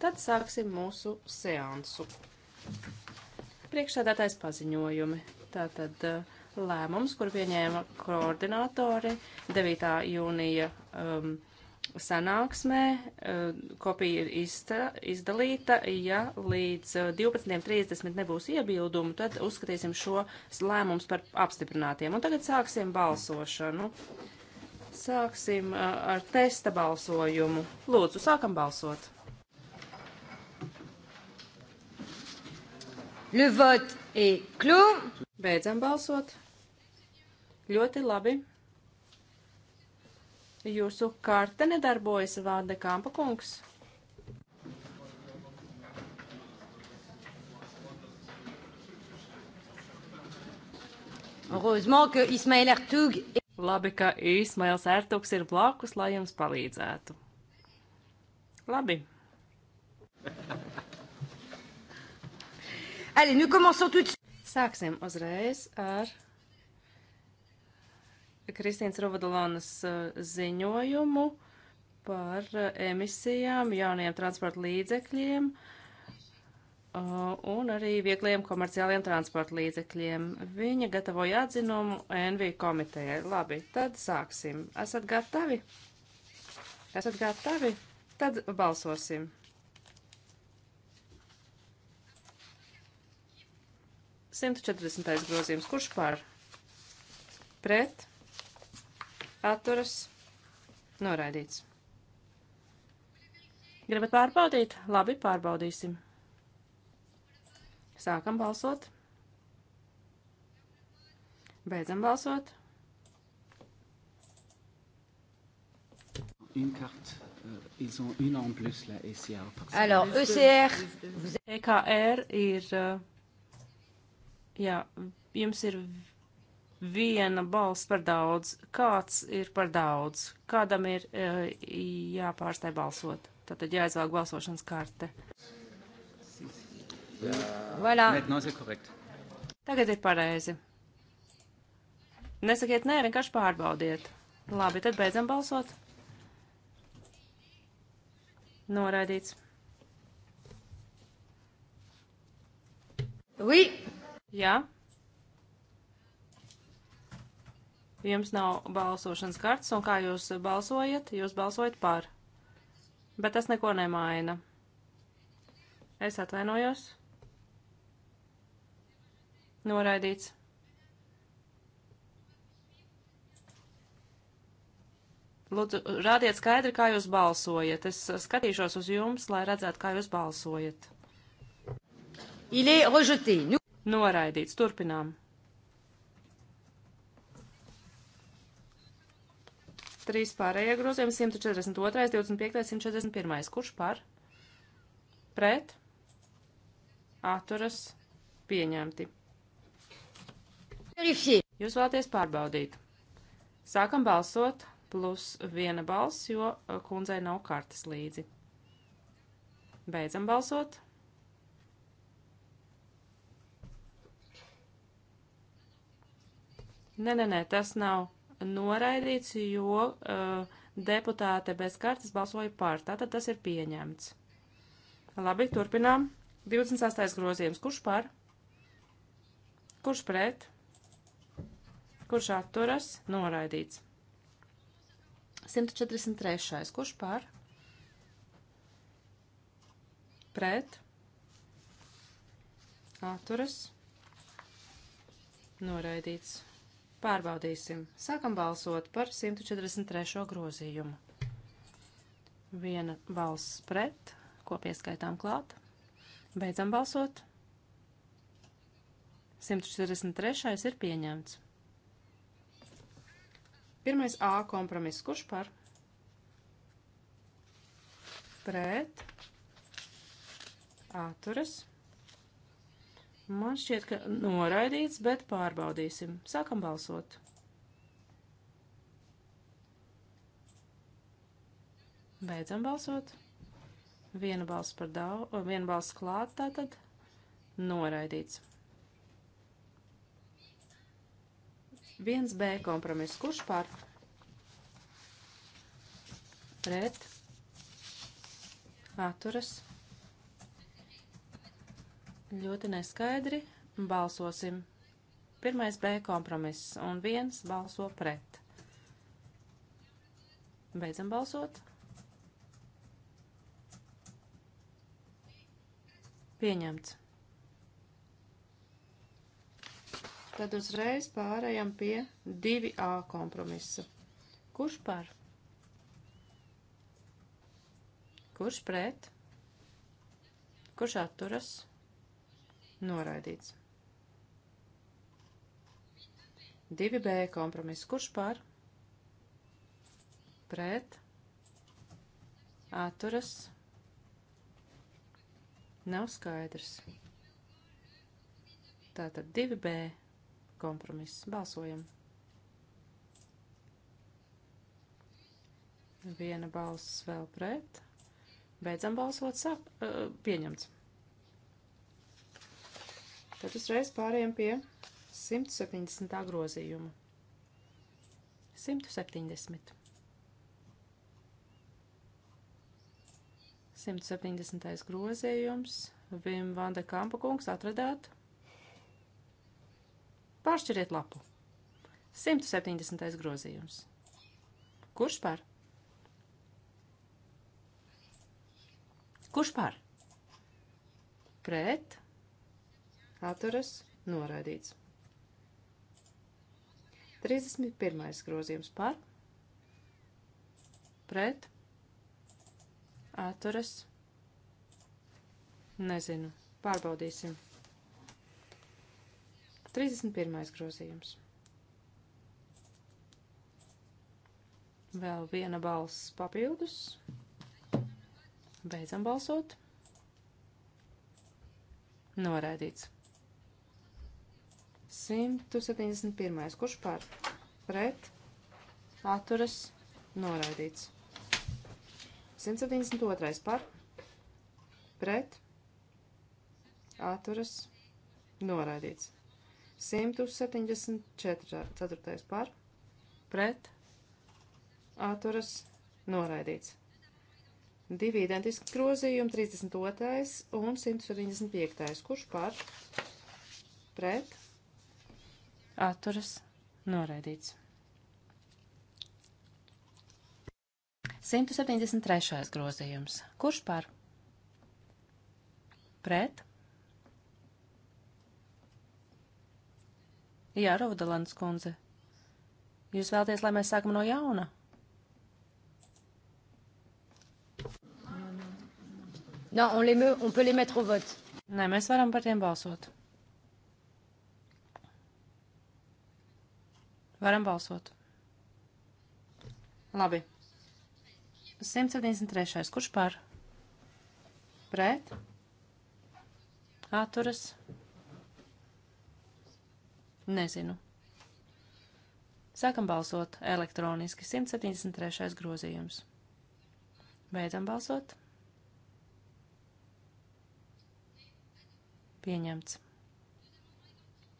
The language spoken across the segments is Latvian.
Tad sāksim mūsu seansu. Priekšsēdētājs paziņojumi. Tātad uh, lēmums, kur pieņēma koordinātori 9. jūnija um, sanāksmē, um, kopija ir izta, izdalīta. Ja līdz 12.30 uh, nebūs iebildumu, tad uzskatīsim šo lēmumus par apstiprinātiem. Un tagad sāksim balsošanu. Sāksim uh, ar testa balsojumu. Lūdzu, sākam balsot! Le vote est clos. Beidzam balsot. Ļoti labi. Jūsu karte nedarbojas, Vārda Kampa kungs. Heureusement que Ismail Ertug. Labi, ka Ismails Ertugs ir blakus, lai jums palīdzētu. Labi. Allez, nous commençons tout de suite. Sāksim uzreiz ar Kristīnas Rovadalonas uh, ziņojumu par uh, emisijām, jauniem transporta līdzekļiem uh, un arī viegliem komerciāliem transporta līdzekļiem. Viņa gatavoja atzinumu NV komitejai. Labi, tad sāksim. Esat gatavi? Esat gatavi? Tad balsosim. 140. grozījums. Kurš par? Pret. Atturas. Noraidīts. Gribat pārbaudīt? Labi, pārbaudīsim. Sākam balsot. Beidzam balsot. Une carte. Euh, ils ont une en plus, la ECR. Alors, ECR. EKR e ir euh, Jā, jums ir viena balss par daudz. Kāds ir par daudz? Kādam ir uh, jāpārstāj balsot? Tātad jāizvelk balsošanas karte. Jā. Voilà. Tagad ir pareizi. Nesakiet nē, vienkārši pārbaudiet. Labi, tad beidzam balsot. Noraidīts. Oui. Jā? Jums nav balsošanas kartes, un kā jūs balsojat? Jūs balsojat par. Bet tas neko nemaina. Es atvainojos. Noraidīts. Lūdzu, rādiet skaidri, kā jūs balsojat. Es skatīšos uz jums, lai redzētu, kā jūs balsojat. Il est rejeté. Noraidīts. Turpinām. 3 pārējie grozījumi 142, 25, 141. Kurš par? Pret? Atturas pieņemti. Jūs vēlaties pārbaudīt. Sākam balsot plus viena balss, jo uh, kundzei nav kartes līdzi. Beidzam balsot. Nē, nē, nē, tas nav noraidīts, jo uh, deputāte bez kartes balsoja par. Tātad tas ir pieņemts. Labi, turpinām. 28. grozījums. Kurš par? Kurš pret? Kurš atturas? Noraidīts. 143. Kurš par? Pret? Atturas? Noraidīts. Pārbaudīsim. Sākam balsot par 143. grozījumu. Viena balss pret, ko pieskaitām klāt. Beidzam balsot. 143. ir pieņemts. Pirmais A kompromiss. Kurš par? Pret. Atturas. Man šķiet, ka noraidīts, bet pārbaudīsim. Sākam balsot. Beidzam balsot. Viena balss par daudz, viena balss klāt tātad noraidīts. Viens B kompromiss. Kurš par? Pret. Atturas. Ļoti neskaidri. Balsosim. Pirmais B kompromiss un viens balso pret. Beidzam balsot. Pieņemts. Tad uzreiz pārējām pie 2A kompromisa. Kurš par? Kurš pret? Kurš atturas? Noraidīts. 2B kompromiss. Kurš par? Pret. Atturas. Nav skaidrs. Tātad 2B kompromiss. Balsojam. Viena balss vēl pret. Beidzam balsot. Sāk, uh, pieņemts. Tad uzreiz pārējiem pie 170. grozījuma. 170. 170. grozījums. Vim Vanda Kampa kungs atradāt. Pāršķiriet lapu. 170. grozījums. Kurš par? Kurš par? Pret atturas noraidīts. 31. grozījums par, pret, atturas, nezinu, pārbaudīsim. 31. grozījums. Vēl viena balss papildus. Beidzam balsot. Noraidīts. 171. Kurš par? Pret. Atturas. Noraidīts. 172. Par. Pret. Atturas. Noraidīts. 174. Par. Pret. Atturas. Noraidīts. Divi identiski grozījumi, 32. un 175. Kurš par? Pret atturas noraidīts. 173. grozījums. Kurš par? Pret? Jā, Rūdalans kundze. Jūs vēlties, lai mēs sākam no jauna? Non, on, les me, on peut les mettre au vote. Nē, mēs varam par tiem balsot. Varam balsot. Labi. 173. Kurš par? Pret? Atturas? Nezinu. Sākam balsot elektroniski. 173. grozījums. Beidzam balsot. Pieņemts.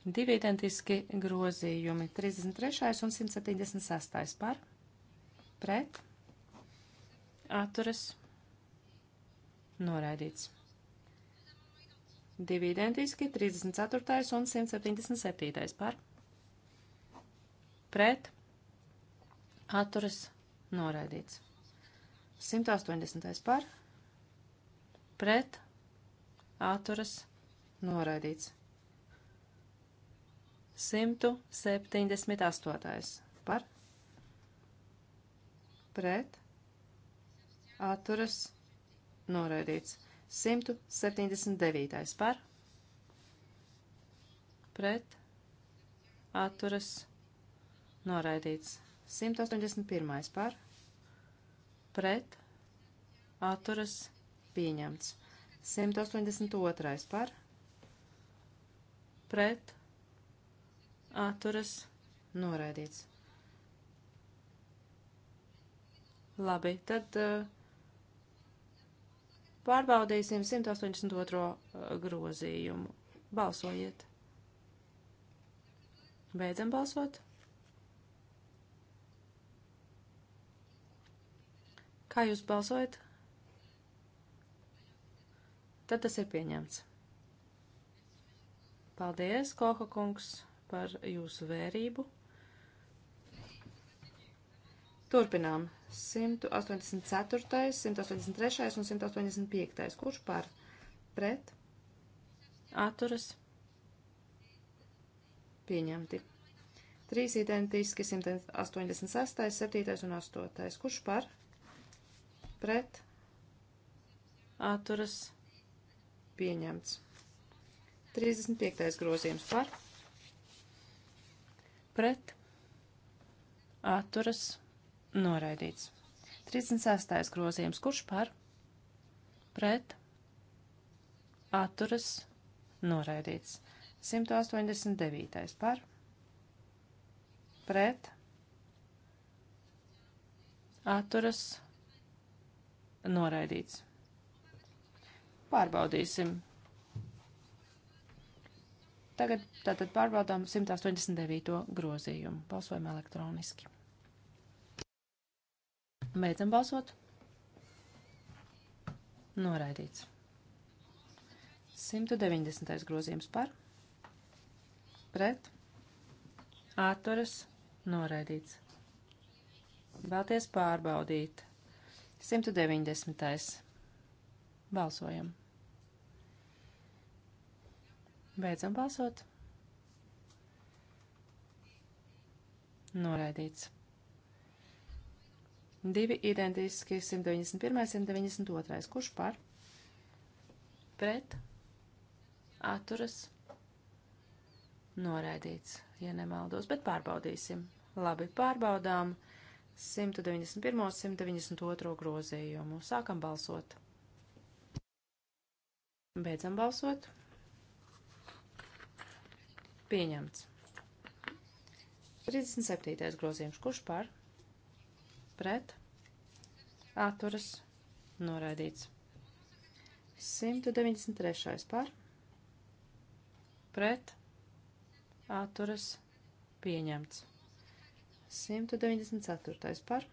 Divi identiski grozījumi - 33. un 176. par, pret, atturas, noraidīts. Divi identiski - 34. un 177. par, pret, atturas, noraidīts. 180. par, pret, atturas, noraidīts. 178. par pret atturas noraidīts. 179. par pret atturas noraidīts. 181. par pret atturas pieņemts. 182. par pret atturas noraidīts. Labi, tad uh, pārbaudīsim 182. Eh, grozījumu. Balsojiet. Beidzam balsot. Kā jūs balsojat? Tad tas ir pieņemts. Paldies, Koha kungs! par jūsu vērību. Turpinām. 184, 183 un 185. Kurš par? Pret? Atturas? Pieņemti. Trīs identiski 186, 7 un 8. Kurš par? Pret? Atturas? Pieņemts. 35. grozījums par? pret atturas noraidīts. 36. grozījums. Kurš par pret atturas noraidīts. 189. par pret atturas noraidīts. Pārbaudīsim. Tagad tātad pārbaudām 189. grozījumu. Balsojam elektroniski. Beidzam balsot. Noraidīts. 190. grozījums par, pret, atturas, noraidīts. Vēlties pārbaudīt. 190. Balsojam. Beidzam balsot. Noraidīts. Divi identiski 191, 192. Kurš par? Pret. Atturas. Noraidīts, ja nemaldos, bet pārbaudīsim. Labi, pārbaudām 191, 192 grozījumu. Sākam balsot. Beidzam balsot. Pieņemts. 37. grozījums. Kurš par? Pret. Atturas. Noraidīts. 193. par. Pret. Atturas. Pieņemts. 194. par.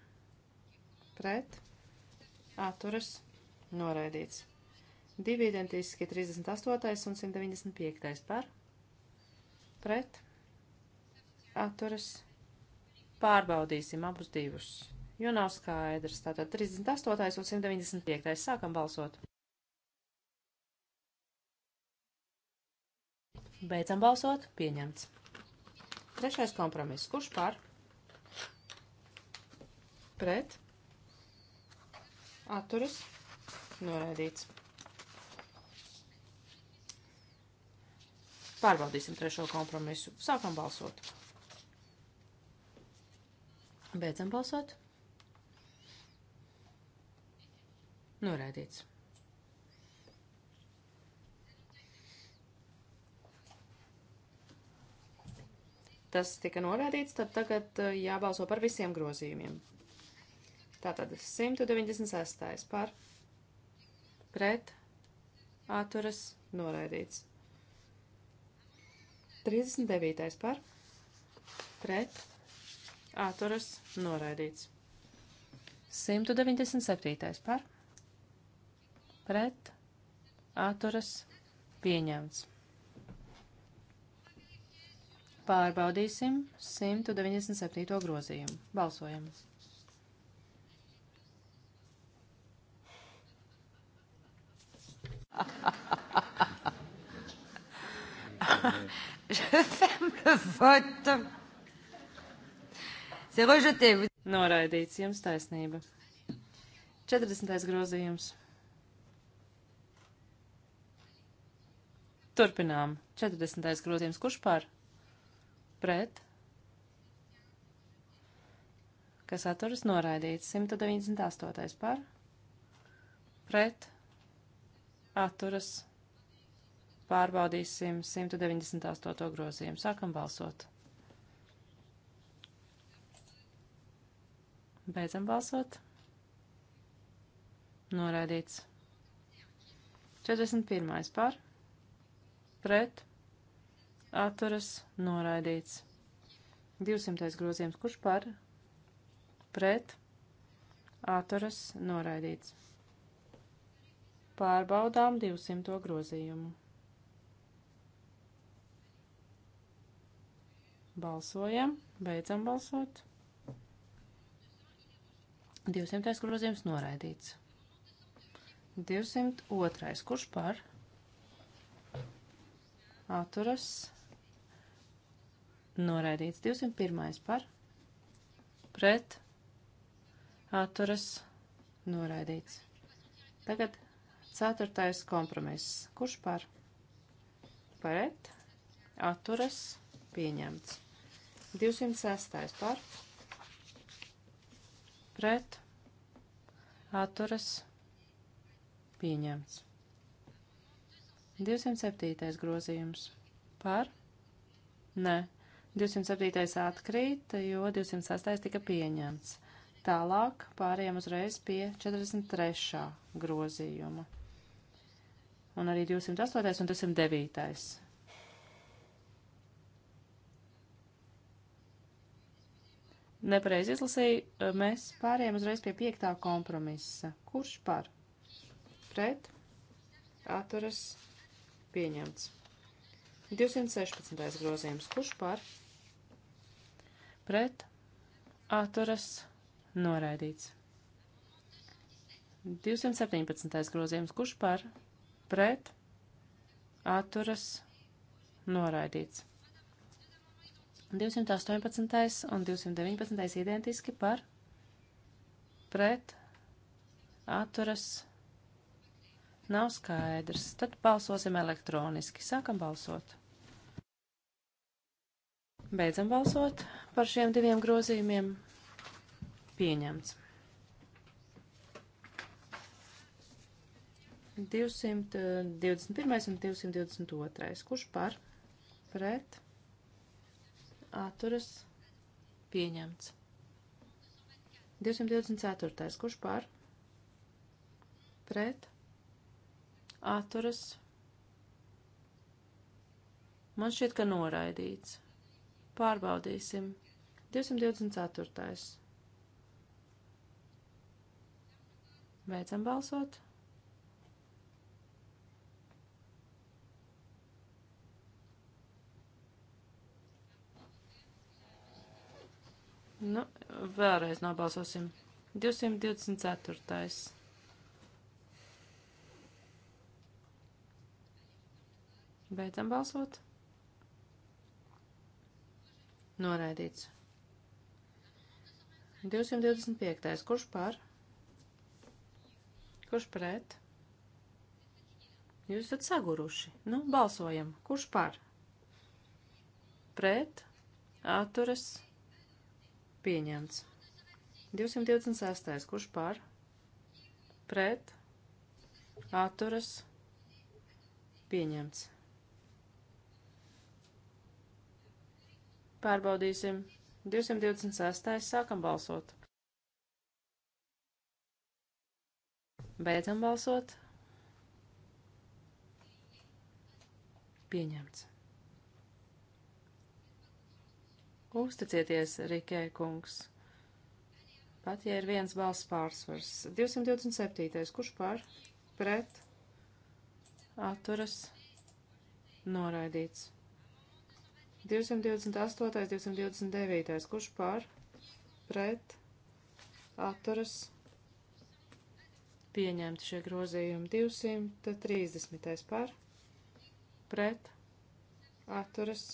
Pret. Atturas. Noraidīts. Divi identiski 38. un 195. par pret atturas pārbaudīsim abus divus, jo nav skaidrs. Tātad 38. un 195. sākam balsot. Beidzam balsot. Pieņemts. Trešais kompromiss. Kurš par? Pret. Atturas. Noraidīts. Pārbaudīsim trešo kompromisu. Sākam balsot. Beidzam balsot. Noraidīts. Tas tika norādīts, tad tagad eh, jābalso par visiem grozījumiem. Tātad 196. par pret atturas noraidīts. 39. par pret atturas noraidīts. 197. par pret atturas pieņemts. Pārbaudīsim 197. grozījumu. Balsojam. Ha ha. Je ferme le vote. C'est rejeté. Noraidīts, jums taisnība. 40. grozījums. Turpinām. 40. grozījums. Kurš par? Pret. Kas atturas noraidīts. 198. par. Pret. Atturas noraidīts Pārbaudīsim 198. grozījumu. Sākam balsot. Beidzam balsot. Noraidīts. 41. par. Pret. Atturas. Noraidīts. 200. grozījums. Kurš par? Pret. Atturas. Noraidīts. Pārbaudām 200. grozījumu. Balsojam, beidzam balsot. 200. grozījums noraidīts. 202. Kurš par? Atturas. Noraidīts. 201. par? Pret. Atturas. Noraidīts. Tagad ceturtais kompromiss. Kurš par? Pret. Atturas. Pieņemts. 206. par pret atturas pieņemts. 207. grozījums par nē. 207. atkrīt, jo 208. tika pieņemts. Tālāk pārējām uzreiz pie 43. grozījuma. Un arī 208. un 209. nepareiz izlasīju, eh, mēs pārējām uzreiz pie piektā kompromisa. Kurš par? Pret? Atturas? Pieņemts. 216. grozījums. Kurš par? Pret? Atturas? Noraidīts. 217. grozījums. Kurš par? Pret? Atturas? Noraidīts. 218. un 219. identiski par pret atturas nav skaidrs. Tad balsosim elektroniski. Sākam balsot. Beidzam balsot par šiem diviem grozījumiem. Pieņemts. 221. un 222. Kurš par? Pret? atturas pieņemts. 224. Kurš par? Pret atturas. Man šķiet, ka noraidīts. Pārbaudīsim. 224. Beidzam balsot. Nu, vēlreiz nobalsosim. 224. Beidzam balsot. Noraidīts. 225. Kurš par? Kurš pret? Jūs esat saguruši. Nu, balsojam. Kurš par? Pret? Atturas? pieņemts. 226. Kurš par? Pret. Atturas. Pieņemts. Pārbaudīsim. 226. Sākam balsot. Beidzam balsot. Pieņemts. Uzticieties, Rikē kungs. Pat ja ir viens balss pārsvars. 227. Kurš par? Pret? Atturas? Noraidīts. 228, 229, kurš pār, pret, atturas, pieņemti šie grozījumi, 230 pār, pret, atturas,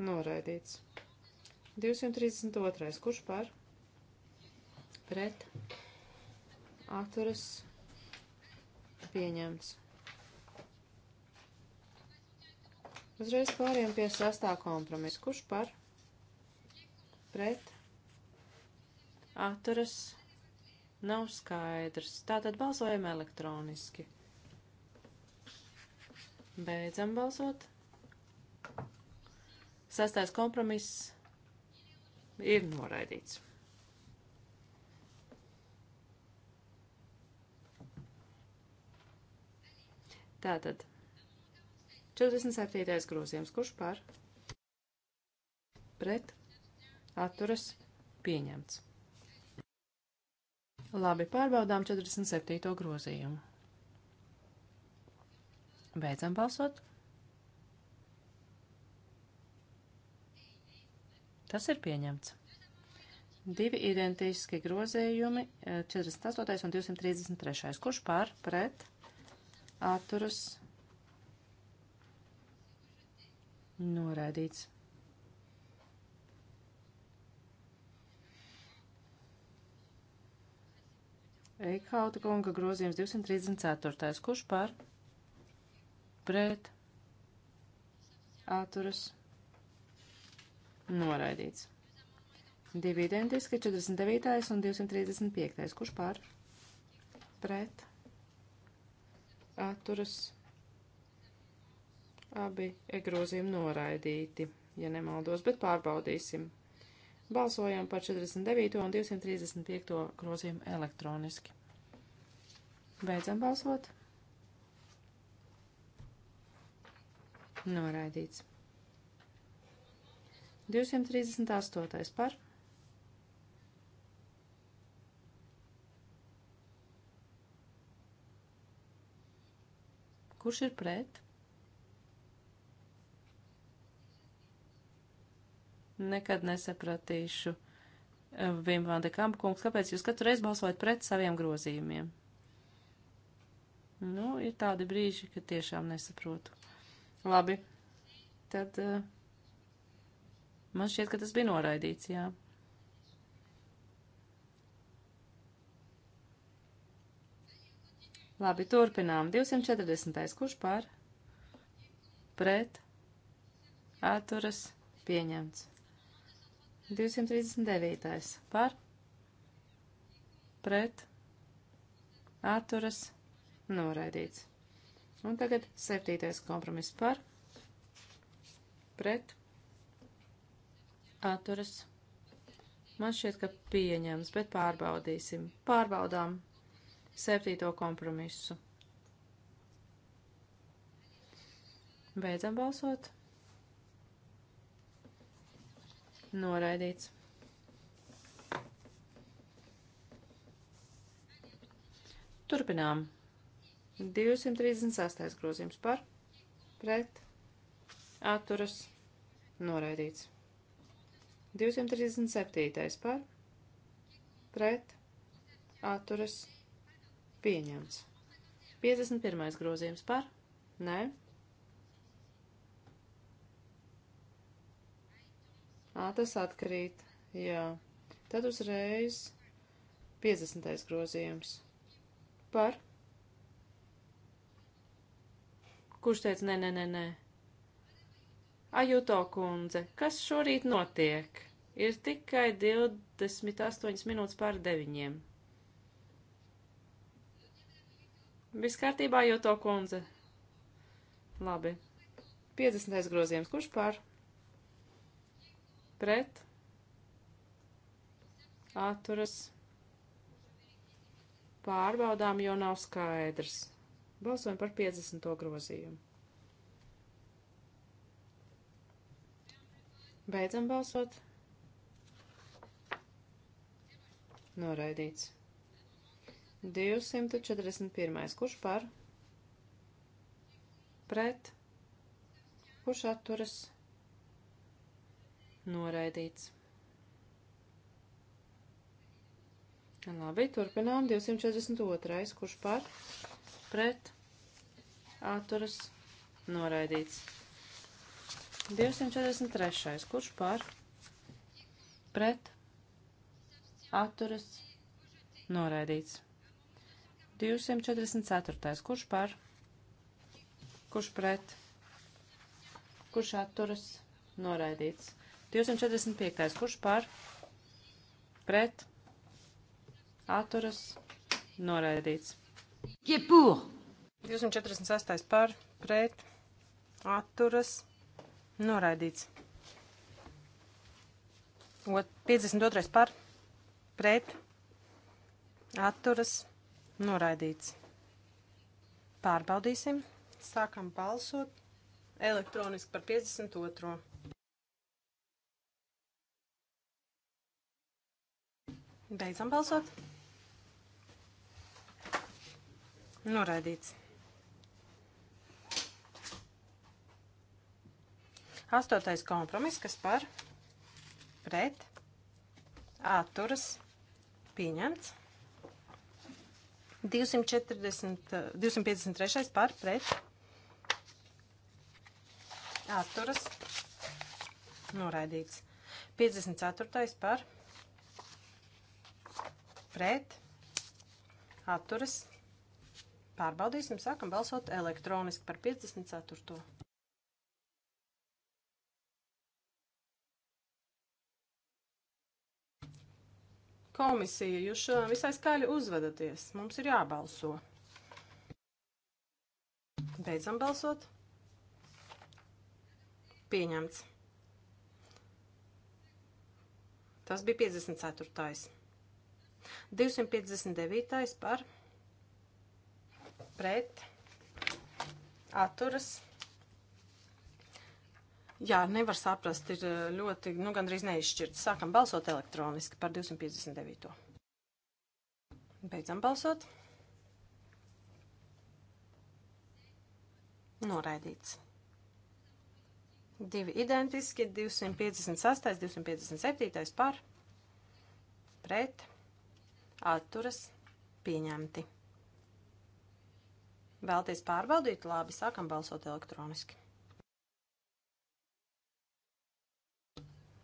noraidīts. 232. Kurš par? Pret. Atturas pieņemts. Uzreiz pāriem pie sastā kompromisa. Kurš par? Pret. Atturas nav skaidrs. Tātad balsojam elektroniski. Beidzam balsot. Sastais kompromiss ir noraidīts. Tātad 47. grozījums, kurš par pret atturas pieņemts. Labi, pārbaudām 47. grozījumu. Beidzam balsot. Tas ir pieņemts. Divi identiski grozējumi, 48. Eh, un 233. Kurš pār, pret, atturas, noraidīts. Eikauta kunga grozījums 234. Kurš par? Pret. Atturas. Noraidīts. Divi identiski, 49. un 235. Kurš pār? Pret. Atturas. Abi e grozījumi noraidīti, ja nemaldos, bet pārbaudīsim. Balsojam par 49. un 235. grozījumu elektroniski. Beidzam balsot. Noraidīts. 238. par. Kurš ir pret? Nekad nesapratīšu. Vim van de Kampa kungs, kāpēc jūs katru reizi balsojat pret saviem grozījumiem? Nu, ir tādi brīži, kad tiešām nesaprotu. Labi, tad uh, Man šķiet, ka tas bija noraidīts, jā. Labi, turpinām. 240. Kurš par? Pret. Atturas. Pieņemts. 239. Par. Pret. Atturas. Noraidīts. Un tagad septītais kompromiss par. Pret atturas. Man šķiet, ka pieņems, bet pārbaudīsim. Pārbaudām septīto kompromisu. Beidzam balsot. Noraidīts. Turpinām. 238. grozījums par, pret, atturas, noraidīts. 237. par pret atturas pieņemts. 51. grozījums par nē. Ā, tas atkrīt, jā. Tad uzreiz 50. grozījums par. Kurš teica nē, nē, nē, nē? Ajuto kundze, kas šorīt notiek? Ir tikai 28 minūtes pār deviņiem. Viss kārtībā, Ajuto kundze. Labi. 50. grozījums, kurš pār? Pret? Atturas? Pārbaudām, jo nav skaidrs. Balsojam par 50. grozījumu. Beidzam balsot. Noraidīts. 241. Kurš par? Pret. Kurš atturas? Noraidīts. Labi, turpinām. 242. Kurš par? Pret. Atturas. Noraidīts. 243. Kurš par? Pret. Atturas. Noraidīts. 244. Kurš par? Kurš pret? Kurš atturas? Noraidīts. 245. Kurš par? Pret? Atturas? Noraidīts. Jebūr! 246. par? Pret? Atturas? Noraidīts. Ot, 52. par pret atturas noraidīts. Pārbaudīsim. Sākam balsot elektroniski par 52. Beidzam balsot. Noraidīts. Astotais kompromiss, kas par pret atturas pieņemts. 240, 253 par pret atturas noraidīts. 54 par pret atturas pārbaudīsim, sākam balsot elektroniski par 54. Komisija, jūs šodien uh, visai skaļi uzvedaties. Mums ir jābalso. Beidzam balsot. Pieņemts. Tas bija 54. 259. par pret atturas pieņemts Jā, nevar saprast, ir eh, ļoti, nu, gandrīz neizšķirts. Sākam balsot elektroniski par 259. Beidzam balsot. Noraidīts. Divi identiski, 258, 257 par, pret, atturas, pieņemti. Vēlties pārbaudīt? Labi, sākam balsot elektroniski.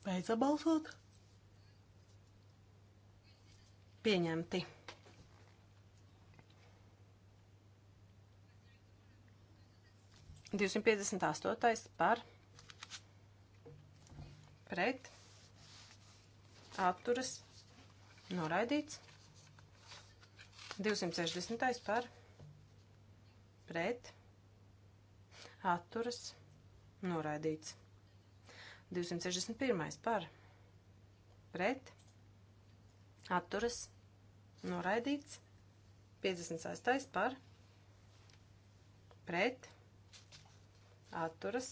Beidzam balsot. Pieņemti. Divsimt piecdesmit astotais par pret atturas noraidīts. 260. par pret atturas noraidīts. 261. par pret atturas noraidīts. 56. par pret atturas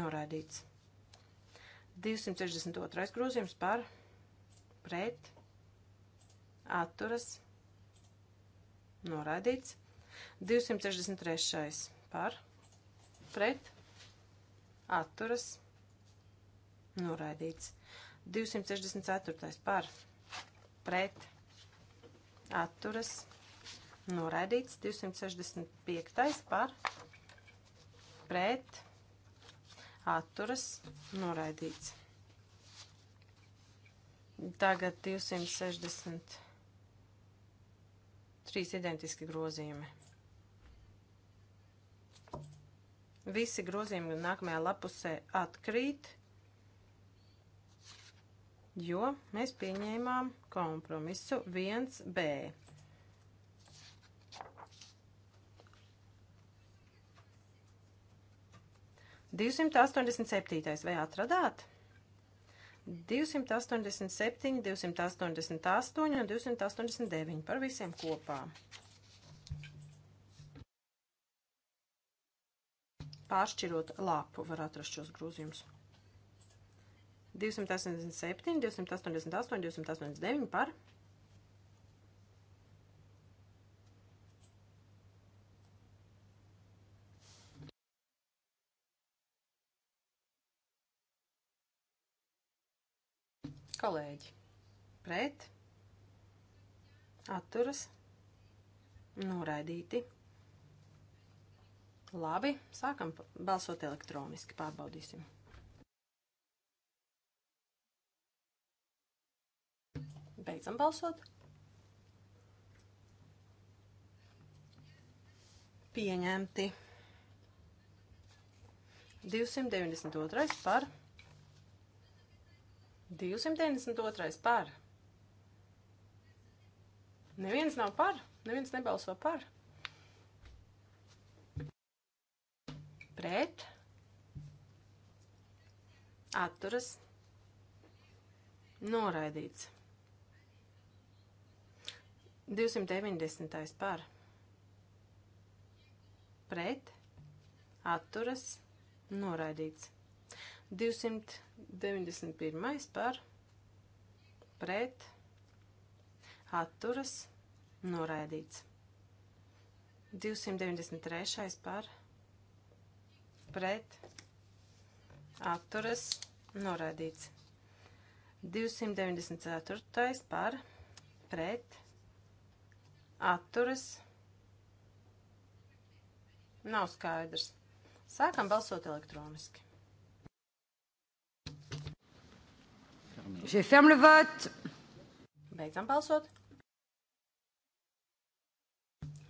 noraidīts. 262. grozījums par pret atturas noraidīts. 263. par pret atturas noraidīts Noraidīts. 264. par pret atturas. Noraidīts. 265. par pret atturas. Noraidīts. Tagad 263 identiski grozījumi. Visi grozījumi nākamajā lapusē atkrīt jo mēs pieņēmām kompromisu 1B. Divsimt astoņdesmit septītais, vai atradāt? 287, 288 un 289 par visiem kopā. Pāršķirot lapu var atrast šos grūzījumus. 287, 288, 289 par. Kolēģi, pret, atturas, noraidīti. Labi, sākam balsot elektroniski, pārbaudīsim. Beidzam balsot. Pieņemti. 292 par. 292 par. Neviens nav par, neviens nebalso par. Pret. Atturas. Noraidīts. 290. par pret atturas noraidīts. 291. par pret atturas noraidīts. 293. par pret atturas noraidīts. 294. par pret atturas, nav skaidrs. Sākam balsot elektroniski. Je ferme le vote. Beidzam balsot.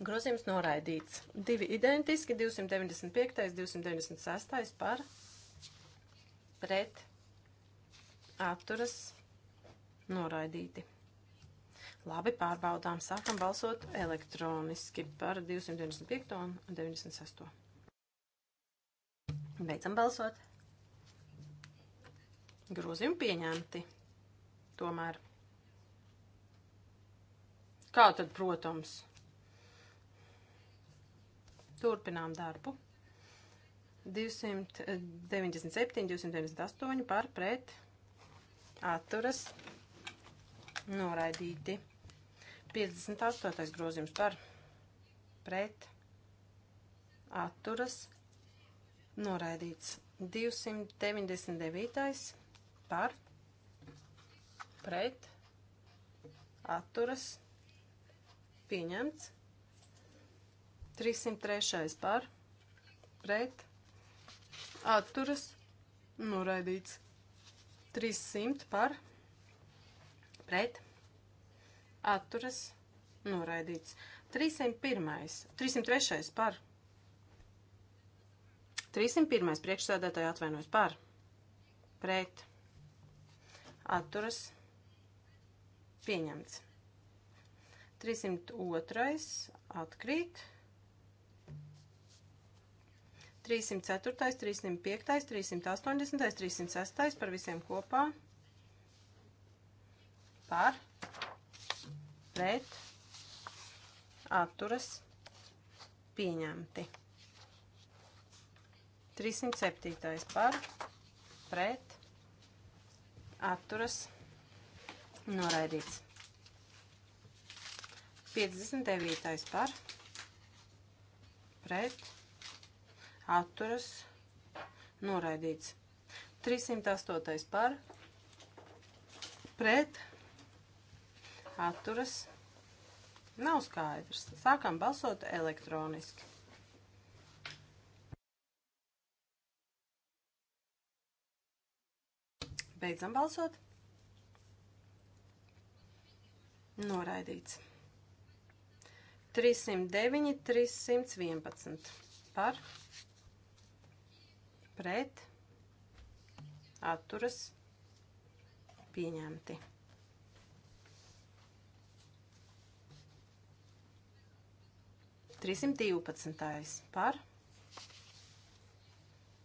Grozījums noraidīts. Divi identiski, 295, 296 par pret atturas noraidīti. Labi, pārbaudām, sākam balsot elektroniski par 295 un 96. Beidzam balsot. Grozījumi pieņemti. Tomēr. Kā tad, protams? Turpinām darbu. 297, 298 par pret atturas noraidīti. 58. grozījums par pret atturas noraidīts. 299. par pret atturas pieņemts. 303. par pret atturas noraidīts. 300 par pret atturas atturas noraidīts. 301. 303. par. 301. priekšsēdētāja atvainojas par. Pret. Atturas pieņemts. 302. atkrīt. 304, 305, 380, 306 par visiem kopā. Par pret, atturas, pieņemti. 307. par, pret, atturas, noraidīts. 59. par, pret, atturas, noraidīts. 308. par, pret, atturas atturas nav skaidrs. Sākam balsot elektroniski. Beidzam balsot. Noraidīts. 309, 311 par pret atturas pieņemti. 312. par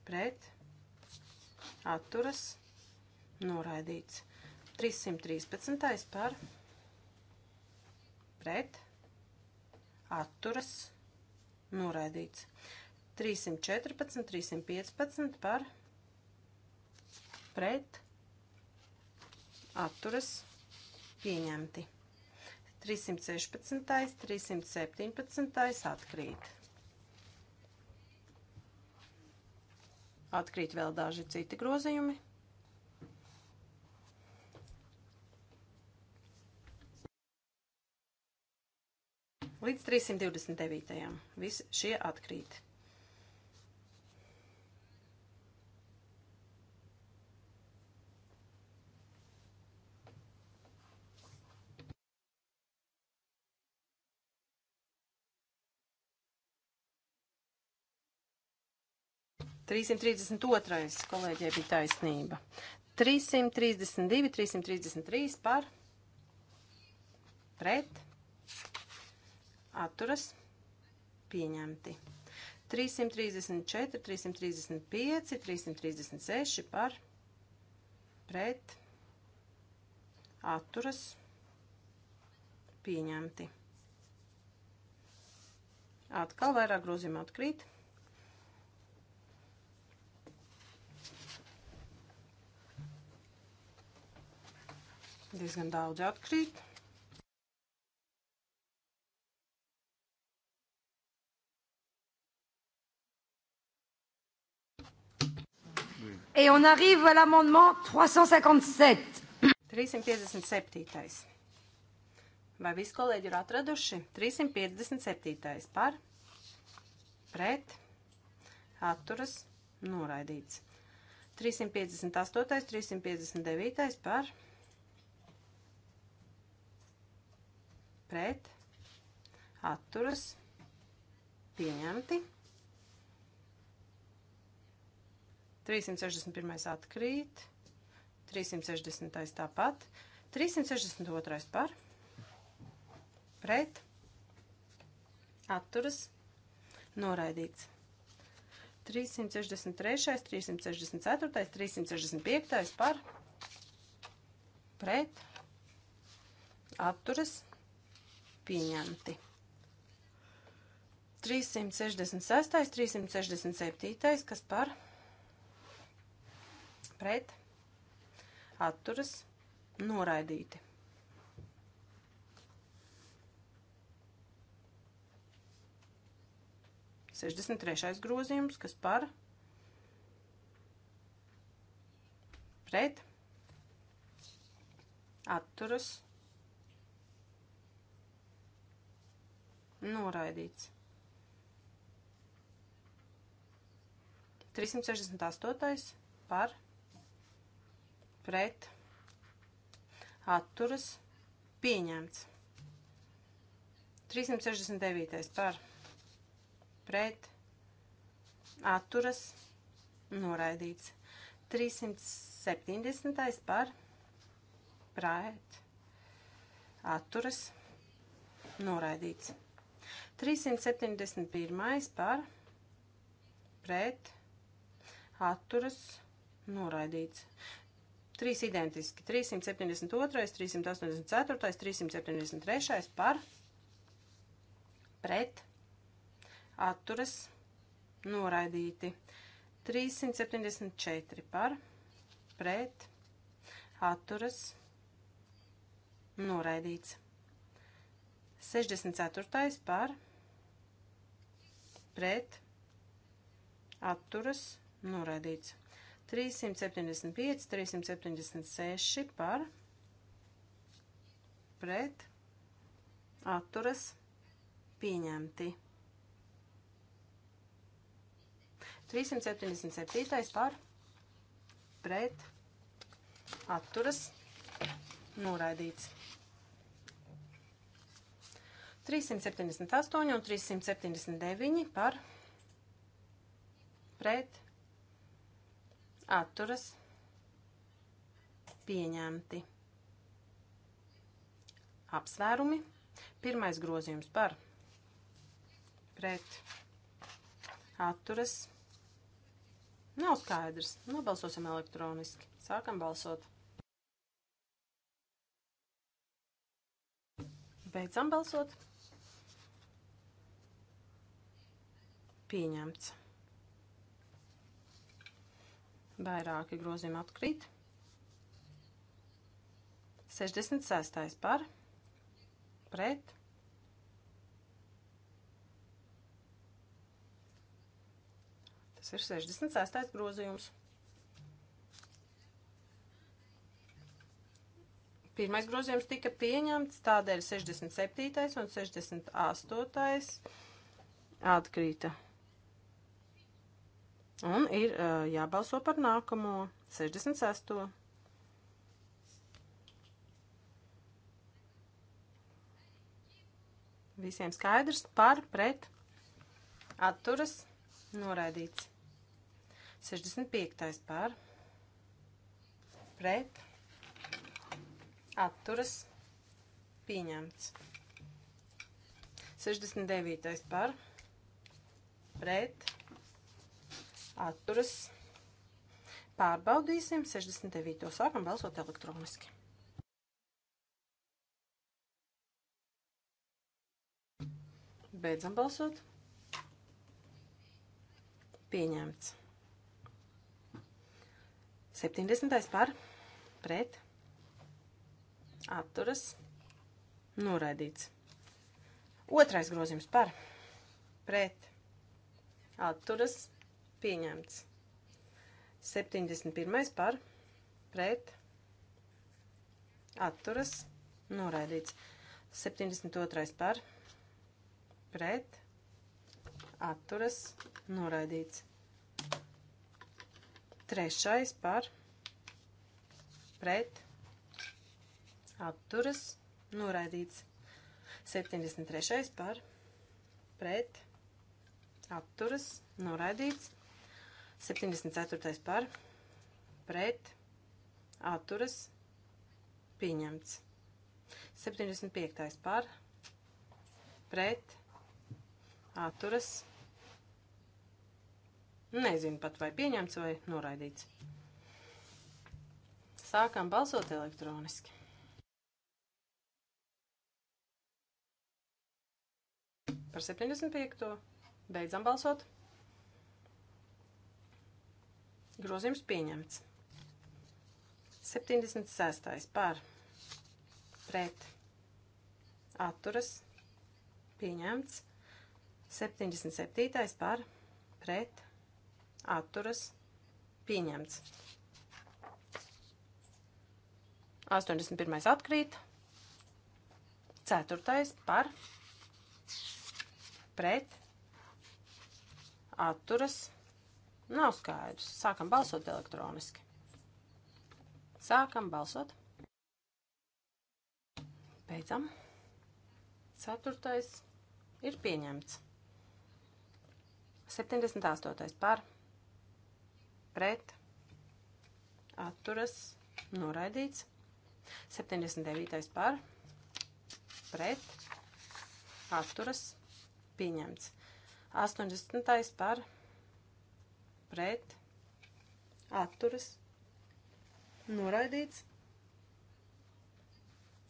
pret atturas noraidīts. 313. par pret atturas noraidīts. 314, 315 par pret atturas pieņemti. 316, 317 atkrīt. Atkrīt vēl daži citi grozījumi. Līdz 329. Visi šie atkrīt. 332. kolēģiem bija taisnība. 332, 333 par pret atturas pieņemti. 334, 335, 336 par pret atturas pieņemti. Atkal vairāk grozījuma atkrīt. 336. diezgan daudz atkrīt. Et on arrive à l'amendement 357. 357. Vai visi kolēģi ir atraduši? 357. par, pret, atturas, noraidīts. 358. 359. par, pret pret, atturas, pieņemti. 361. atkrīt, 360. tāpat, 362. par, pret, atturas, noraidīts. 363, 364, 365 par pret atturas noraidīts pieņemti. 366, 367, kas par pret atturas noraidīti. Sešdesmit trešais grozījums, kas par pret atturas noraidīti noraidīts. 368. par pret atturas pieņemts. 369. par pret atturas noraidīts. 370. par pret atturas noraidīts. 371. par pret atturas noraidīts. Trīs identiski. 372, 384, 373 par pret atturas noraidīti. 374 par pret atturas noraidīts. 64 par pret pret, atturas, noraidīts. 375, 376 par, pret, atturas, pieņemti. 377 par, pret, atturas, noraidīts. 378 un 379 par pret atturas pieņemti. Apsvērumi. Pirmais grozījums par pret atturas nav skaidrs. Nobalsosim nu, elektroniski. Sākam balsot. Beidzam balsot. Pieņemts. Vairāki grozījumi atkrīt. 66. par pret Tas ir 66. grozījums. Pirmais grozījums tika pieņemts, tādēļ 67. un 68. atkrīta. Un ir uh, jābalso par nākamo 66. Visiem skaidrs par pret atturas noraidīts. 65. par pret atturas pieņemts. 69. par pret atturas pieņemts atturas. Pārbaudīsim 69. sākam balsot elektroniski. Beidzam balsot. Pieņemts. 70. par pret atturas noraidīts. Otrais grozījums par pret atturas noraidīts pieņemts. 71. par pret atturas noraidīts. 72. par pret atturas noraidīts. 3. par pret atturas noraidīts. 73. par pret atturas noraidīts. 74. par pret atturas pieņemts. 75. par pret atturas nezinu pat vai pieņemts vai noraidīts. Sākam balsot elektroniski. Par 75. beidzam balsot. Grozījums pieņemts. 76. par pret atturas pieņemts. 77. par pret atturas pieņemts. 81. atkrīt. 4. par pret atturas pieņemts Nav skaidrs. Sākam balsot elektroniski. Sākam balsot. Beidzam. Ceturtais ir pieņemts. 78. par pret atturas noraidīts. 79. par pret atturas pieņemts. 80. par pret pret, atturas, noraidīts.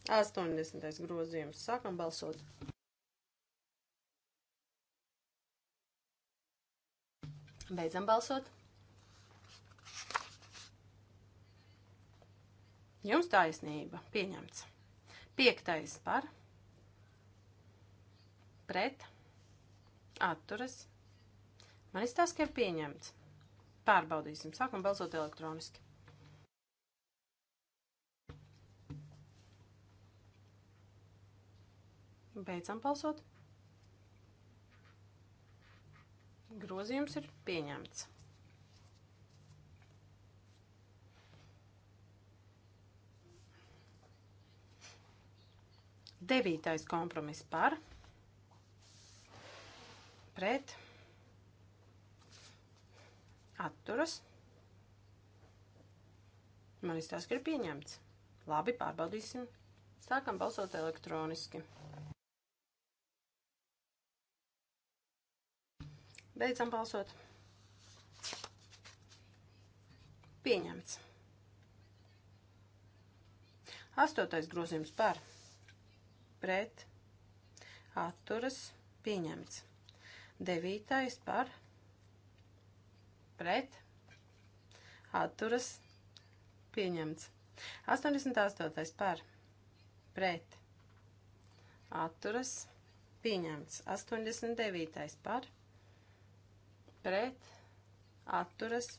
80. grozījums. Sākam balsot. Beidzam balsot. Jums taisnība. Pieņemts. Piektais par. Pret. Atturas. Man izstāsta, ka ir pieņemts. Pārbaudīsim. Sākam balsot elektroniski. Beidzam balsot. Grozījums ir pieņemts. Devītais kompromiss par, pret, atturas. Man izstāsta, ka ir pieņemts. Labi, pārbaudīsim. Sākam balsot elektroniski. Beidzam balsot. Pieņemts. Astotais grozījums par pret atturas pieņemts. Devītais par pret pret, atturas, pieņemts. 88. par, pret, atturas, pieņemts. 89. par, pret, atturas,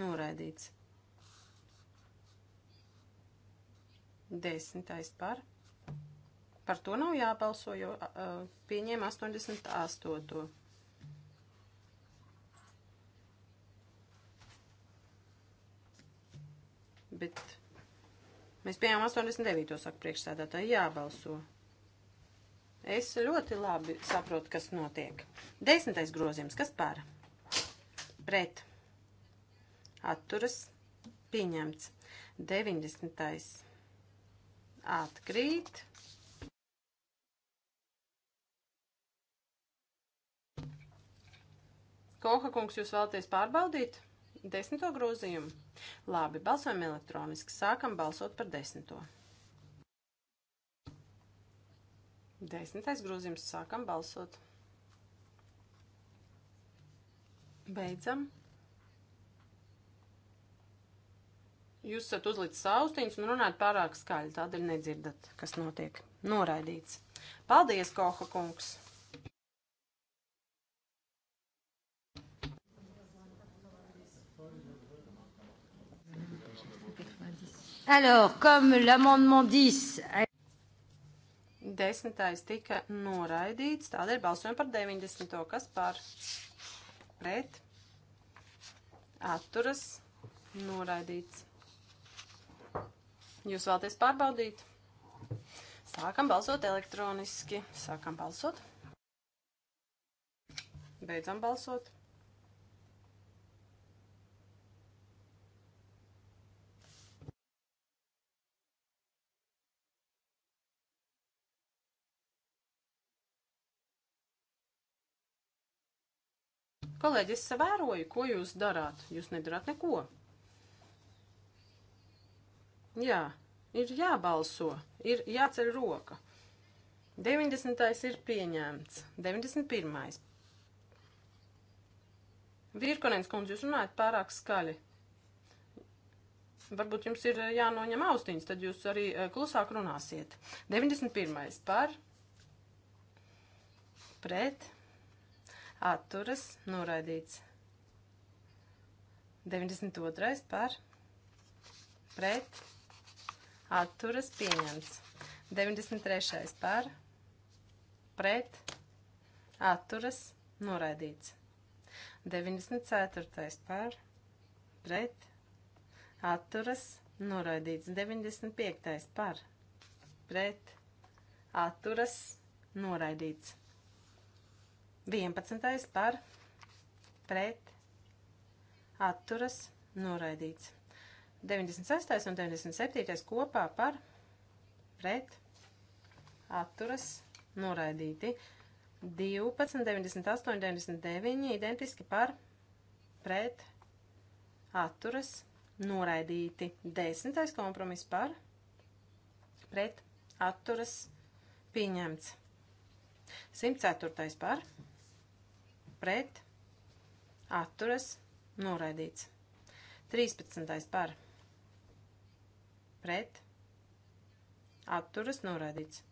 noraidīts. 10. par, par to nav jābalso, jo uh, pieņēma 88. Bet mēs pieņēmām 89. saka priekšsēdētāji, jābalso. Es ļoti labi saprotu, kas notiek. Desmitais grozījums, kas par? Pret. Atturas. Pieņemts. 90. Atkrīt. Koha kungs, jūs vēlaties pārbaudīt? Desmito grozījumu. Labi, balsojam elektroniski. Sākam balsot par desmito. Desmitais grozījums. Sākam balsot. Beidzam. Jūs esat uzlicis austiņas un runājat pārāk skaļi, tādēļ nedzirdat, kas notiek. Noraidīts. Paldies, Koha kungs! Alors, comme l'amendement 10... Desmitais tika noraidīts, tādēļ balsojam par 90. Kas par pret atturas noraidīts. Jūs vēlaties pārbaudīt? Sākam balsot elektroniski. Sākam balsot. Beidzam balsot. Kolēģi, es savēroju, ko jūs darāt. Jūs nedarāt neko. Jā, ir jābalso, ir jāceļ roka. 90. ir pieņemts, 91. Virkonens kundze, jūs runājat pārāk skaļi. Varbūt jums ir eh, jānoņem austiņas, tad jūs arī eh, klusāk runāsiet. 91. par pret atturas noraidīts. 92. par pret atturas pieņemts. 93. par pret atturas noraidīts. 94. par pret atturas noraidīts. 95. par pret atturas noraidīts. 11. par pret atturas noraidīts. 96. un 97. kopā par pret atturas noraidīti. 12, 98, 99 identiski par pret atturas noraidīti. 10. kompromis par pret atturas pieņemts. 104. par pret pret, atturas, noraidīts. 13. par, pret, atturas, noraidīts.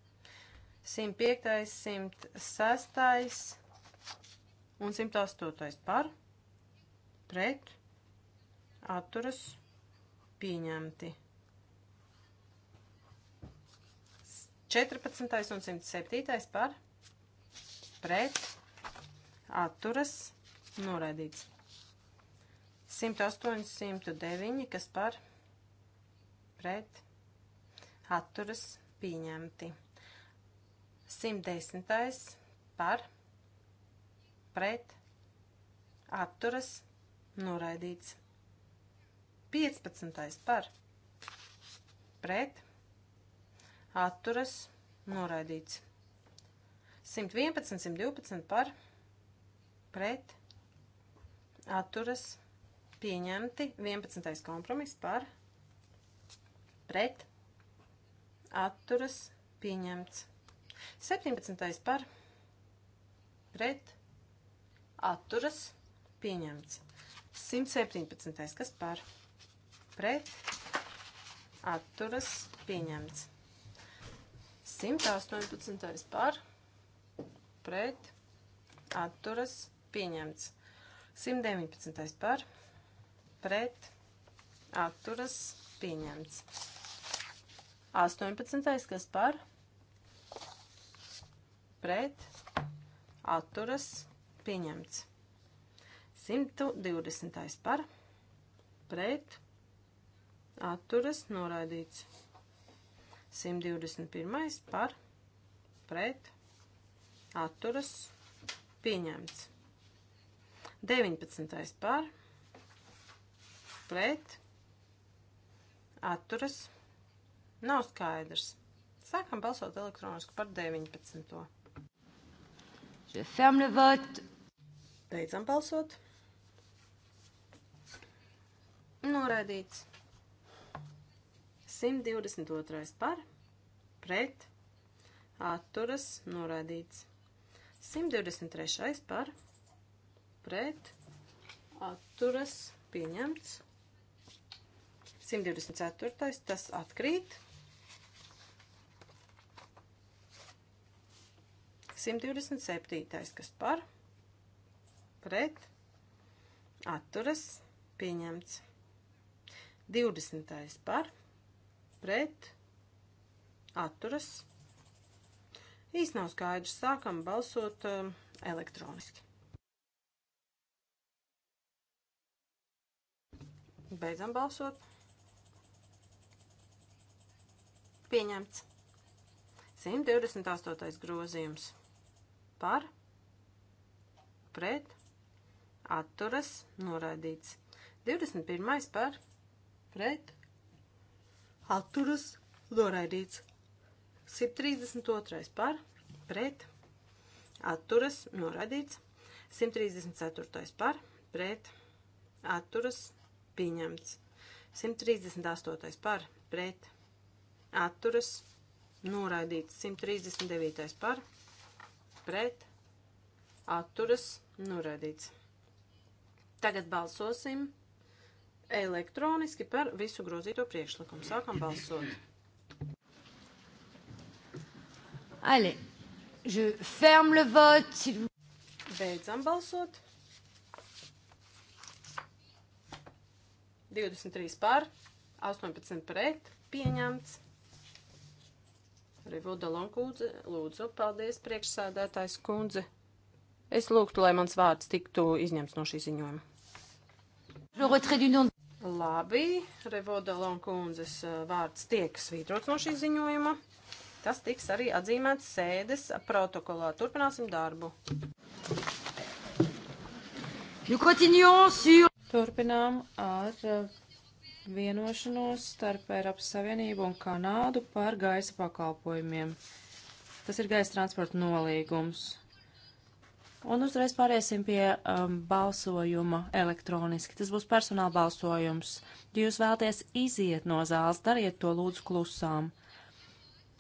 105., 106. un 108. par, pret, atturas, pieņemti. 14. un 107. par, pret, atturas, pieņemti atturas noraidīts. 108, 109, kas par pret atturas pieņemti. 110. par pret atturas noraidīts. 15. par pret atturas noraidīts. 111, 112 par pret pret, atturas, pieņemti. 11. kompromiss par, pret, atturas, pieņemts. 17. par, pret, atturas, pieņemts. 117. kas par, pret, atturas, pieņemts. 118. par, pret, atturas, pieņemts pieņemts. 119. par pret atturas pieņemts. 18. kas par pret atturas pieņemts. 120. par pret atturas noraidīts. 121. par pret atturas pieņemts. 19. par pret atturas nav skaidrs. Sākam balsot elektroniski par 19. Je ferme le vote. Beidzam balsot. Noraidīts. 122. par, pret, atturas, noraidīts. 123. par, pret pret, atturas, pieņemts. 124. tas atkrīt. 127. kas par, pret, atturas, pieņemts. 20. par, pret, atturas. Īsti nav skaidrs, sākam balsot um, elektroniski. Beidzam balsot. Pieņemts. 128. grozījums. Par, pret, atturas, noraidīts. 21. par, pret, atturas, noraidīts. 132. par, pret, atturas, noraidīts. 134. par, pret, atturas, pieņemts. 138. par pret atturas noraidīts. 139. par pret atturas noraidīts. Tagad balsosim elektroniski par visu grozīto priekšlikumu. Sākam balsot. Allez, je ferme le vote. Beidzam balsot. 23 par, 18 pret, pieņemts. Arī Vudalon kūdze, lūdzu, paldies priekšsādātājs kundze. Es lūgtu, lai mans vārds tiktu izņemts no šī ziņojuma. Labi, Revodalon kundzes uh, vārds tiek svītrots no šī ziņojuma. Tas tiks arī atzīmēts sēdes protokolā. Turpināsim darbu. Nous continuons sur Turpinām ar uh, vienošanos starp Eiropas Savienību un Kanādu par gaisa pakalpojumiem. Tas ir gaisa transporta nolīgums. Un uzreiz pāriesim pie um, balsojuma elektroniski. Tas būs personāla balsojums. Ja jūs vēlaties iziet no zāles, dariet to lūdzu klusām.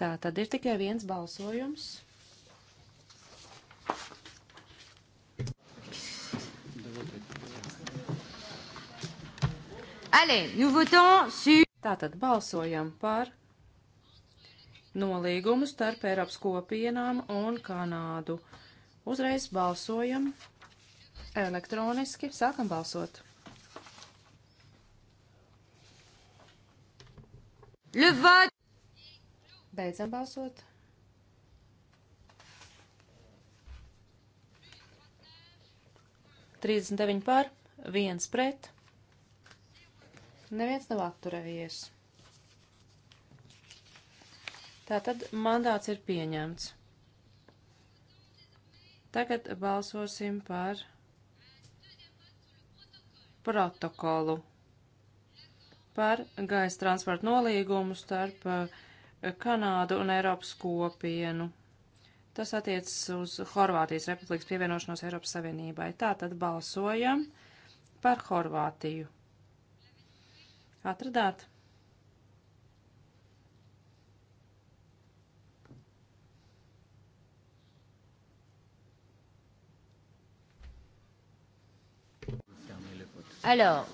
Tā tad ir tikai viens balsojums. Allez, nous votons sur... Tātad balsojam par nolīgumu starp Eiropas kopienām un Kanādu. Uzreiz balsojam elektroniski. Sākam balsot. Le vote! Beidzam balsot. Trīsdesmit deviņi pār, viens pret. Neviens nav atturējies. Tātad mandāts ir pieņemts. Tagad balsosim par protokolu par gaisa transporta nolīgumu starp eh, Kanādu un Eiropas kopienu. Tas attiecas uz Horvātijas republikas pievienošanos Eiropas Savienībai. Tātad balsojam par Horvātiju. Atradāt? Alors,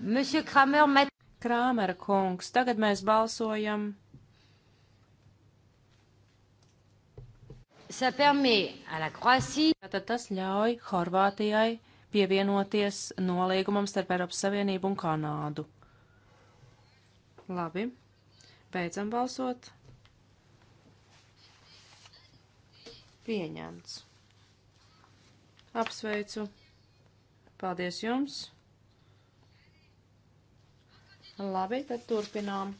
Monsieur Kramer, met... Krāmera kungs, tagad mēs balsojam. Ça permet à la Croatie. Tātad tas ļauj Horvātijai pievienoties nolīgumam starp Eiropas Savienību un Kanādu. Labi, beidzam balsot. Pieņemts. Apsveicu. Paldies jums. Labi, tad turpinām.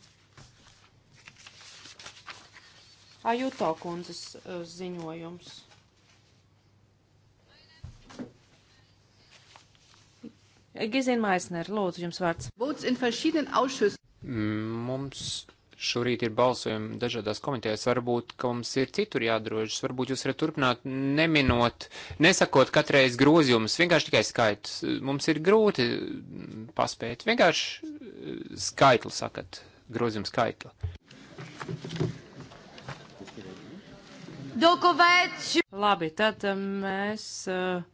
Ajuto kundzes eh, ziņojums. Gizina Maisner, lūdzu, jums vārds. Mm, mums šorīt ir balsojumi dažādās komitejās. Varbūt, ka mums ir citur jādrožas, varbūt jūs varat turpināt neminot, nesakot katreiz grozījumus, vienkārši tikai skaitļus. Mums ir grūti mm, paspēt, vienkārši mm, skaitli sakat, grozījumu skaitli. Labi, tad mēs. Uh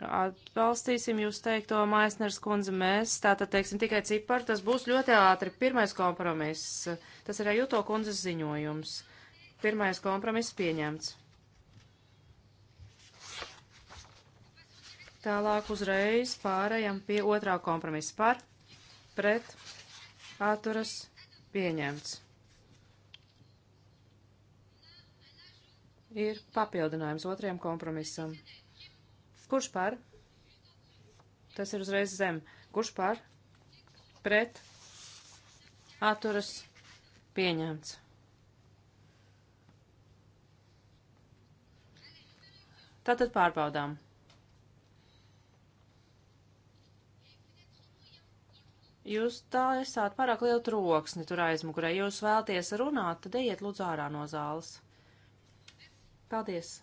Atbalstīsim jūs teikto, Maisners kundze, mēs tātad teiksim tikai ciparu, tas būs ļoti ātri. Pirmais kompromiss, tas ir Ajuto kundzes ziņojums. Pirmais kompromiss pieņemts. Tālāk uzreiz pārējām pie otrā kompromisa par, pret, atturas, pieņemts. Ir papildinājums otrajam kompromisam. Kurš par? Tas ir uzreiz zem. Kurš par? Pret. Atturas. Pieņemts. Tātad pārbaudām. Jūs tā esat pārāk lielu troksni tur aizmugurē. Jūs vēlties runāt, tad ejiet lūdzu ārā no zāles. Paldies!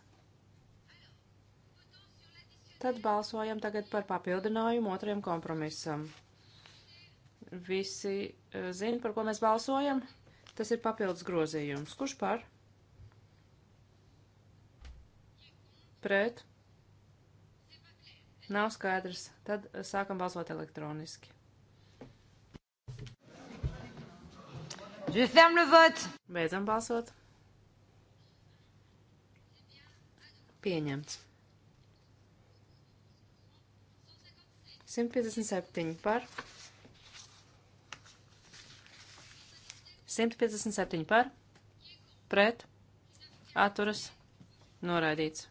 Tad balsojam tagad par papildinājumu otriem kompromisam. Visi eh, zina, par ko mēs balsojam. Tas ir papildus grozījums. Kurš par? Pret? Nav skaidrs. Tad eh, sākam balsot elektroniski. Je ferme le vote. Beidzam balsot. Pieņemts. 157 par. 157 par. Pret. Atturas. Noraidīts.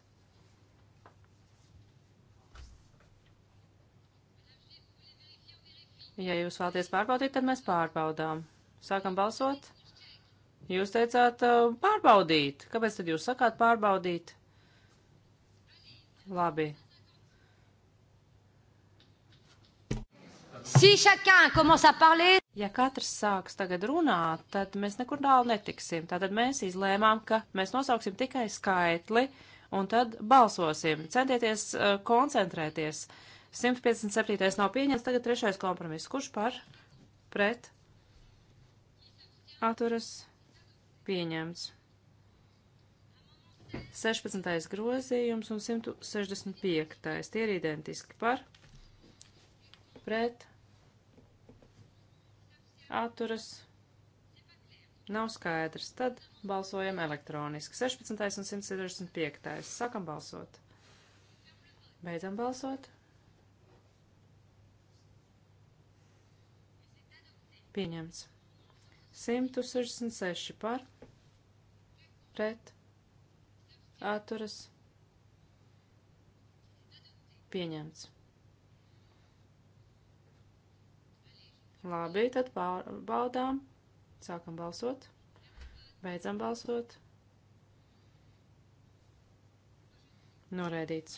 Ja jūs vēlaties pārbaudīt, tad mēs pārbaudām. Sākam balsot. Jūs teicāt uh, pārbaudīt. Kāpēc tad jūs sakāt pārbaudīt? Labi, Si chacun commence à parler. Ja katrs sāks tagad runāt, tad mēs nekur tālu netiksim. Tātad mēs izlēmām, ka mēs nosauksim tikai skaitli un tad balsosim. Centieties uh, koncentrēties. 157. nav pieņemts, tagad trešais kompromiss. Kurš par? Pret? Atturas? Pieņemts. 16. grozījums un 165. Tie ir identiski par? Pret? atturas nav skaidrs. Tad balsojam elektroniski. 16. un 165. Sākam balsot. Beidzam balsot. Pieņemts. 166 par, pret, atturas, pieņemts. Labi, tad pārbaudām. Sākam balsot. Beidzam balsot. Noraidīts.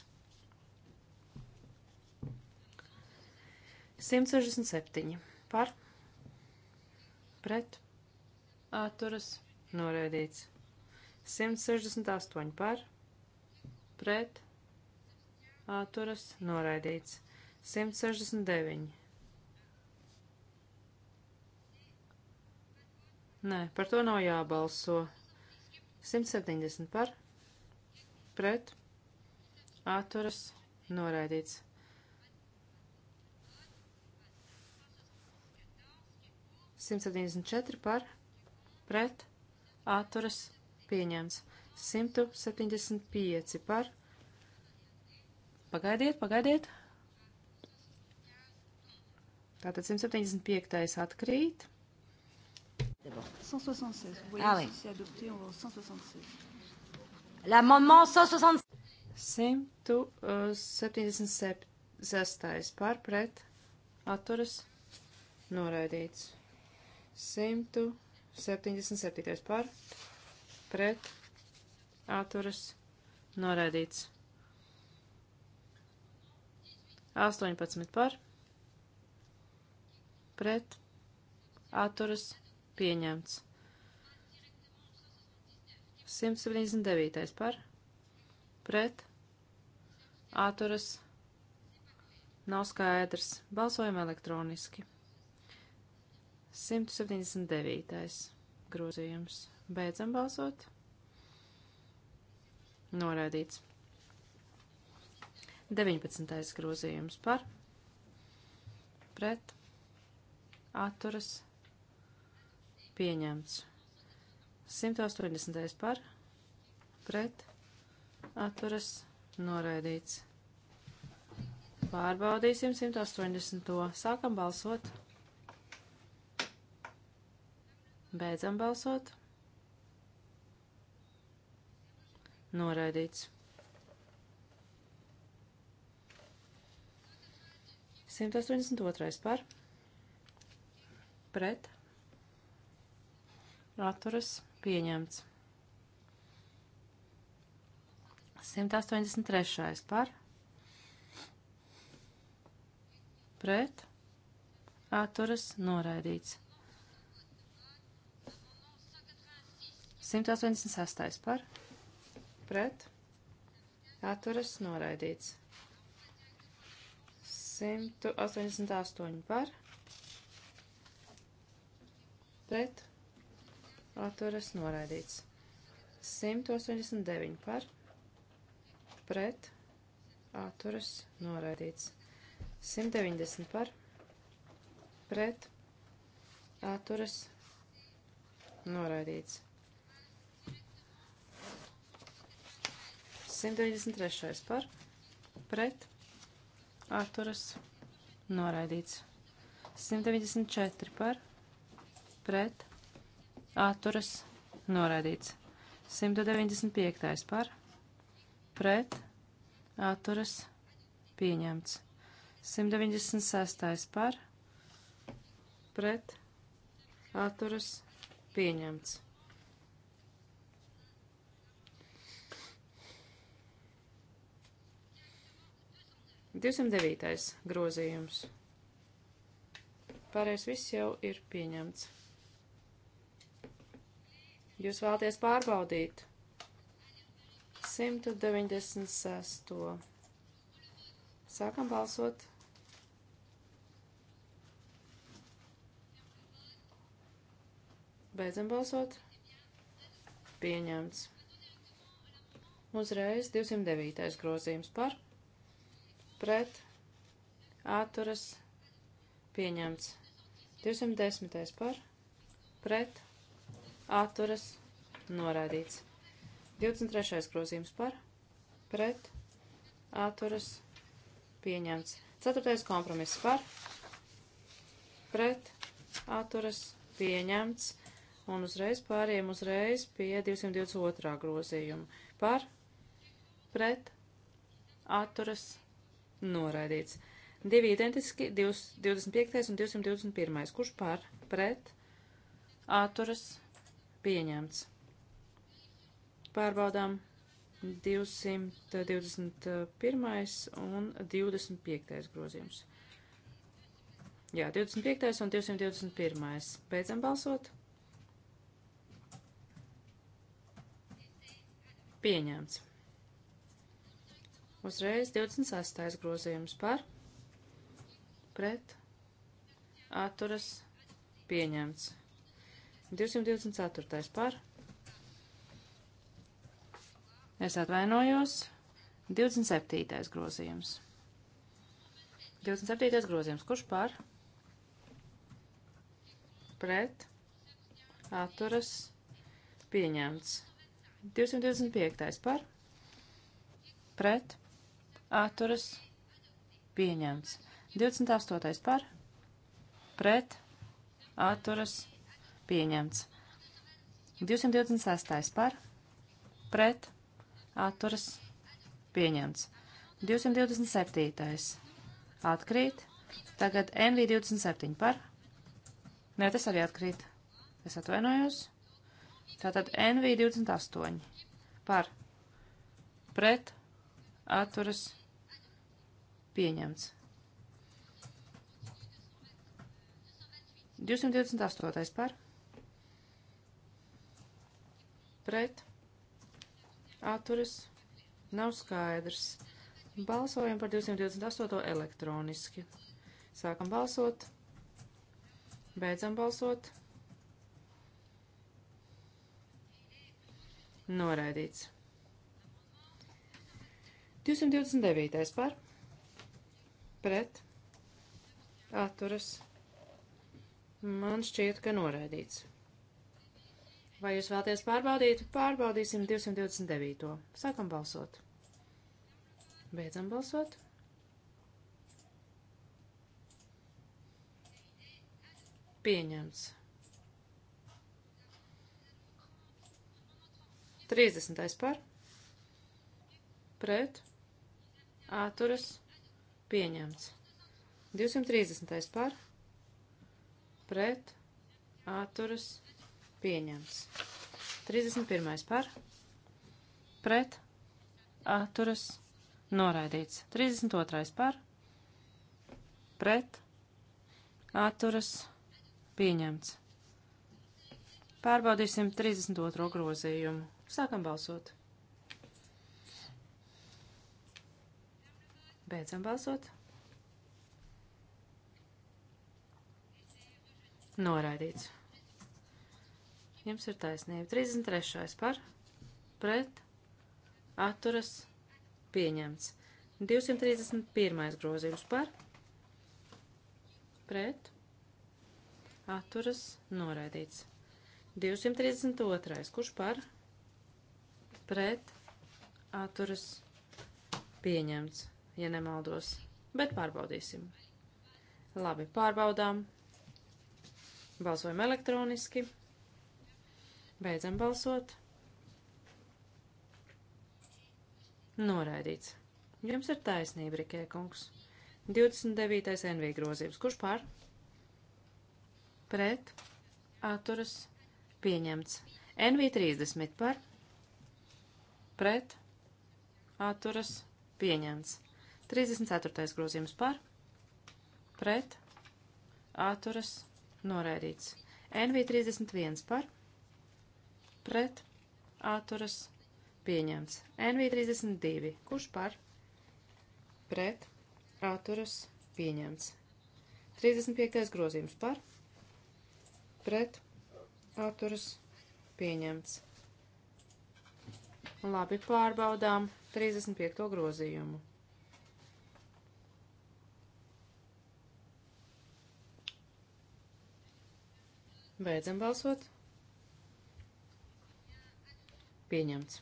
167 par pret atturas noraidīts. 168 par pret atturas noraidīts. 169 Nē, par to nav jābalso. 170 par, pret, atturas, noraidīts. Simt septiņdesmit četri par, pret, atturas, pieņemts. 175 par. Pagaidiet, pagaidiet. Tātad 175. atkrīt d'abord. 176. Vous voyez ah oui. si c'est adopté, on va au 176. L'amendement 176. 176. Euh, par pret atturas noraidīts. 177. par pret atturas noraidīts. 18 par pret atturas noraidīts pieņemts. 179. par, pret, atturas, nav skaidrs, balsojam elektroniski. 179. grozījums. Beidzam balsot. Noraidīts. 19. grozījums par, pret, atturas, pieņemts. 180. par, pret, atturas, noraidīts. Pārbaudīsim 180. Sākam balsot. Beidzam balsot. Noraidīts. 182. par, pret, atturas pieņemts. 183. par pret atturas noraidīts. 186. par pret atturas noraidīts. 188 par pret atturas noraidīts. 189 par, pret, atturas noraidīts. 190 par, pret, atturas noraidīts. 193 par, pret, atturas noraidīts. 194 par, pret, atturas noraidīts. 195. par pret atturas pieņemts. 196. par pret atturas pieņemts. Divsimt devītais grozījums. Pārējais viss jau ir pieņemts. Jūs vēlaties pārbaudīt 196. Sākam balsot. Beidzam balsot. Pieņemts. Uzreiz 209. grozījums par, pret, atturas, pieņemts. 210. par, pret, atturas noraidīts. 23. grozījums par pret atturas pieņemts. 4. kompromiss par pret atturas pieņemts. Un uzreiz pāriem uzreiz pie 222. grozījuma par pret atturas noraidīts. Divi identiski, 25. un 221. Kurš par pret atturas noraidīts? Pieņemts. Pārbaudām 221. un 25. grozījums. Jā, 25. un 221. Beidzam balsot. Pieņemts. Uzreiz 26. grozījums par, pret, atturas, pieņemts. 224. par. Es atvainojos. 27. grozījums. 27. grozījums. Kurš par? Pret. Atturas. Pieņemts. 225. par. Pret. Atturas. Pieņemts. 28. par. Pret. Atturas. Pieņemts pieņemts. 226. par, pret, atturas, pieņemts. 227. atkrīt, tagad NV27 par, nē, tas arī atkrīt, es atvainojos, tātad NV28 par, pret, atturas, pieņemts. 228. par, pret, atturas, pieņemts. 228. par, pret, atturas, nav skaidrs. Balsojam par 228 elektroniski. Sākam balsot, beidzam balsot. Noraidīts. 229. par pret atturas. Man šķiet, ka noraidīts. Vai jūs vēlaties pārbaudīt? Pārbaudīsim 229. Sākam balsot. Beidzam balsot. Pieņemts. 30. par. Pret. Āturas. Pieņemts. 230. par. Pret. Āturas. Pieņemts pieņems. 31. par, pret, atturas, noraidīts. 32. par, pret, atturas, pieņemts. Pārbaudīsim 32. grozījumu. Sākam balsot. Beidzam balsot. Noraidīts. Jums ir taisnība. 33. par, pret, atturas, pieņemts. 231. grozījums par, pret, atturas, noraidīts. 232. kurš par, pret, atturas, pieņemts, ja nemaldos, bet pārbaudīsim. Labi, pārbaudām. Balsojam elektroniski. Beidzam balsot. Noraidīts. Jums ir taisnība, Rikē kungs. 29. NV grozījums. Kurš pār? Pret. Atturas. Pieņemts. NV 30 par. Pret. Atturas. Pieņemts. 34. grozījums par. Pret. Atturas. Noraidīts. NV 31 par pret atturas pieņemts. NV32. Kurš par? Pret atturas pieņemts. 35. grozījums par? Pret atturas pieņemts. Labi, pārbaudām 35. grozījumu. Beidzam balsot. Pieņemts.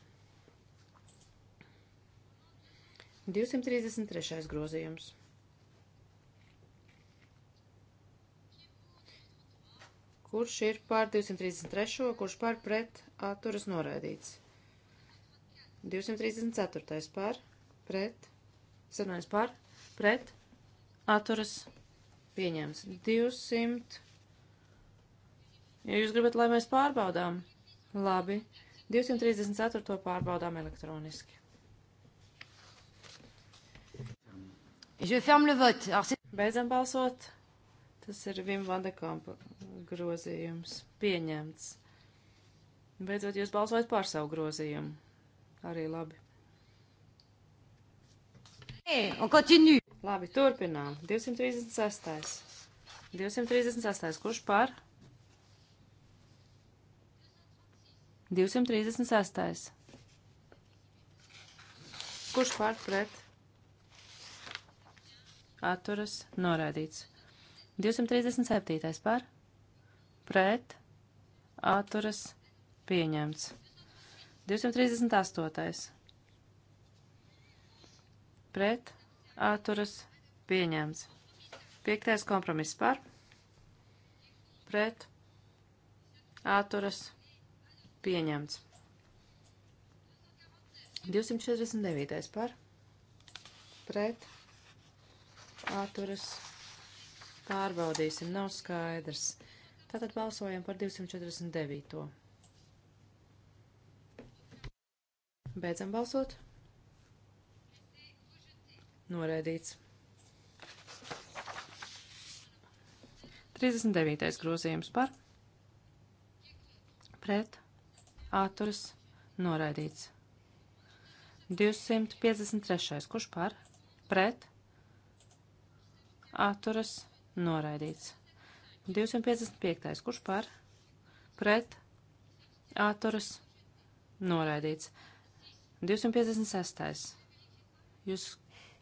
233. grozījums. Kurš ir pār 233, kurš pār pret atturas noraidīts? 234. pār pret, sarunājas pār pret atturas pieņems. 200. Ja jūs gribat, lai mēs pārbaudām, labi. 234. pārbaudām elektroniski. Je ferme le vote. Alors Beidzam balsot. Tas ir Vim Vandekampa grozījums. Pieņemts. Beidzot, jūs balsojat par savu grozījumu. Arī labi. Hey, eh, on continue. Labi, turpinām. 236. 236. Kurš par? 236. Kurš pār pret? Atturas noraidīts. 237. par pret atturas pieņemts. 238. pret atturas pieņemts. 5. kompromiss par pret atturas pieņemts Pieņemts. 249. par pret atturas pārbaudīsim, nav skaidrs. Tātad balsojam par 249. Beidzam balsot. Noraidīts. 39. grozījums par pret atturas noraidīts. 253. Kurš par? Pret. Atturas noraidīts. 255. Kurš par? Pret. Atturas noraidīts. 256. Jūs,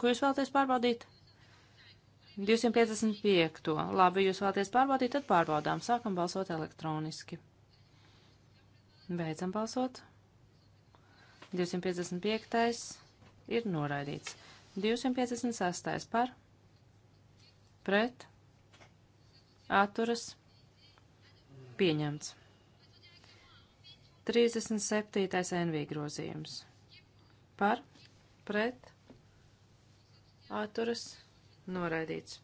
ko jūs vēlaties pārbaudīt? 255. Labi, jūs vēlaties pārbaudīt, tad pārbaudām. Sākam balsot elektroniski. Beidzam balsot. 255. ir noraidīts. 256. par, pret, atturas, pieņemts. 37. NV grozījums. Par, pret, atturas, noraidīts.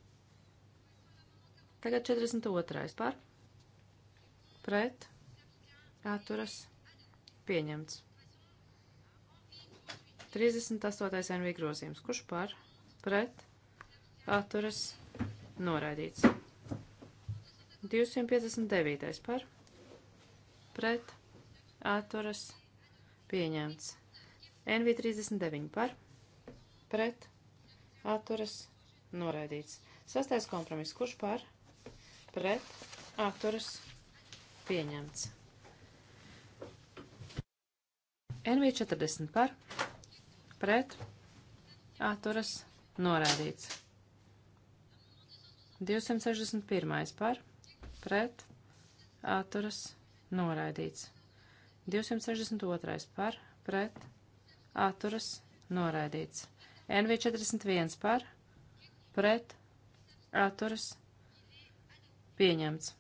Tagad 42. par, pret, atturas pieņemts. 38. NV grozījums. Kurš par? Pret? Atturas noraidīts. 259. par? Pret? Atturas pieņemts. NV 39 par? Pret? Atturas noraidīts. Sastais kompromiss. Kurš par? Pret? Atturas pieņemts. NV40 par pret atturas norādīts. 261 par pret atturas noraidīts. 262 par pret atturas noraidīts. NV41 par pret atturas pieņemts.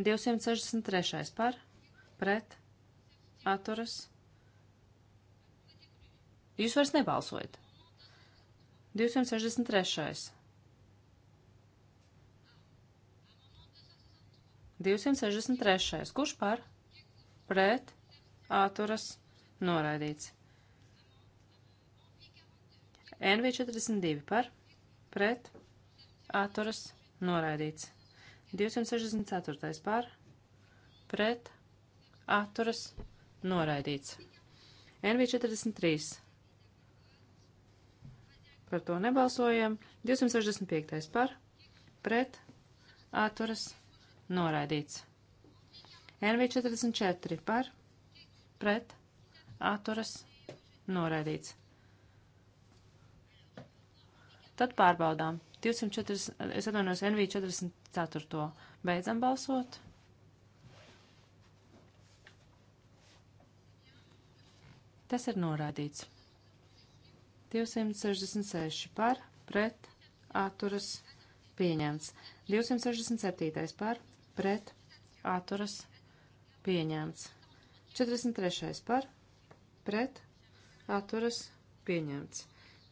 263 par pret atturas. Jūs vairs nebalsojat. 263. 263. Kurš par? Pret. Āturas. Noraidīts. NV42 par. Pret. Āturas. Noraidīts. 264. par. Pret. Āturas. Noraidīts. NV43. Par to nebalsojam. 265. par. Pret. Atturas. Noraidīts. NV44. par. Pret. Atturas. Noraidīts. Tad pārbaudām. 240, es atvainojos NV44. Beidzam balsot. Tas ir norādīts. 266 par, pret, atturas, pieņemts. 267 par, pret, atturas, pieņemts. 43 par, pret, atturas, pieņemts.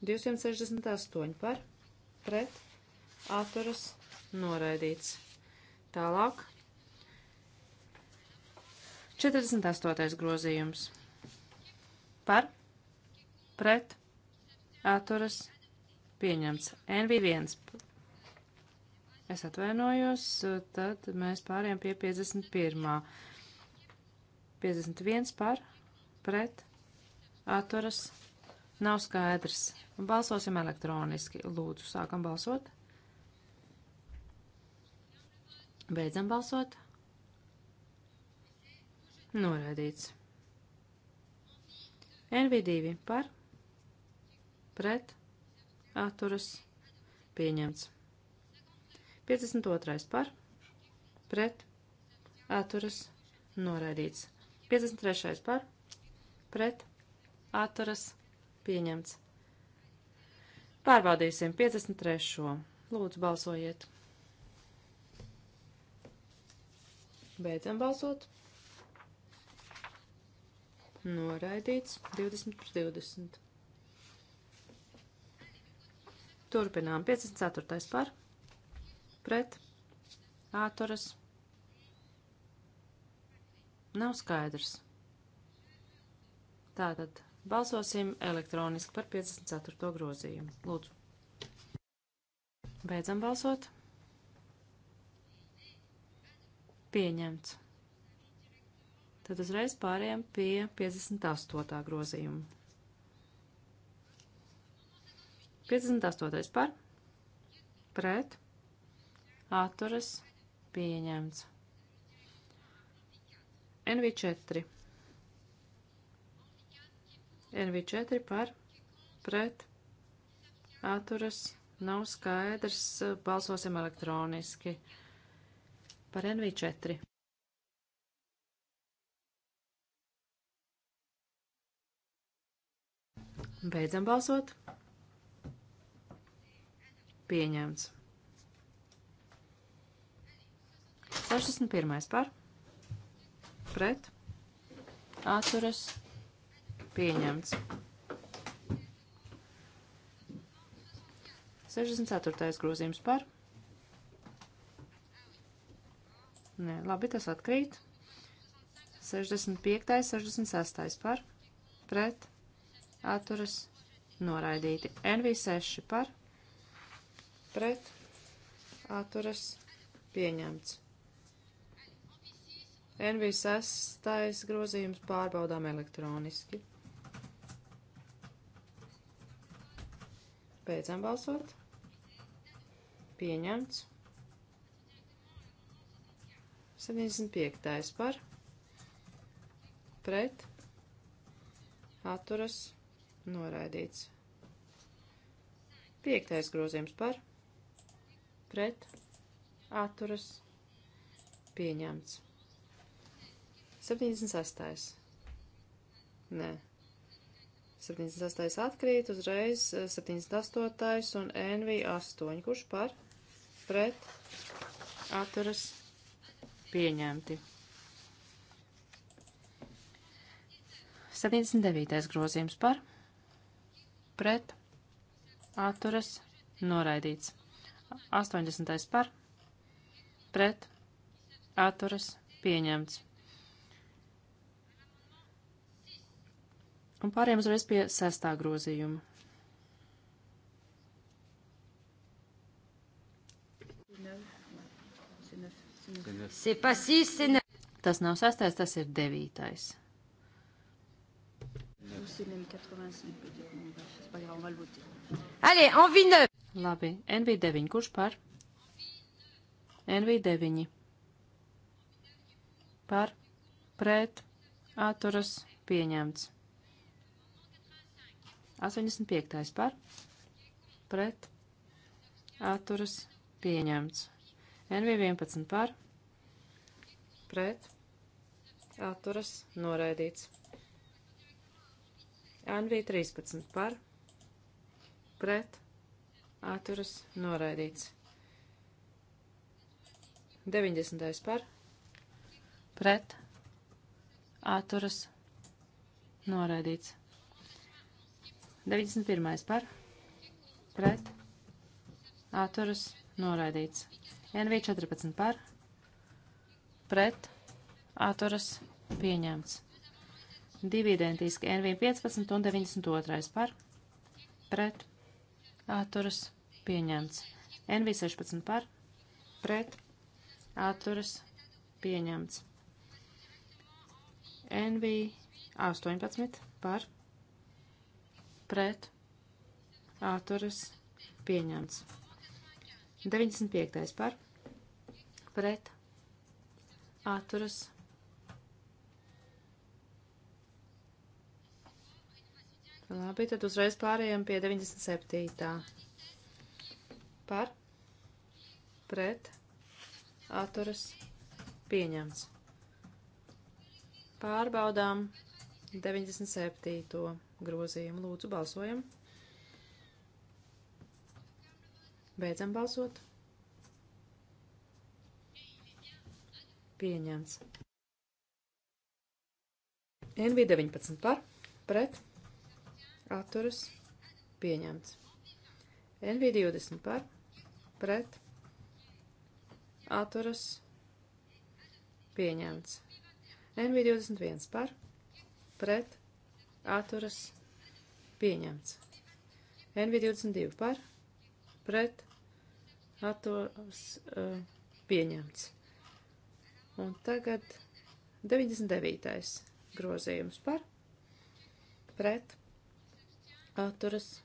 268 par, pret, atturas, noraidīts. Tālāk. 48. grozījums par pret atturas pieņemts. NV1. Es atvainojos, tad mēs pāriem pie 51. 51 par pret atturas nav skaidrs. Balsosim elektroniski. Lūdzu, sākam balsot. Beidzam balsot. Noraidīts. NV2 par pret atturas pieņemts. 52. par pret atturas noraidīts. 53. par pret atturas pieņemts. Pārbaudīsim 53. Lūdzu, balsojiet. Beidzam balsot. Noraidīts 20 par 20. Turpinām 54. par pret ātoras. Nav skaidrs. Tātad balsosim elektroniski par 54. grozījumu. Lūdzu. Beidzam balsot. Pieņemts. Tad uzreiz pārējām pie 58. grozījuma. 58. par, pret, atturas, pieņemts. NV4. NV4 par, pret, atturas, nav skaidrs, balsosim elektroniski. Par NV4. Beidzam balsot. Pieņemts. 61. par. Pret. Atturas. Pieņemts. 64. grozījums par. Nē, labi, tas atkrīt. 65. 66. par. Pret atturas noraidīti. NV6 par pret atturas pieņemts. NV6 grozījums pārbaudām elektroniski. Beidzam balsot. Pieņemts. 75. par pret atturas noraidīts. Piektais grozījums par, pret, atturas, pieņemts. 76. Nē. 76. atkrīt uzreiz 78. Eh, un NV 8, kurš par, pret, atturas, pieņemti. 79. grozījums par, pret pret, atturas, noraidīts. 80. par, pret, atturas, pieņemts. Un pāriem uzreiz pie sestā grozījuma. Tas nav sastais, tas ir devītais. C'est même 85, peut-être. C'est pas grave, on va le voter. Allez, NV9. Labi, NV9, kurš par? NV9. Par, pret, atturas, pieņemts. 85. par, pret, atturas, pieņemts. NV11 par, pret, atturas, noraidīts. NV 13 par, pret, atturas noraidīts. 90. par, pret, atturas noraidīts. 91. par, pret, atturas noraidīts. NV 14 par, pret, atturas pieņemts. Divi identiski NV15 un 92 par pret atturas pieņemts. NV16 par pret atturas pieņemts. NV18 par pret atturas pieņemts. 95. par pret atturas pieņemts Labi, tad uzreiz pārējām pie 97. Par, pret, atturas, pieņemts. Pārbaudām 97. grozījumu. Lūdzu, balsojam. Beidzam balsot. Pieņemts. NV19 par, pret, atturas pieņemts. NV20 par pret atturas pieņemts. NV21 par pret atturas pieņemts. NV22 par pret atturas uh, pieņemts. Un tagad 99. grozījums par pret atturas pieņemts atturas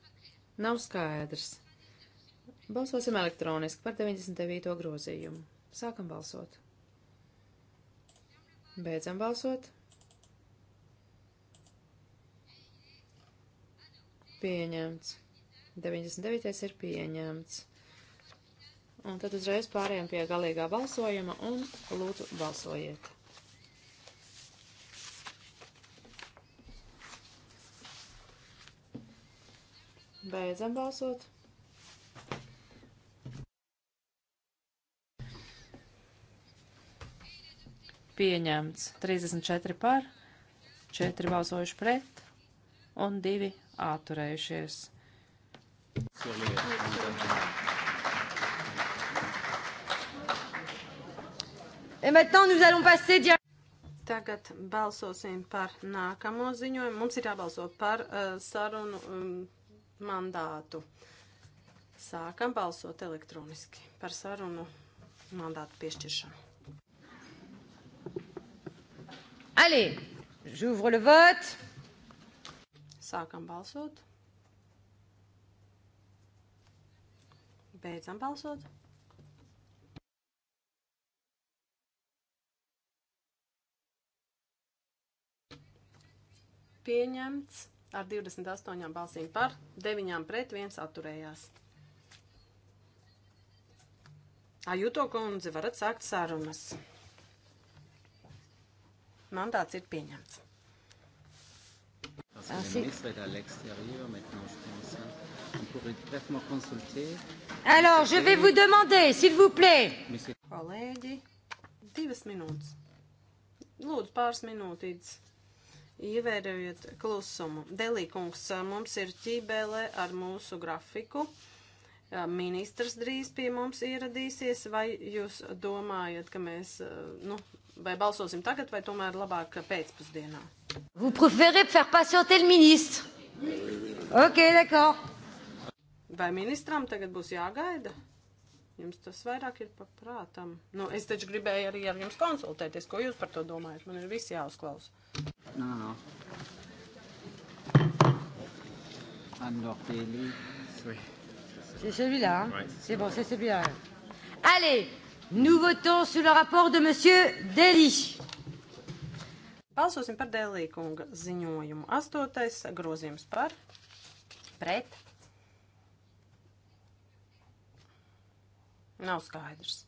nav skaidrs. Balsosim elektroniski par 99. grozījumu. Sākam balsot. Beidzam balsot. Pieņemts. 99. ir pieņemts. Un tad uzreiz pārējām pie galīgā balsojuma un lūdzu balsojiet. Beidzam balsot. Pieņemts 34 par, 4 balsojuši pret un 2 atturējušies. Tagad balsosim par nākamo ziņojumu. Mums ir jābalso par uh, sarunu. Um, mandātu. Sākam balsot elektroniski par sarunu mandātu piešķiršanu. Allez, j'ouvre le vote. Sākam balsot. Beidzam balsot. Pieņemts ar 28 balsīm par, 9 pret, 1 atturējās. Ajuto kundze, varat sākt sarunas. Mandāts ir pieņemts. Alors, je vais vous demander, s'il vous plaît. Kolēģi, divas minūtes. Lūdzu, pāris minūtītes ievērojot klusumu. Delīkungs, mums ir ķībēlē ar mūsu grafiku. Ministrs drīz pie mums ieradīsies, vai jūs domājat, ka mēs, nu, vai balsosim tagad, vai tomēr labāk pēcpusdienā? Vous préférez faire patienter le ministre? Ok, d'accord. Vai ministram tagad būs jāgaida? Jums tas vairāk ir paprātam. Nu, es taču gribēju arī ar jums konsultēties, ko jūs par to domājat. Man ir viss jāuzklaus. No, no. Oui. C'est celui-là. Hein? Ouais, c'est bon, c'est celui-là. Allez, nous votons sur le rapport de Monsieur Deli. Balsosim par Dēlī kunga ziņojumu. Astotais grozījums par pret Nav skaidrs.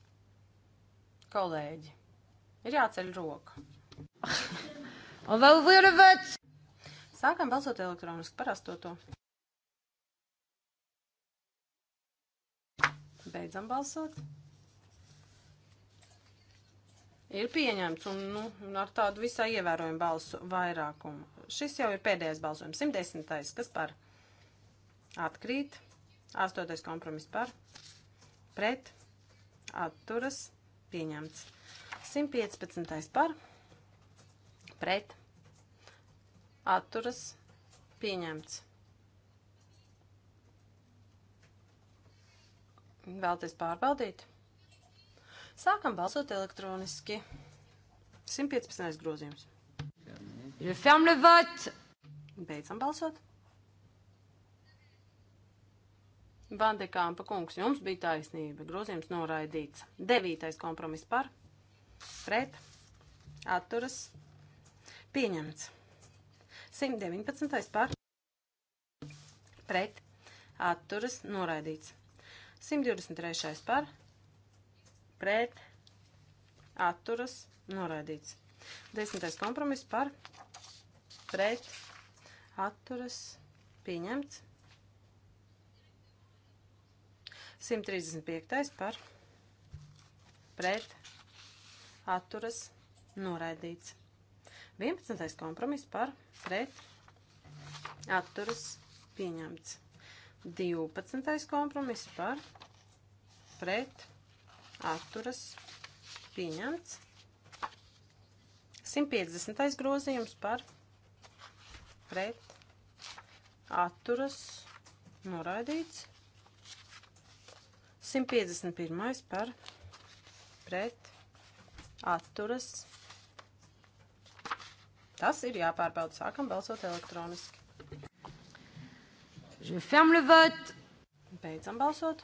Kolēģi, ir jāceļ roka. Un vēl virvets! Sākam balsot elektroniski parastoto. Beidzam balsot. Ir pieņemts un nu, ar tādu visai ievērojumu balsu vairākumu. Šis jau ir pēdējais balsojums. 110. kas par atkrīt. 8. kompromiss par pret pret atturas pieņemts. 115. par pret atturas pieņemts. Vēlties pārbaudīt? Sākam balsot elektroniski. 115. grozījums. Je ferme le vote! Beidzam balsot. Bandekāmpa kungs, jums bija taisnība. Grozījums noraidīts. Devītais kompromiss par, pret, atturas, pieņemts. 119. par, pret, atturas, noraidīts. 123. par, pret, atturas, noraidīts. 10. kompromiss par, pret, atturas, pieņemts. 135. par pret atturas noraidīts. 11. kompromiss par pret atturas pieņemts. 12. kompromiss par pret atturas pieņemts. 150. grozījums par pret atturas noraidīts. 151. par pret atturas. Tas ir jāpārbauda. Sākam balsot elektroniski. Je ferme le vote. Beidzam balsot.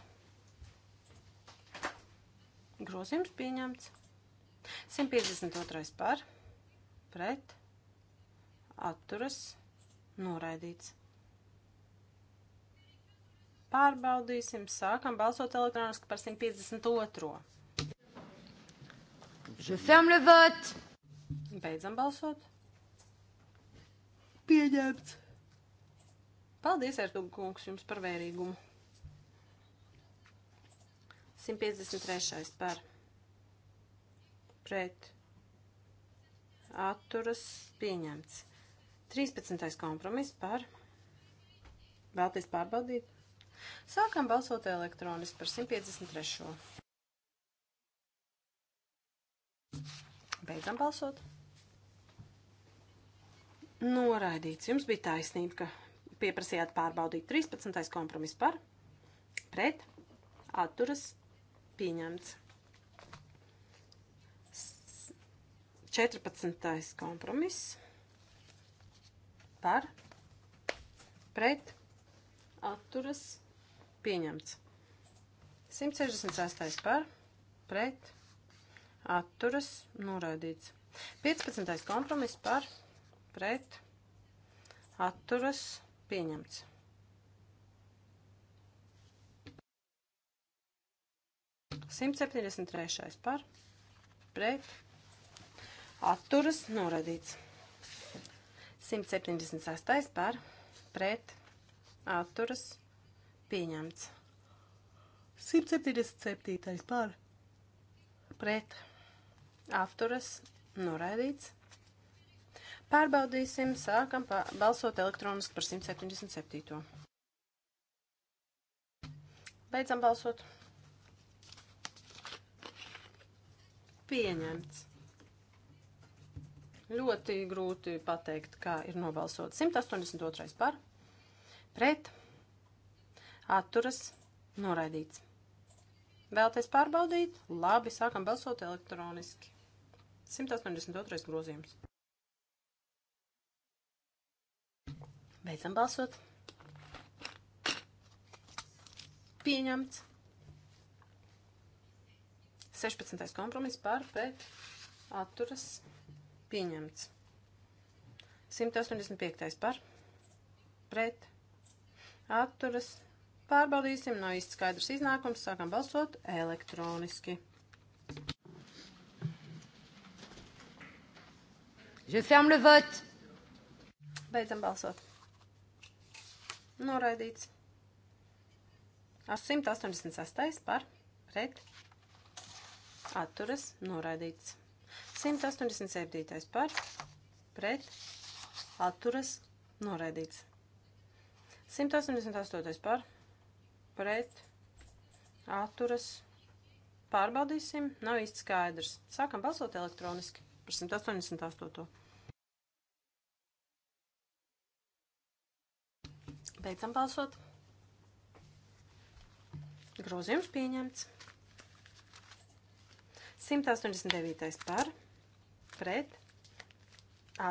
Grozījums pieņemts. 152. par pret atturas noraidīts. Pārbaudīsim, sākam balsot elektroniski par 152. Je ferme le vote. Beidzam balsot. Pieņemts. Paldies, Ertuga kungs, jums par vērīgumu. 153. par pret atturas pieņemts. 13. kompromiss par vēlties pārbaudīt. Sākam balsot elektroniski par 153. Beidzam balsot. Noraidīts. Jums bija taisnība, ka pieprasījāt pārbaudīt 13. kompromis par, pret, atturas, pieņemts. 14. kompromis par, pret, atturas, pieņemts pieņemts. 168. par, pret, atturas, noraidīts. 15. kompromiss par, pret, atturas, pieņemts. Simt septiņdesmit trešais par, pret, atturas, noradīts. 176. par pret atturas Pieņemts. 177. par pret apturas noraidīts. Pārbaudīsim, sākam balsot elektroniski par 177. Beidzam balsot. Pieņemts. Ļoti grūti pateikt, kā ir nobalsot. 182. par pret atturas, noraidīts. Vēlties pārbaudīt? Labi, sākam balsot elektroniski. 182. grozījums. Beidzam balsot. Pieņemts. 16. kompromiss par pret atturas pieņemts. 185. par pret atturas pieņemts Pārbaudīsim, nav īsti skaidrs iznākums, sākam balsot elektroniski. Je ferme le vote. Beidzam balsot. Noraidīts. 186 par pret atturas noraidīts. 187 par pret atturas noraidīts. 188 par pret atturas pārbaudīsim. Nav īsti skaidrs. Sākam balsot elektroniski par 188. Beidzam balsot. Grozījums pieņemts. 189. par, pret,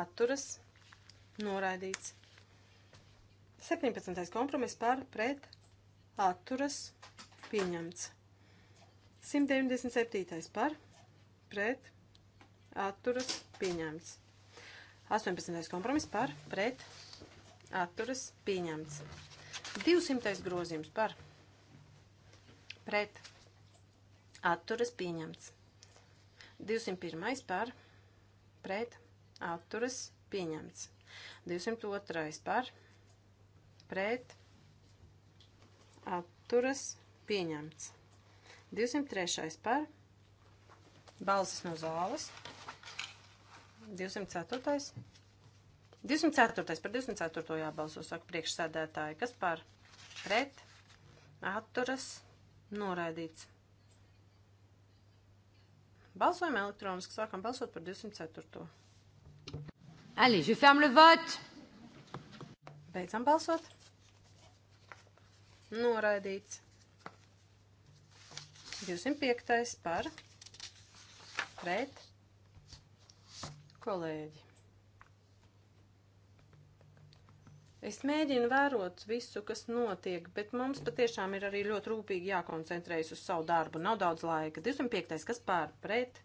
atturas, noraidīts. 17. kompromiss par, pret, atturas pieņemts. 197. par pret atturas pieņemts. 18. kompromiss par pret atturas pieņemts. 200. grozījums par pret atturas pieņemts. 201. par pret atturas pieņemts. 202. par pret atturas pieņemts. 203. par balsis no zāles. 204. 204. par 204. jābalso, saka priekšsēdētāji. Kas par pret atturas noraidīts? Balsojam elektroniski, sākam balsot par 204. Allez, je ferme le vote! Beidzam balsot! noraidīts. 205. par pret kolēģi. Es mēģinu vērot visu, kas notiek, bet mums patiešām ir arī ļoti rūpīgi jākoncentrējas uz savu darbu. Nav daudz laika. 205. kas pār pret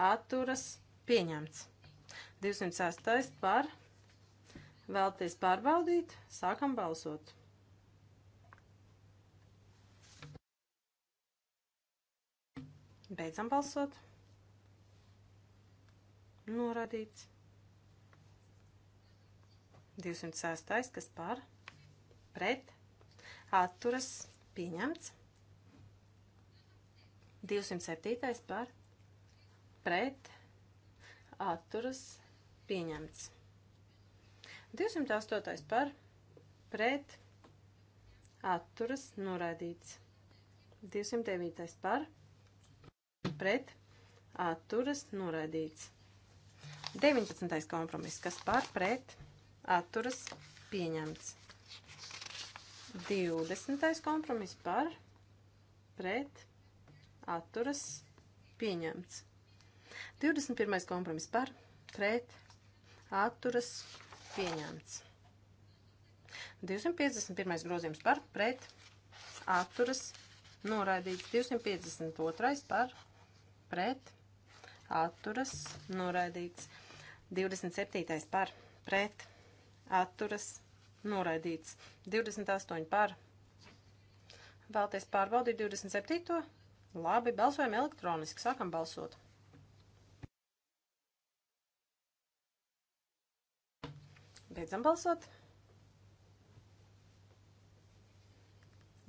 atturas pieņemts. 206. par vēlties pārbaudīt, sākam balsot. Beidzam balsot. Noradīts. 206. kas par, pret, atturas, pieņemts. 207. par, pret, atturas, pieņemts. 208. par, pret, atturas, noraidīts. 209. par, pret pret atturas noraidīts. 19. kompromiss, kas par pret atturas pieņemts. 20. kompromiss par pret atturas pieņemts. 21. kompromiss par pret atturas pieņemts. 251. grozījums par pret atturas noraidīts. 252. par pret pret, atturas, noraidīts. 27. par, pret, atturas, noraidīts. 28. par. Vēlties pārbaudīt 27. Labi, balsojam elektroniski, sākam balsot. Beidzam balsot.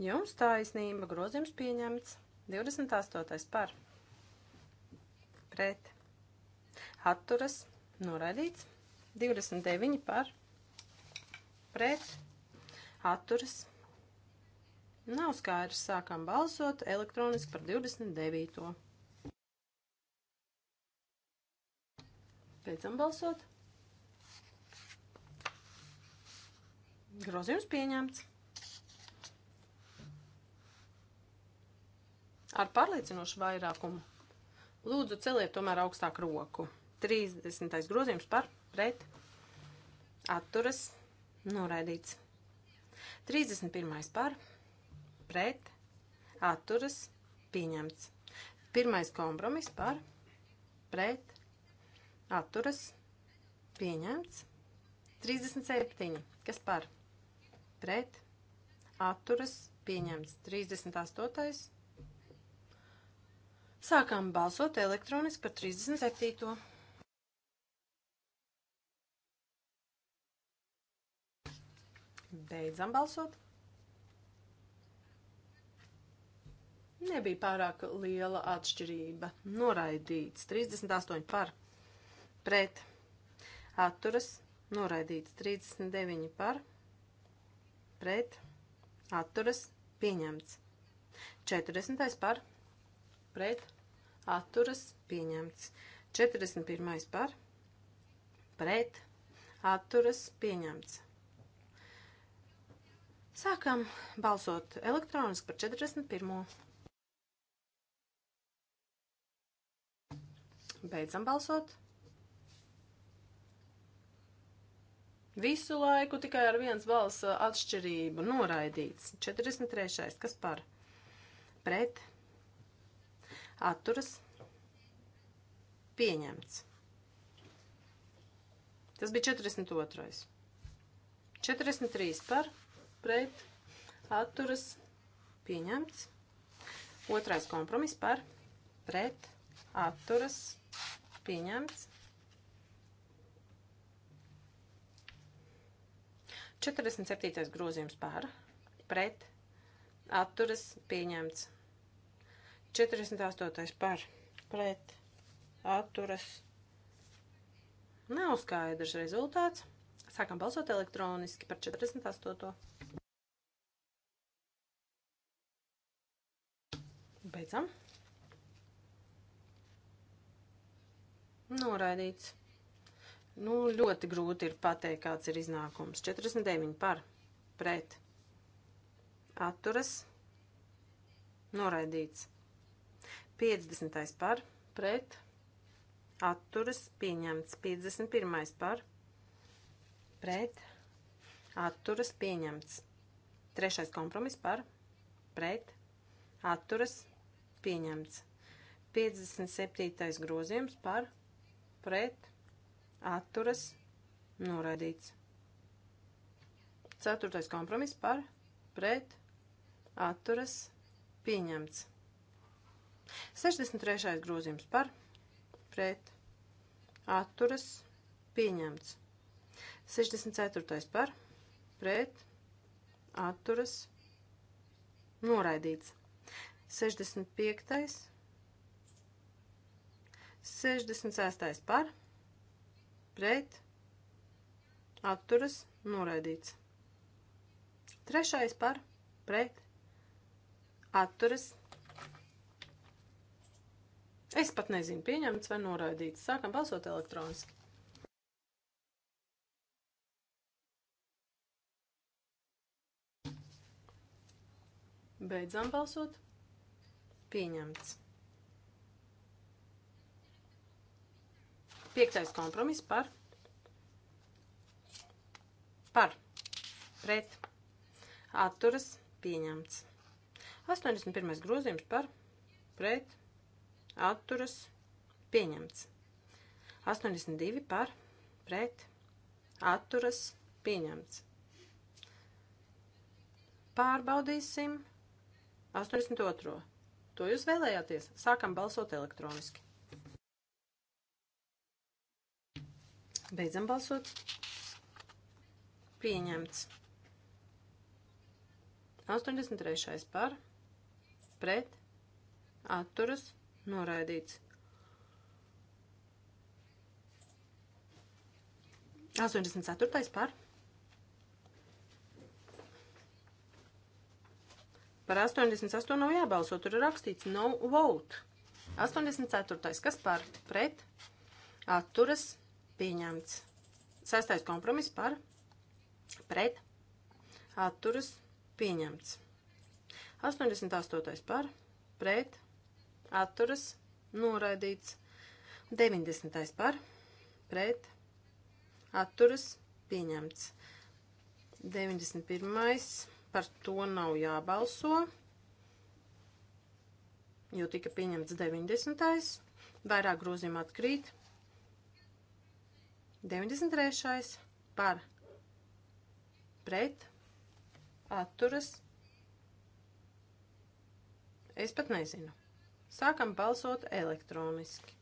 Jums taisnība, grozījums pieņemts. 28. par pret atturas noraidīts. 29 par pret atturas nav skaidrs. Sākam balsot elektroniski par 29. Beidzam balsot. Grozījums pieņemts. Ar pārliecinošu vairākumu. Lūdzu, celiet tomēr augstāk roku. 30. grozījums par pret atturas noraidīts. 31. par pret atturas pieņemts. Pirmais kompromiss par pret atturas pieņemts. 37. Kas par pret atturas pieņemts. 38. Sākām balsot elektroniski par 37. Beidzam balsot. Nebija pārāk liela atšķirība. Noraidīts 38 par pret atturas, noraidīts 39 par pret atturas, pieņemts 40 par pret atturas atturas pieņemts. 41. par pret atturas pieņemts. Sākam balsot elektroniski par 41. Beidzam balsot. Visu laiku tikai ar viens balss atšķirību noraidīts. 43. kas par pret atturas pieņemts atturas pieņemts. Tas bija 42. 43 par pret atturas pieņemts. Otrais kompromiss par pret atturas pieņemts. 47. grozījums par pret atturas pieņemts. 48. par pret atturas nav skaidrs rezultāts. Sākam balsot elektroniski par 48. Beidzam. Noraidīts. Nu, ļoti grūti ir pateikt, kāds ir iznākums. 49 par pret atturas noraidīts. 50. par pret atturas pieņemts. 51. par pret atturas pieņemts. 3. kompromiss par pret atturas pieņemts. 57. grozījums par pret atturas noraidīts. 4. kompromiss par pret atturas pieņemts. 63. grozījums par pret atturas pieņemts. 64. par pret atturas noraidīts. 65. 66. par pret atturas noraidīts. Trešais par pret atturas noraidīts. Es pat nezinu, pieņemts vai noraidīts. Sākam balsot elektroniski. Beidzam balsot. Pieņemts. Piektais kompromiss par par pret atturas pieņemts. 81. grozījums par pret atturas atturas pieņemts. 82 par pret atturas pieņemts. Pārbaudīsim 82. To jūs vēlējāties. Sākam balsot elektroniski. Beidzam balsot. Pieņemts. 83. par pret atturas pieņemts noraidīts. 84. par. Par 88 nav jābalso, tur ir rakstīts no vote. 84. kas par pret atturas pieņemts. Sastais kompromiss par pret atturas pieņemts. 88. par pret atturas noraidīts. 90. par pret atturas pieņemts. 91. par to nav jābalso, jo tika pieņemts 90. Vairāk grozījuma atkrīt. 93. par pret atturas. Es pat nezinu. Sākam balsot elektroniski.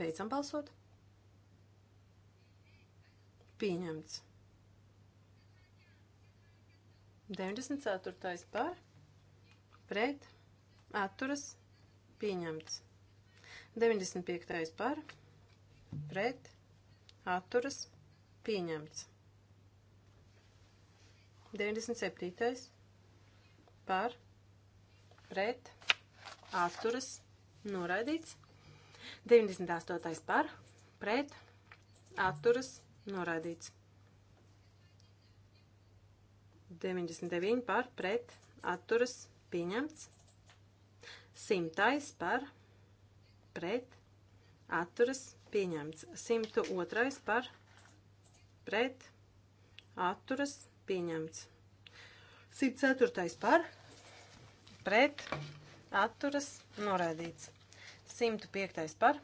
Beidzam balsot. Pieņemts. 94. par, pret, atturas, pieņemts. 95. par, pret, atturas, pieņemts. 97. par pret atturas noraidīts. 98. par pret atturas noraidīts. 99 par pret atturas pieņemts. 100 par pret atturas pieņemts. 102 par pret atturas pieņemts pieņemts. 104. par, pret, atturas, noraidīts. 105. par,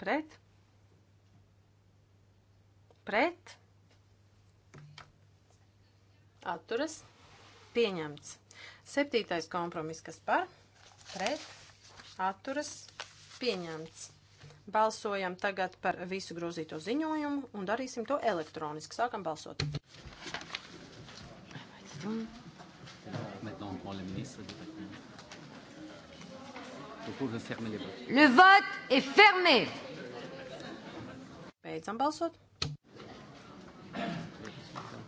pret, pret, atturas, pieņemts. 7. kompromiss, kas par, pret, atturas, pieņemts. Balsojam tagad par visu grozīto ziņojumu un darīsim to elektroniski. Sākam balsot. Le vote est fermé. Beidzam balsot.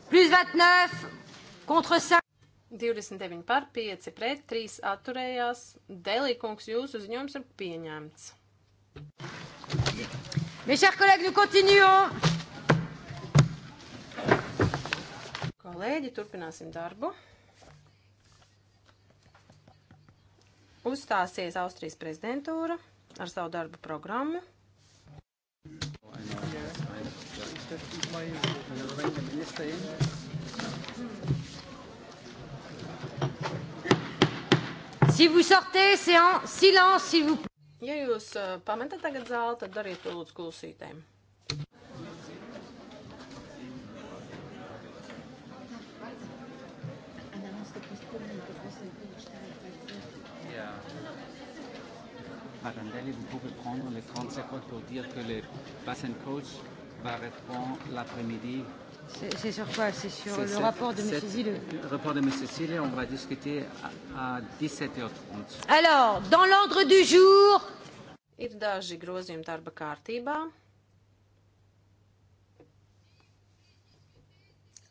Plus 29 contre 5. 29 par 5 pret 3 atturējās. Delīkungs jūsu ziņojums ir pieņemts. Mes chers collègues, nous continuons. Kolēģi, turpināsim darbu. Uzstāsies Austrijas prezidentūra ar savu darbu programmu. Si vous sortez, c'est en silence, s'il vous plaît. Ja jūs pametat tagad zāli, tad dariet to lūdzu klusītēm. Parandelli, vous pouvez prendre les 30 secondes pour dire que le bassin coach va répondre l'après-midi C'est sur quoi C'est sur le rapport de M. Zille Le rapport de M. Zille, on va discuter à 17h30. Alors, dans l'ordre du jour... Ir daži grozījumi darba kārtībā.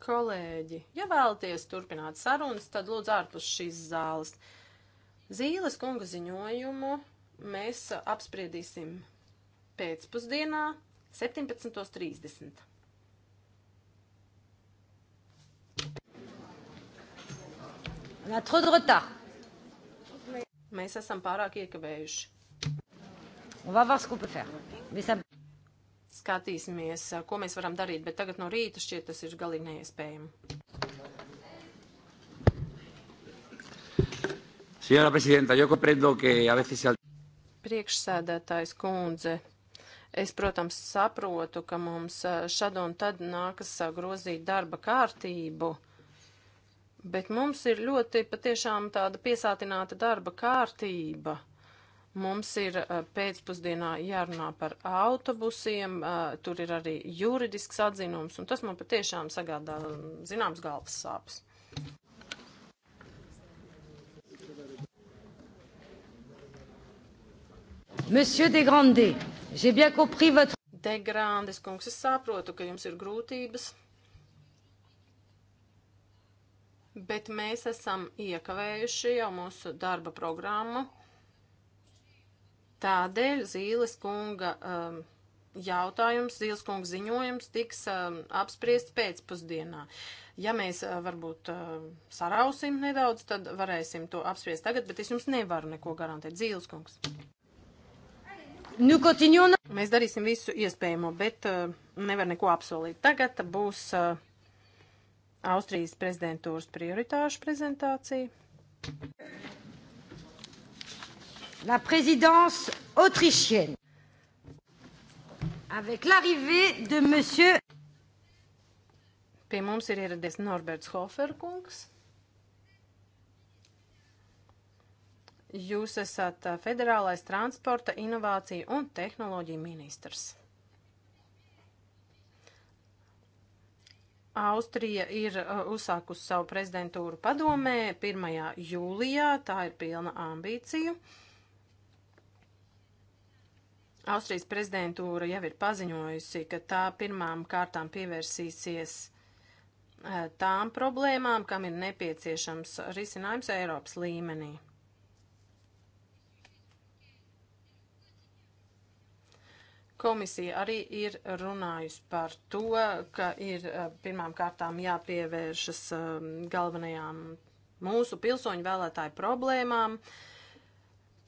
Kolēģi, ja vēlaties turpināt sarunas, tad lūdzu ārpus šīs zāles. Zīles kunga ziņojumu mēs apspriedīsim pēcpusdienā 17.30. La trop de retard. Mēs esam pārāk iekavējuši. Un vēl vārds, ko pēr. Visam. Skatīsimies, ko mēs varam darīt, bet tagad no rīta šķiet tas ir galīgi neiespējami. Señora presidenta, yo comprendo que a veces se... Priekšsēdētājs kundze, Es, protams, saprotu, ka mums eh, šad un tad nākas eh, grozīt darba kārtību, bet mums ir ļoti patiešām tāda piesātināta darba kārtība. Mums ir eh, pēcpusdienā jārunā par autobusiem, tur ir arī juridisks atzinums, un tas man patiešām sagādā mm, zināms galvas sāpes. Monsieur de Grande. Degrāndes kungs, es saprotu, ka jums ir grūtības, bet mēs esam iekavējuši jau mūsu darba programmu. Tādēļ Zīles kunga um, jautājums, Zīles kunga ziņojums tiks um, apspriests pēcpusdienā. Ja mēs uh, varbūt uh, sarausim nedaudz, tad varēsim to apspriest tagad, bet es jums nevaru neko garantēt. Zīles kungs. Nu, continuam. Mēs darīsim visu iespējamo, bet uh, nevar neko apsolīt. Tagad būs uh, Austrijas prezidentūras prioritāšu prezentācija. La présidence autrichienne. Avec l'arrivée de monsieur. Pie mums ir ieradies Norberts Hoferkungs. Jūs esat federālais transporta, inovācija un tehnoloģija ministrs. Austrija ir uzsākusi savu prezidentūru padomē 1. jūlijā, tā ir pilna ambīciju. Austrijas prezidentūra jau ir paziņojusi, ka tā pirmām kārtām pievērsīsies tām problēmām, kam ir nepieciešams risinājums Eiropas līmenī. Komisija arī ir runājusi par to, ka ir eh, pirmām kārtām jāpievēršas eh, galvenajām mūsu pilsoņu vēlētāju problēmām,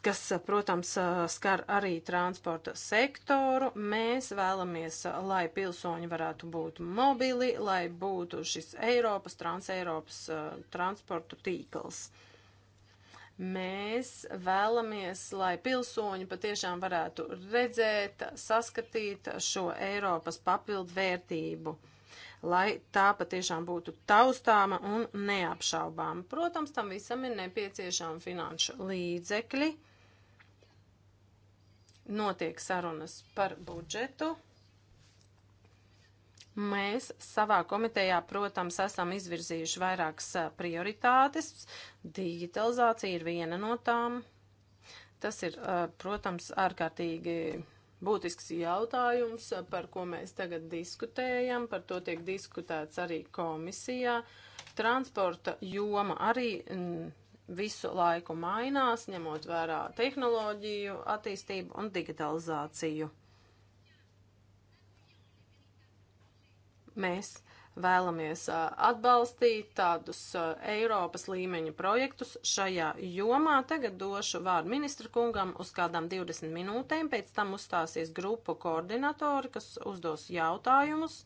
kas, eh, protams, skar arī transporta sektoru. Mēs vēlamies, lai pilsoņi varētu būt mobili, lai būtu šis Eiropas, Transeiropas transportu tīkls. Mēs vēlamies, lai pilsoņi patiešām varētu redzēt, saskatīt šo Eiropas papildu vērtību, lai tā patiešām būtu taustāma un neapšaubāma. Protams, tam visam ir nepieciešama finanšu līdzekļi. Notiek sarunas par budžetu. Mēs savā komitejā, protams, esam izvirzījuši vairākas prioritātes. Digitalizācija ir viena no tām. Tas ir, protams, ārkārtīgi būtisks jautājums, par ko mēs tagad diskutējam. Par to tiek diskutēts arī komisijā. Transporta joma arī visu laiku mainās, ņemot vērā tehnoloģiju attīstību un digitalizāciju. Mēs vēlamies atbalstīt tādus Eiropas līmeņa projektus šajā jomā. Tagad došu vārdu ministra kungam uz kādām 20 minūtēm, pēc tam uzstāsies grupu koordinatori, kas uzdos jautājumus.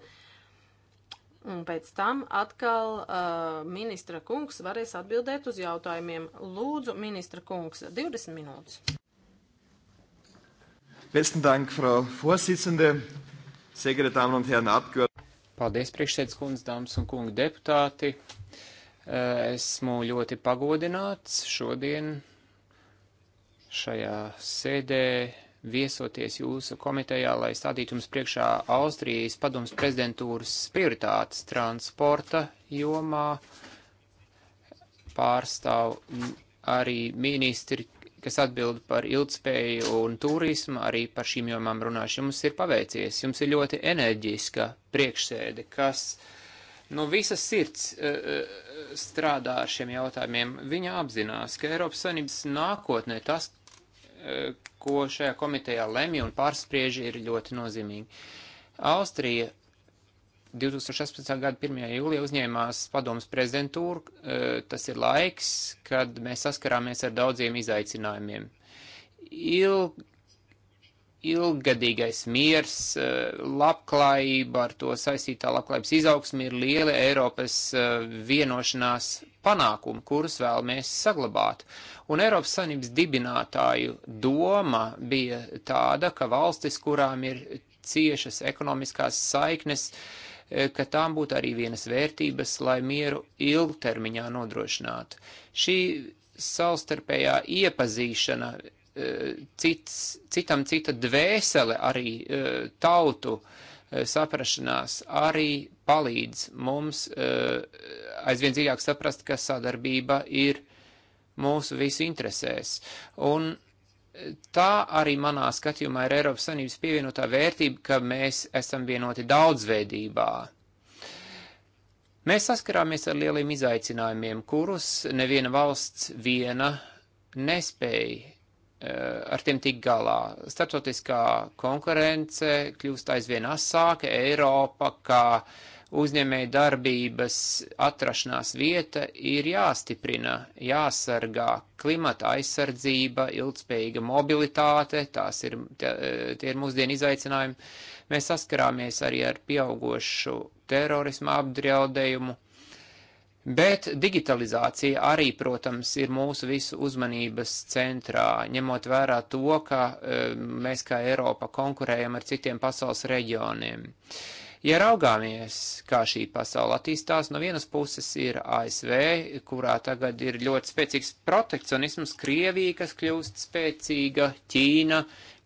Un pēc tam atkal uh, ministra kungs varēs atbildēt uz jautājumiem. Lūdzu, ministra kungs, 20 minūtes. Besten Dank, Frau Vorsitzende, sehr geehrte Damen und Herren Abgeordnete. Paldies, priekšsēdus kundze, dāmas un kungi deputāti. Esmu ļoti pagodināts šodien šajā sēdē viesoties jūsu komitejā, lai stādītu jums priekšā Austrijas padomas prezidentūras prioritātes transporta jomā. Pārstāv arī ministri kas atbild par ilgspēju un turismu, arī par šīm jomām runāšu. Jums ir paveicies, jums ir ļoti enerģiska priekšsēde, kas no nu, visas sirds e, e, strādā ar šiem jautājumiem. Viņa apzinās, ka Eiropas Savienības nākotnē tas, e, ko šajā komitejā lemj un pārspriež, ir ļoti nozīmīgi. Austrija 2016. gada 1. jūlijā uzņēmās padomus prezidentūru. E, tas ir laiks, kad mēs saskarāmies ar daudziem izaicinājumiem. Ilg, ilgadīgais miers, e, labklājība, ar to saistītā labklājības izaugsme ir liela Eiropas e, vienošanās panākumi, kurus vēlamies saglabāt. Un Eiropas Sanības dibinātāju doma bija tāda, ka valstis, kurām ir ciešas ekonomiskās saiknes, uh, Eh, ka tām būtu arī vienas vērtības, lai mieru ilgtermiņā nodrošinātu. Šī savstarpējā iepazīšana, eh, cits, citam cita dvēsele, arī eh, tautu saprašanās arī palīdz mums aizvien dziļāk saprast, ka sadarbība ir mūsu visu interesēs. Un tā arī manā skatījumā ir Eiropas Savienības pievienotā vērtība, ka mēs esam vienoti daudzveidībā. Mēs saskarāmies ar lieliem izaicinājumiem, kurus neviena valsts viena nespēja eh, ar tiem tik galā. Startautiskā konkurence kļūst aizvien asāka, Eiropa kā uh, uzņēmēja darbības atrašanās vieta ir jāstiprina, jāsargā klimata aizsardzība, ilgspējīga mobilitāte, tās ir, tie ir mūsdienu izaicinājumi. Mēs saskarāmies arī ar pieaugošu terorismu apdraudējumu, bet digitalizācija arī, protams, ir mūsu visu uzmanības centrā, ņemot vērā to, ka eh, mēs kā Eiropa konkurējam ar citiem pasaules reģioniem. Uh, Ja raugāmies, kā šī pasaule attīstās, no vienas puses ir ASV, kurā tagad ir ļoti spēcīgs protekcionisms, Krievija, kas kļūst spēcīga, Ķīna,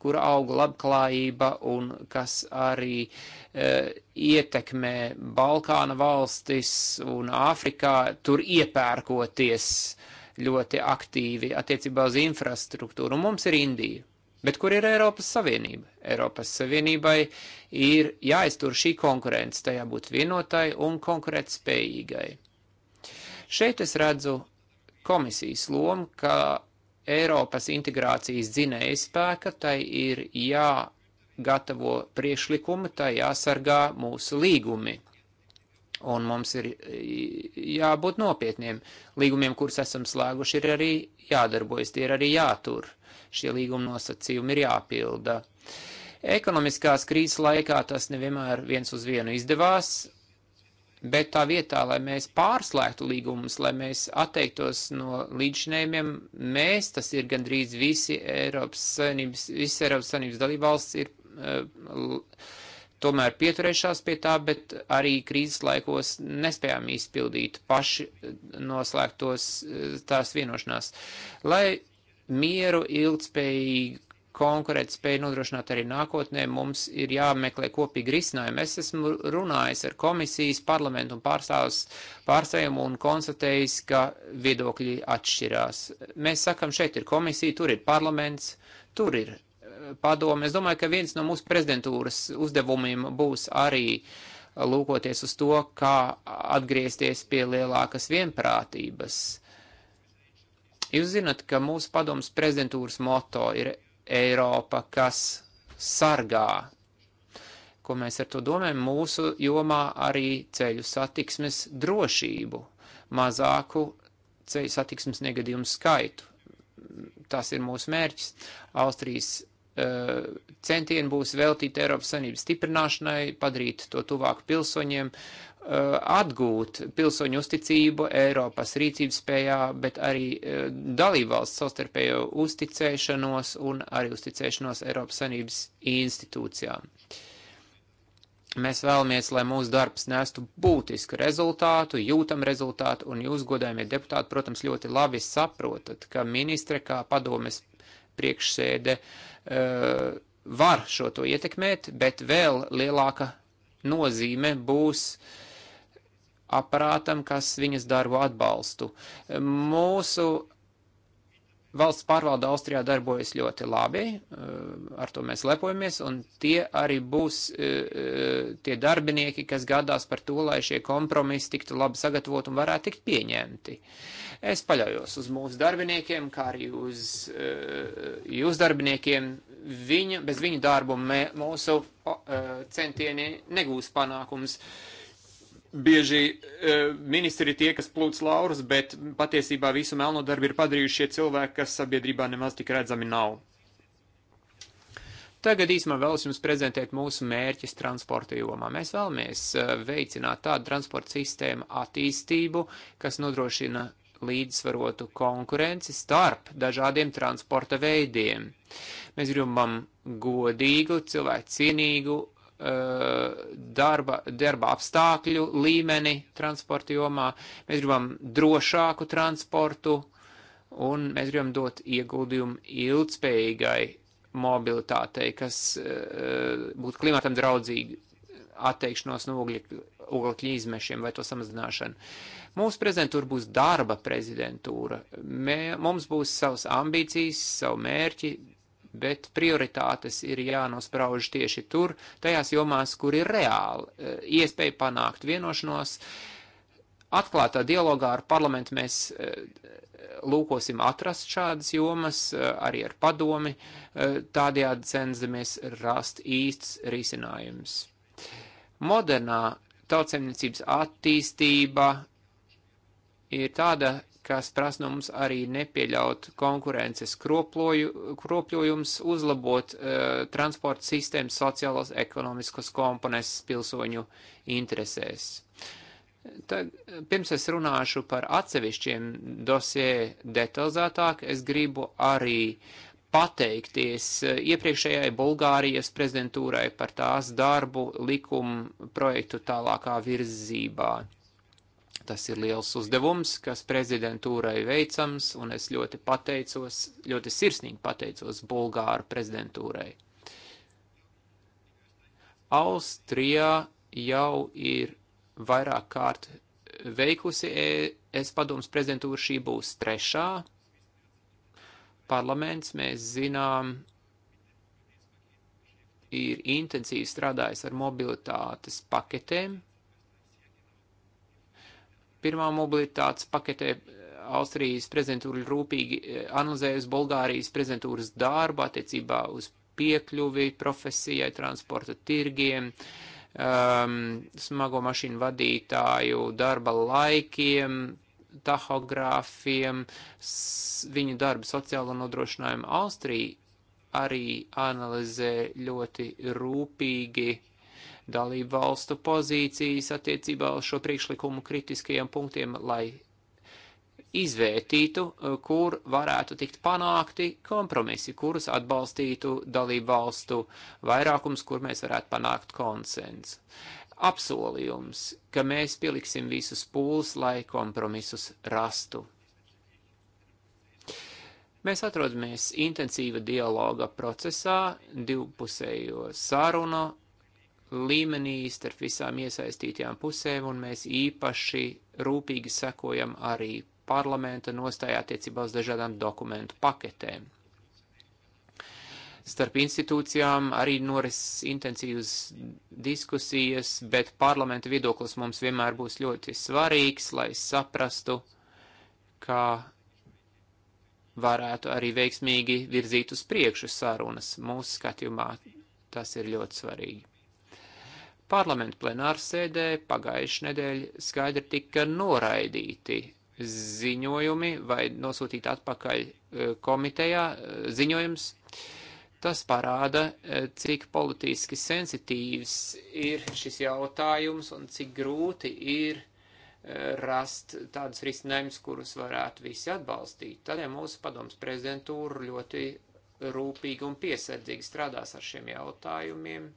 kur auga labklājība un kas arī e, ietekmē Balkāna valstis un Āfrikā, tur iepērkoties ļoti aktīvi attiecībā uz infrastruktūru. Un mums ir Indija Bet kur ir Eiropas Savienība? Eiropas Savienībai ir jāiztur šī konkurence, tajā būt vienotai un konkurēt spējīgai. Šeit es redzu komisijas lomu, ka Eiropas integrācijas dzinēja spēka, tai ir jāgatavo priekšlikumi, tai jāsargā mūsu līgumi. Un mums ir jābūt nopietniem. Līgumiem, kurus esam slēguši, ir arī jādarbojas, tie ir arī jātur šie līguma nosacījumi ir jāpilda. Ekonomiskās krīzes laikā tas nevienmēr viens uz vienu izdevās, bet tā vietā, lai mēs pārslēgtu līgumus, lai mēs atteiktos no līdzšinējumiem, mēs, tas ir gandrīz visi Eiropas Savienības, visi Eiropas Savienības dalībvalsts ir uh, tomēr pieturējušās pie tā, bet arī krīzes laikos nespējām izpildīt paši noslēgtos eh, tās vienošanās. Lai mieru, ilgspējīgu konkurēt spēju nodrošināt arī nākotnē, mums ir jāmeklē kopīgi risinājumi. Es esmu runājis ar komisijas, parlamentu un pārstāvjiem un konstatējis, ka viedokļi atšķirās. Mēs sakam, šeit ir komisija, tur ir parlaments, tur ir eh, padome. Es domāju, ka viens no mūsu prezidentūras uzdevumiem būs arī lūkoties uz to, kā atgriezties pie lielākas vienprātības Jūs zinat, ka mūsu padomas prezidentūras moto ir Eiropa, kas sargā. Ko mēs ar to domājam? Mūsu jomā arī ceļu satiksmes drošību, mazāku ceļu satiksmes negadījumu skaitu. Tas ir mūsu mērķis. Austrijas eh, centieni būs veltīti Eiropas Savienības stiprināšanai, padarīt to tuvāk pilsoņiem, uh, Uh, atgūt pilsoņu uzticību Eiropas rīcības spējā, bet arī uh, dalībvalsts savstarpējo uzticēšanos un arī uzticēšanos Eiropas Sanības institūcijām. Mēs vēlamies, lai mūsu darbs nestu būtisku rezultātu, jūtam rezultātu, un jūs, godājumie deputāti, protams, ļoti labi saprotat, ka ministre kā padomes priekšsēde uh, var šo to ietekmēt, bet vēl lielāka nozīme būs uh, aparātam, kas viņas darbu atbalstu. Mūsu valsts pārvalda Austrijā darbojas ļoti labi, eh, ar to mēs lepojamies, un tie arī būs eh, tie darbinieki, kas gādās par to, lai šie kompromisi tiktu labi sagatavot un varētu tikt pieņemti. Es paļaujos uz mūsu darbiniekiem, kā arī uz eh, jūsu darbiniekiem. Viņa, bez viņu darbu mē, mūsu centieni negūs panākums. Uh, bieži e, ministri ir tie, kas plūc laurus, bet patiesībā visu melno darbu ir padarījuši šie cilvēki, kas sabiedrībā nemaz tik redzami nav. Tagad īsumā vēlos jums prezentēt mūsu mērķis transporta jomā. Mēs vēlamies e, veicināt tādu transporta sistēmu attīstību, kas nodrošina līdzsvarotu konkurenci starp dažādiem transporta veidiem. Mēs gribam godīgu, cilvēku cienīgu Eh, darba, darba apstākļu līmeni transporta jomā, mēs gribam drošāku transportu un mēs gribam dot ieguldījumu ilgspējīgai mobilitātei, kas uh, būtu klimatam draudzīgi atteikšanos no oglekļa izmešiem vai to samazināšanu. Mūsu prezidentūra būs darba prezidentūra. Mē, mums būs savas ambīcijas, savu mērķi, bet prioritātes ir jānosprauž tieši tur, tajās jomās, kur ir reāli e, iespēja panākt vienošanos. Atklātā dialogā ar parlamentu mēs e, lūkosim atrast šādas jomas, e, arī ar padomi, tādējādi cenzamies rast īsts risinājums. Modernā tautsemniecības attīstība ir tāda, kas prasa no mums arī nepieļaut konkurences kroploju, kropļojums, uzlabot uh, transporta sistēmas sociālos ekonomiskos komponents pilsoņu interesēs. Tad, pirms es runāšu par atsevišķiem dosie detalizētāk, es gribu arī pateikties e, iepriekšējai Bulgārijas prezidentūrai par tās darbu likumu projektu tālākā virzībā. Tas ir liels uzdevums, kas prezidentūrai veicams, un es ļoti pateicos, ļoti sirsnīgi pateicos Bulgāru prezidentūrai. Austrijā jau ir vairāk kārt veikusi e- es padoms prezidentūra, šī būs trešā. Parlaments, mēs zinām, ir intensīvi strādājis ar mobilitātes paketēm Pirmā mobilitātes paketē eh, Austrijas prezidentūra rūpīgi eh, analizējusi Bulgārijas prezidentūras darbu attiecībā uz piekļuvi profesijai, transporta tirgiem, um, smago mašīnu vadītāju darba laikiem, tahogrāfiem, viņu darba sociālo nodrošinājumu Austrija arī analizē ļoti rūpīgi dalību valstu pozīcijas attiecībā uz šo priekšlikumu kritiskajiem punktiem, lai izvērtītu, eh, kur varētu tikt panākti kompromisi, kurus atbalstītu dalību valstu vairākums, kur mēs varētu panākt konsensu. Apsolījums, ka mēs pieliksim visus pūles, lai kompromisus rastu. Mēs atrodamies intensīva dialoga procesā, divpusējo sarunu līmenī starp visām iesaistītajām pusēm, un mēs īpaši rūpīgi sekojam arī parlamenta nostājā attiecībā uz dažādām dokumentu paketēm. Starp institūcijām arī noris intensīvas diskusijas, bet parlamenta viedoklis mums vienmēr būs ļoti svarīgs, lai saprastu, kā varētu arī veiksmīgi virzīt uz priekšu sarunas. Mūsu skatījumā tas ir ļoti svarīgi. Parlamentu plenāru sēdē pagājuši nedēļa skaidri tika noraidīti ziņojumi vai nosūtīti atpakaļ e, komitejā e, ziņojums. Tas parāda, e, cik politiski sensitīvs ir šis jautājums un cik grūti ir rast tādus risinājumus, kurus varētu visi atbalstīt. Tādēļ ja mūsu padoms prezidentūra ļoti rūpīgi un piesardzīgi strādās ar šiem jautājumiem.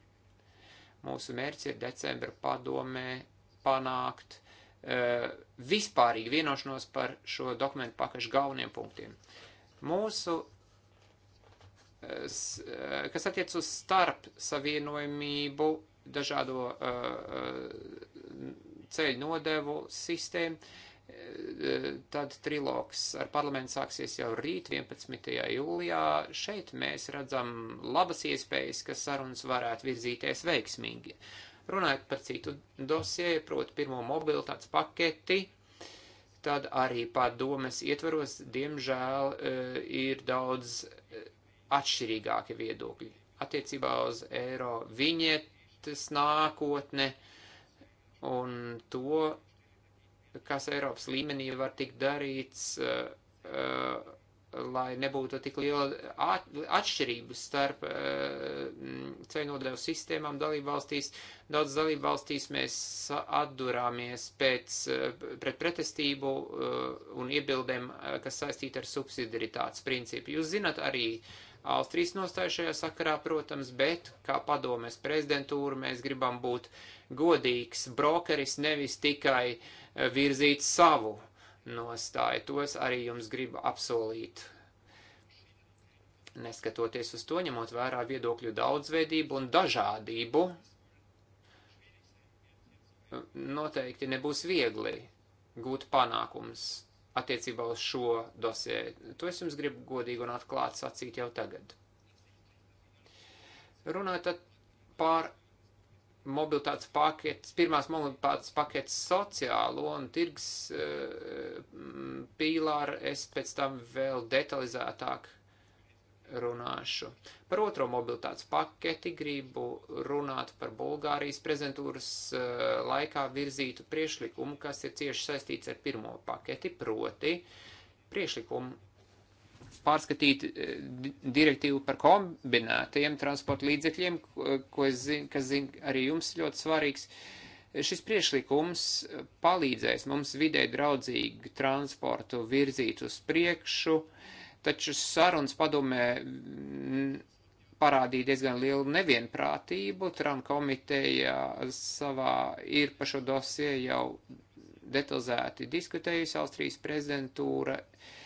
Mūsu mērķis ir decembra padomē panākt uh, e, vispārīgi vienošanos par šo dokumentu pakašu galveniem punktiem. Mūsu, uh, kas attiec uz starp savienojumību, dažādo uh, ceļu nodevu sistēmu, tad trilogs ar parlamentu sāksies jau rīt 11. jūlijā. Šeit mēs redzam labas iespējas, ka sarunas varētu virzīties veiksmīgi. Runājot par citu dosie, proti pirmo mobilitātes paketi, tad arī padomes ietveros, diemžēl, eh, ir daudz eh, atšķirīgāki viedokļi. Attiecībā uz eiro viņietas nākotne un to kas Eiropas līmenī var tikt darīts, eh, eh, lai nebūtu tik liela atšķirība starp eh, ceļu nodeļu sistēmām dalībvalstīs. Daudz dalībvalstīs mēs atdurāmies pēc pret pretestību un iebildēm, kas saistīta ar subsidiaritātes principu. Jūs zinat arī Austrijas nostāju šajā sakarā, protams, bet kā padomēs prezidentūra mēs gribam būt godīgs brokeris, nevis tikai uh, Eh, virzīt savu nostāju. Tos arī jums gribu apsolīt. Neskatoties uz to, ņemot vērā viedokļu daudzveidību un dažādību, noteikti nebūs viegli gūt panākums attiecībā uz šo dosē. To es jums gribu godīgi un atklāti sacīt jau tagad. Runājot par mobilitātes paketes, pirmās mobilitātes paketes sociālo un tirgs eh, pīlāru es pēc tam vēl detalizētāk runāšu. Par otro mobilitātes paketi gribu runāt par Bulgārijas prezentūras eh, laikā virzītu priešlikumu, kas ir cieši saistīts ar pirmo paketi, proti priešlikumu pārskatīt eh, direktīvu par kombinētajiem transporta līdzekļiem, ko es zinu, kas zin, arī jums ļoti svarīgs. Šis priešlikums palīdzēs mums vidē draudzīgu transportu virzīt uz priekšu, taču sarunas padomē mm, parādīja diezgan lielu nevienprātību. Tran komiteja savā ir par šo dosie jau detalizēti diskutējusi Austrijas prezidentūra. Uh,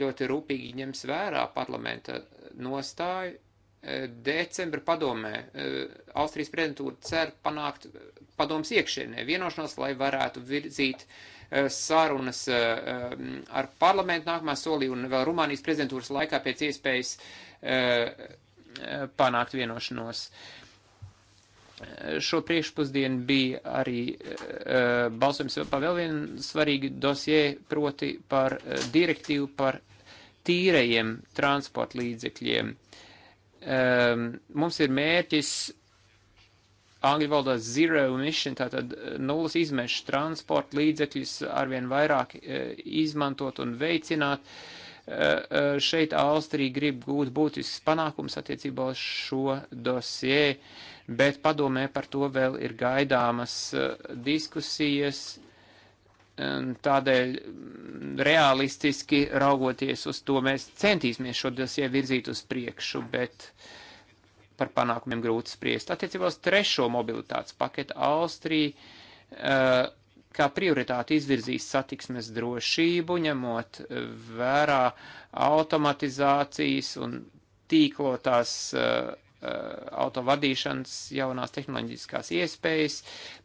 ļoti rūpīgi ņems vērā parlamenta nostāju. Decembra padomē Austrijas prezidentūra cer panākt padoms iekšienē vienošanos, lai varētu virzīt sarunas ar parlamentu nākamā solī un vēl Rumānijas prezidentūras laikā pēc iespējas panākt vienošanos. Uh, Šo priekšpusdienu bija arī uh, balsojums par vēl vienu svarīgu dosie, proti par uh, direktīvu par tīrajiem transporta līdzekļiem. Um, e, mums ir mērķis angļu valodā zero emission, tātad nulles izmešu transporta līdzekļus arvien vairāk izmantot un veicināt. Šeit Austrija grib gūt būtisks panākums attiecībā uz šo dosie. Uh, bet padomē par to vēl ir gaidāmas eh, diskusijas. Tādēļ mm, realistiski raugoties uz to, mēs centīsimies šo dosie virzīt uz priekšu, bet par panākumiem grūti spriest. Attiecībā uz trešo mobilitātes paketu Austrija eh, kā prioritāti izvirzīs satiksmes drošību, ņemot vērā automatizācijas un tīklotās uh, Uh, autovadīšanas jaunās tehnoloģiskās iespējas.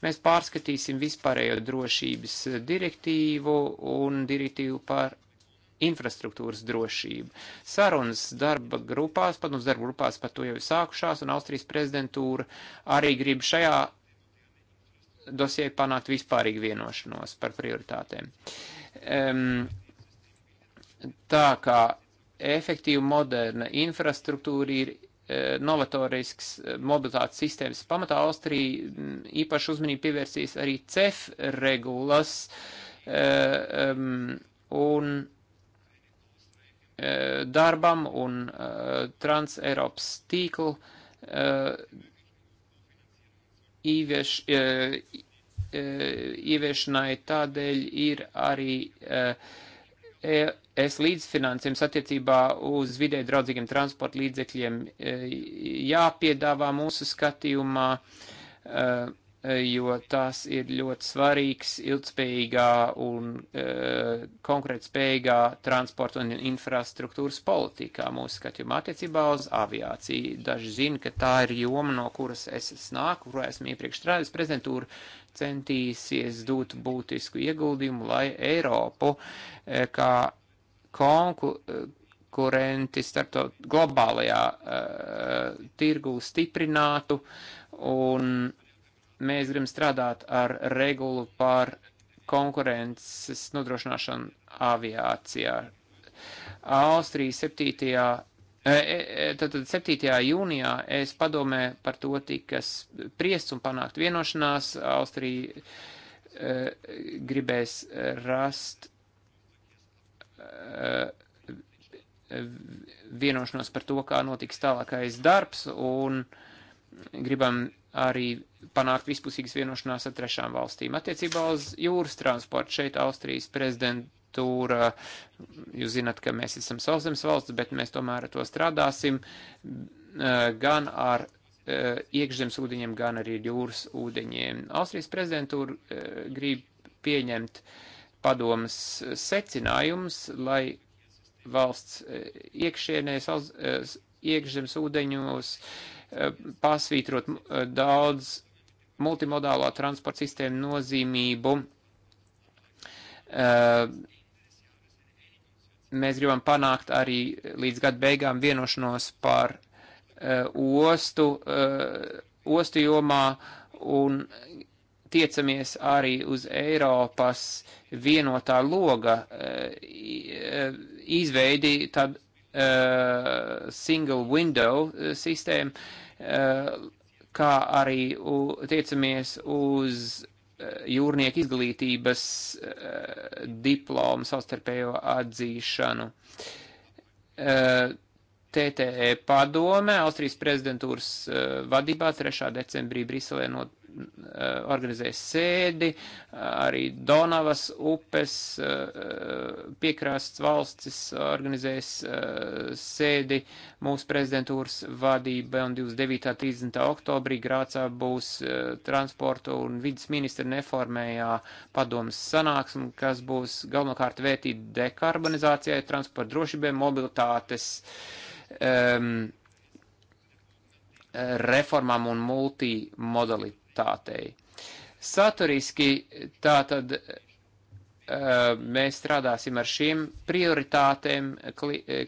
Mēs pārskatīsim vispārējo drošības direktīvu un direktīvu par infrastruktūras drošību. Sarunas darba grupās, padomus darba grupās par to jau ir sākušās, un Austrijas prezidentūra arī grib šajā dosē panākt vispārīgu vienošanos par prioritātēm. Um, tā kā efektīva moderna infrastruktūra ir novatorisks eh, mobilitātes sistēmas pamatā Austrija mm, īpaši uzmanību pievērsīs arī CEF regulas um, un eh, darbam un uh, Trans-Eiropas tīklu uh, īvieš, uh, ieviešanai tādēļ ir arī uh, es līdzfinansējums attiecībā uz vidē draudzīgiem transporta līdzekļiem eh, jāpiedāvā mūsu skatījumā, eh, jo tas ir ļoti svarīgs ilgspējīgā un eh, konkrētspējīgā transporta un infrastruktūras politikā mūsu skatījumā attiecībā uz aviāciju. Daži zina, ka tā ir joma, no kuras es nāku, kurā esmu iepriekš strādājis prezentūru centīsies dot būtisku ieguldījumu, lai Eiropu kā konkurenti starptaut globālajā uh, tirgu stiprinātu, un mēs gribam strādāt ar regulu par konkurences nodrošināšanu aviācijā. Austrija 7. Tātad 7. jūnijā es padomē par to tika priests un panākt vienošanās. Austrija eh, gribēs rast vienošanos par to, kā notiks tālākais darbs, un gribam arī panākt vispusīgas vienošanās ar trešām valstīm. Attiecībā uz jūras transportu šeit Austrijas prezidentūra, jūs zinat, ka mēs esam sauszemes valsts, bet mēs tomēr ar to strādāsim gan ar eh, iekšzemes ūdeņiem, gan arī jūras ūdeņiem. Austrijas prezidentūra eh, grib pieņemt uh, padomas secinājums, lai valsts e, iekšienē, e, iekšzemes ūdeņos e, pasvītrot daudz multimodālā transporta sistēmu nozīmību. Mēs gribam panākt arī līdz gada beigām vienošanos par ostu, ostu jomā un tiecamies arī uz Eiropas vienotā loga eh, izveidi, tad eh, single window eh, sistēmu, kā arī tiecamies uz jūrnieku izglītības diplomu savstarpējo atzīšanu. TTE padome Austrijas prezidentūras vadībā 3. decembrī Briselē not Eh, organizēja sēdi, eh, arī Donavas upes eh, piekrasts valstis organizēs sēdi mūsu prezidentūras vadība un 29. 30. oktobrī Grācā būs transporta un vidas ministra neformējā padomas sanāksme, kas būs galvenokārt vētīta dekarbonizācijai, transporta drošībai, mobilitātes. Um, reformām un multimodalitātei kvalitātei. Saturiski tātad eh, mēs strādāsim ar šīm prioritātēm - eh,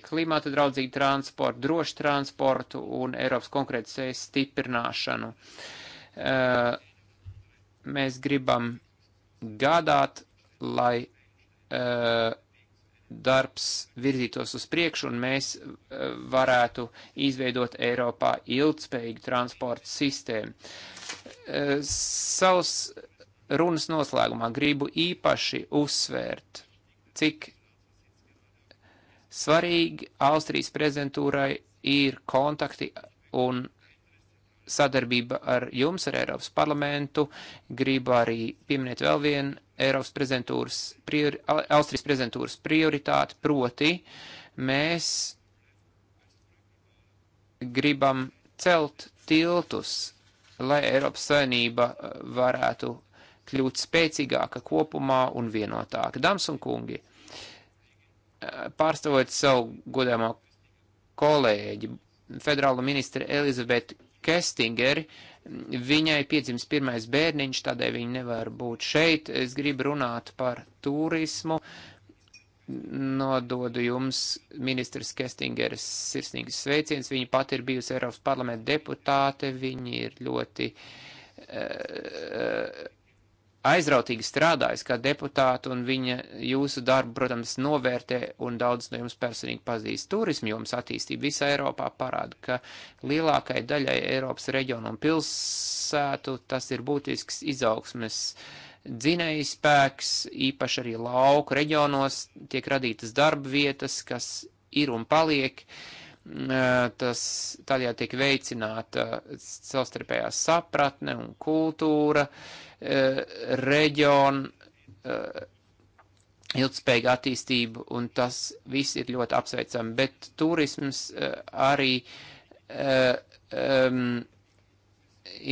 klimata draudzīgu transportu, drošu transportu un Eiropas konkrētas stiprināšanu. Eh, mēs gribam gādāt, lai darbs virzītos uz priekšu un mēs varētu izveidot Eiropā ilgspējīgu transporta sistēmu. Eh, Savas runas noslēgumā gribu īpaši uzsvērt, cik svarīgi Austrijas prezidentūrai ir kontakti un sadarbība ar jums, ar Eiropas parlamentu. Gribu arī pieminēt vēl vienu Eiropas prezidentūras, priori, Austrijas prezidentūras prioritāti, proti mēs gribam celt tiltus lai Eiropas Savienība eh, varētu kļūt spēcīgāka kopumā un vienotāka. Dāmas un kungi, eh, pārstāvot savu godāmā kolēģi, federālo ministru Elizabeti Kestingeri, viņai piedzims pirmais bērniņš, tādēļ viņa nevar būt šeit. Es gribu runāt par turismu. Uh, nododu jums ministrs Kestingeres sirsnīgas sveiciens. Viņa pati ir bijusi Eiropas parlamenta deputāte, viņa ir ļoti uh, eh, aizrautīgi strādājusi kā deputāte, un viņa jūsu darbu, protams, novērtē un daudz no jums personīgi pazīst. Turismu jums attīstība visā Eiropā parāda, ka lielākai daļai Eiropas reģionu un pilsētu tas ir būtisks izaugsmes. Uh, dzinēja spēks, īpaši arī lauku reģionos tiek radītas darba vietas, kas ir un paliek. Mm, tas tādējādi tiek veicināta savstarpējā sapratne un kultūra, reģionu, ilgspējīgu attīstību, un tas viss ir ļoti apsveicami. Bet turisms arī um,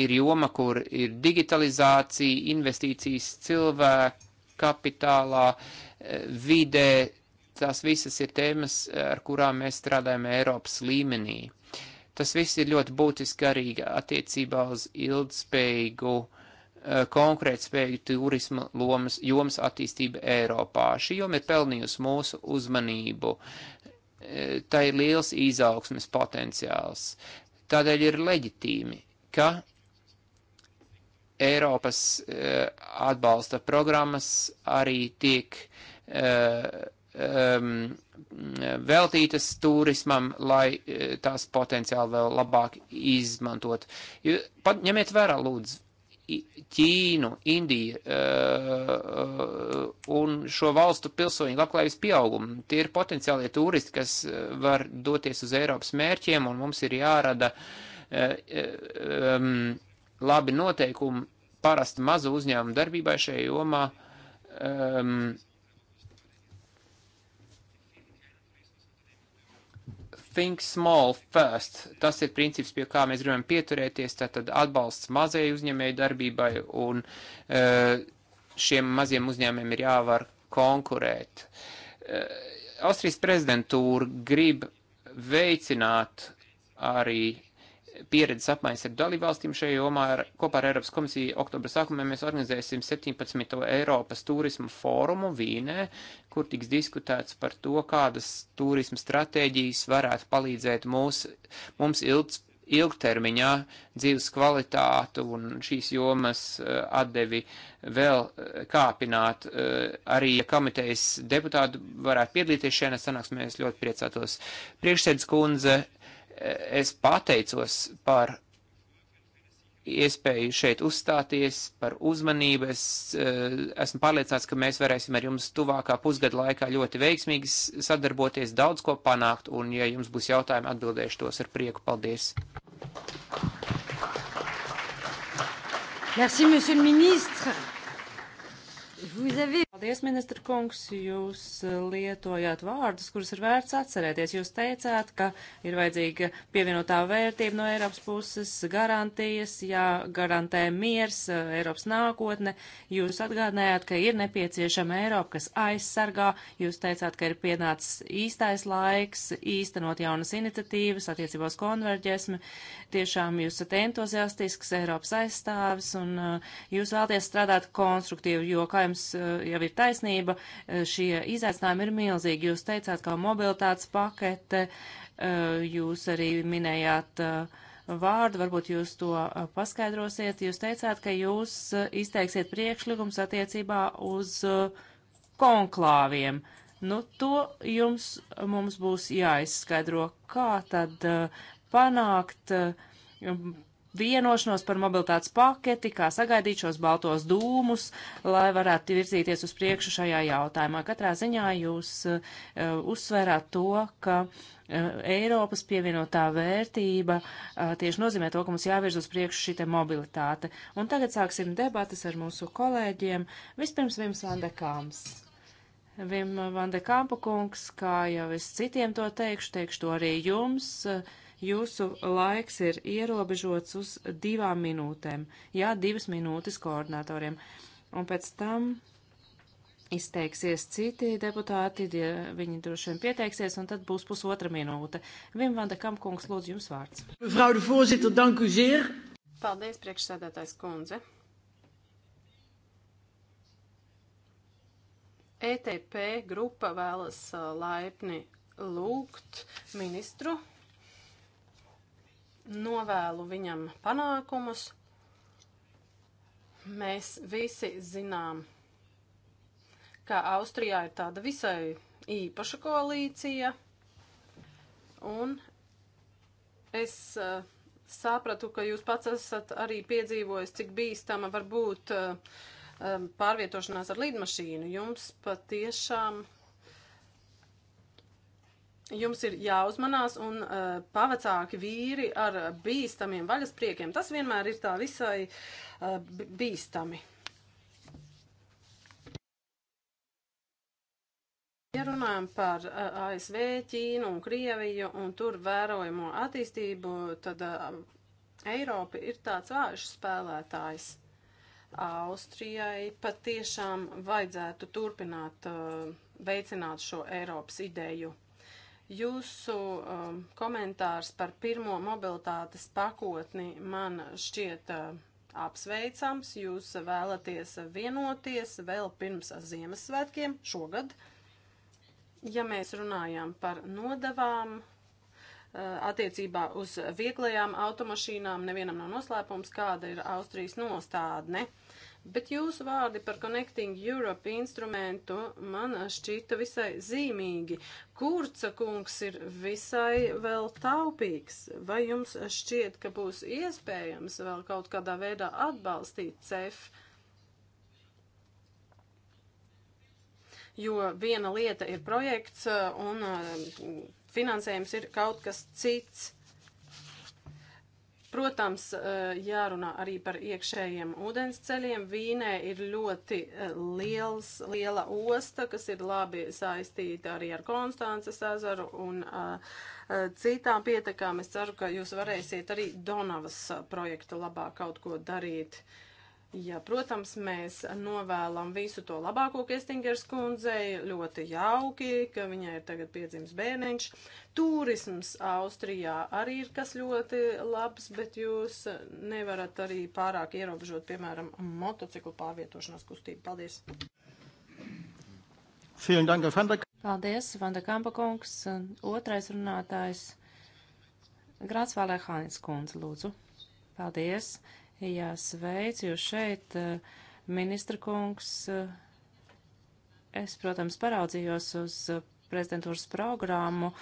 ir joma, kur ir digitalizācija, investīcijas cilvēku kapitālā, eh, vidē. Tās visas ir tēmas, eh, ar kurām mēs strādājam Eiropas līmenī. Tas viss ir ļoti būtiski arī attiecībā uz ilgspējīgu, eh, konkrētspēju turisma lomas, jomas attīstību Eiropā. Šī joma ir pelnījusi mūsu uzmanību. Tā ir liels izaugsmes potenciāls. Tādēļ ir leģitīmi ka Eiropas eh, atbalsta programmas arī tiek um, veltītas turismam, lai eh, tās potenciāli vēl labāk izmantot. Jo, pat ņemiet vērā, lūdzu, Ķīnu, Indiju uh, un šo valstu pilsoņu labklājības pieaugumu. Tie ir potenciālie turisti, kas var doties uz Eiropas mērķiem, un mums ir jārada uh, um, labi noteikumi parasti mazu uzņēmumu darbībai šajā jomā. Um, Think small first. Tas ir princips, pie kā mēs gribam pieturēties. Tātad atbalsts mazai uzņēmēju darbībai un uh, šiem maziem uzņēmumiem ir jāvar konkurēt. Uh, Austrijas prezidentūra grib veicināt arī pieredzes apmaiņas ar dalībvalstīm šajā jomā. Ar, kopā ar Eiropas komisiju oktobra sākumā mēs organizēsim 17. Eiropas turismu fórumu Vīnē, kur tiks diskutēts par to, kādas turisma stratēģijas varētu palīdzēt mūs, mums ilgs, ilgtermiņā dzīves kvalitātu un šīs jomas eh, atdevi vēl eh, kāpināt. Eh, arī, ja komitejas deputāti varētu piedalīties šajā sanāksmē, es ļoti priecātos. Priekšsēdus kundze Es pateicos par iespēju šeit uzstāties, par uzmanību. Es eh, esmu pārliecināts, ka mēs varēsim ar jums tuvākā pusgada laikā ļoti veiksmīgi sadarboties, daudz ko panākt, un, ja jums būs jautājumi, atbildēšu tos ar prieku. Paldies! Merci, monsieur le ministre. Avez... Paldies, ministra kungs, jūs eh, lietojāt vārdus, kurus ir vērts atcerēties. Jūs teicāt, ka ir vajadzīga pievienotā vērtība no Eiropas puses, garantijas, jāgarantē miers, eh, Eiropas nākotne. Jūs atgādinājāt, ka ir nepieciešama Eiropa, kas aizsargā. Jūs teicāt, ka ir pienācis īstais laiks īstenot jaunas iniciatīvas attiecībos konverģēsmi. Tiešām jūs esat entuziastisks Eiropas aizstāvis un eh, jūs vēlties strādāt konstruktīvi, jo, kā jau jums eh, jau ir taisnība, eh, šie izaicinājumi ir milzīgi. Jūs teicāt, ka mobilitātes pakete, eh, jūs arī minējāt vārdu, varbūt jūs to paskaidrosiet. Jūs teicāt, ka jūs izteiksiet priekšlikums attiecībā uz konklāviem. Nu, to jums mums būs jāizskaidro, kā tad panākt vienošanos par mobilitātes paketi, kā sagaidīt šos baltos dūmus, lai varētu virzīties uz priekšu šajā jautājumā. Katrā ziņā jūs uh, eh, uzsvērāt to, ka uh, Eiropas pievienotā vērtība uh, tieši nozīmē to, ka mums jāvirz uz priekšu šī mobilitāte. Un tagad sāksim debatas ar mūsu kolēģiem. Vispirms Vims Vandekāms. Vim Vandekāmpa kungs, kā jau es citiem to teikšu, teikšu to arī jums. Uh, Jūsu laiks ir ierobežots uz divām minūtēm. Jā, divas minūtes koordinatoriem. Un pēc tam izteiksies citi deputāti, ja viņi droši vien pieteiksies, un tad būs pusotra minūte. Vim Vanda Kamkungs, lūdzu, jums vārds. Fraudu Fozita, danku zier. Paldies, priekšsēdētājs kundze. ETP grupa vēlas uh, laipni lūgt ministru novēlu viņam panākumus. Mēs visi zinām, ka Austrijā ir tāda visai īpaša koalīcija, un es uh, sapratu, ka jūs pats esat arī piedzīvojis, cik bīstama var būt uh, pārvietošanās ar līdmašīnu. Jums patiešām. tiešām jums ir jāuzmanās, un uh, eh, pavacāki vīri ar bīstamiem vaļaspriekiem, tas vienmēr ir tā visai uh, bīstami. Ja runājam par uh, eh, ASV, Ķīnu un Krieviju un tur vērojamo attīstību, tad uh, Eiropa ir tāds vājš spēlētājs. Austrijai patiešām vajadzētu turpināt uh, veicināt šo Eiropas ideju. Jūsu um, komentārs par pirmo mobilitātes pakotni man šķiet uh, apsveicams. Jūs vēlaties vienoties vēl pirms Ziemassvētkiem šogad. Ja mēs runājam par nodavām, uh, attiecībā uz vieglajām automašīnām nevienam nav noslēpums, kāda ir Austrijas nostādne. Uh, Bet jūsu vārdi par Connecting Europe instrumentu man šķita visai zīmīgi. Kurca kungs ir visai vēl taupīgs. Vai jums šķiet, ka būs iespējams vēl kaut kādā veidā atbalstīt CEF? jo viena lieta ir projekts un um, finansējums ir kaut kas cits. Protams, eh, jārunā arī par iekšējiem ūdensceļiem. Vīnē ir ļoti eh, liels, liela osta, kas ir labi saistīta arī ar Konstances ezeru un uh, citām pietekām. Es ceru, ka jūs varēsiet arī Donavas projekta labā kaut ko darīt. Uh, Jā, protams, mēs novēlam visu to labāko Kestingers kundzei. Ļoti jauki, ka viņai ir tagad piedzimis bērniņš. Turisms Austrijā arī ir kas ļoti labs, bet jūs nevarat arī pārāk ierobežot, piemēram, motociklu pārvietošanās kustību. Paldies! Paldies, Vanda Kampa kungs. Otrais runātājs Grāts Vālē Hānis kundze, lūdzu. Paldies! Jā, sveic jūs šeit, eh, ministra kungs. Eh, es, protams, paraudzījos uz eh, prezidentūras programmu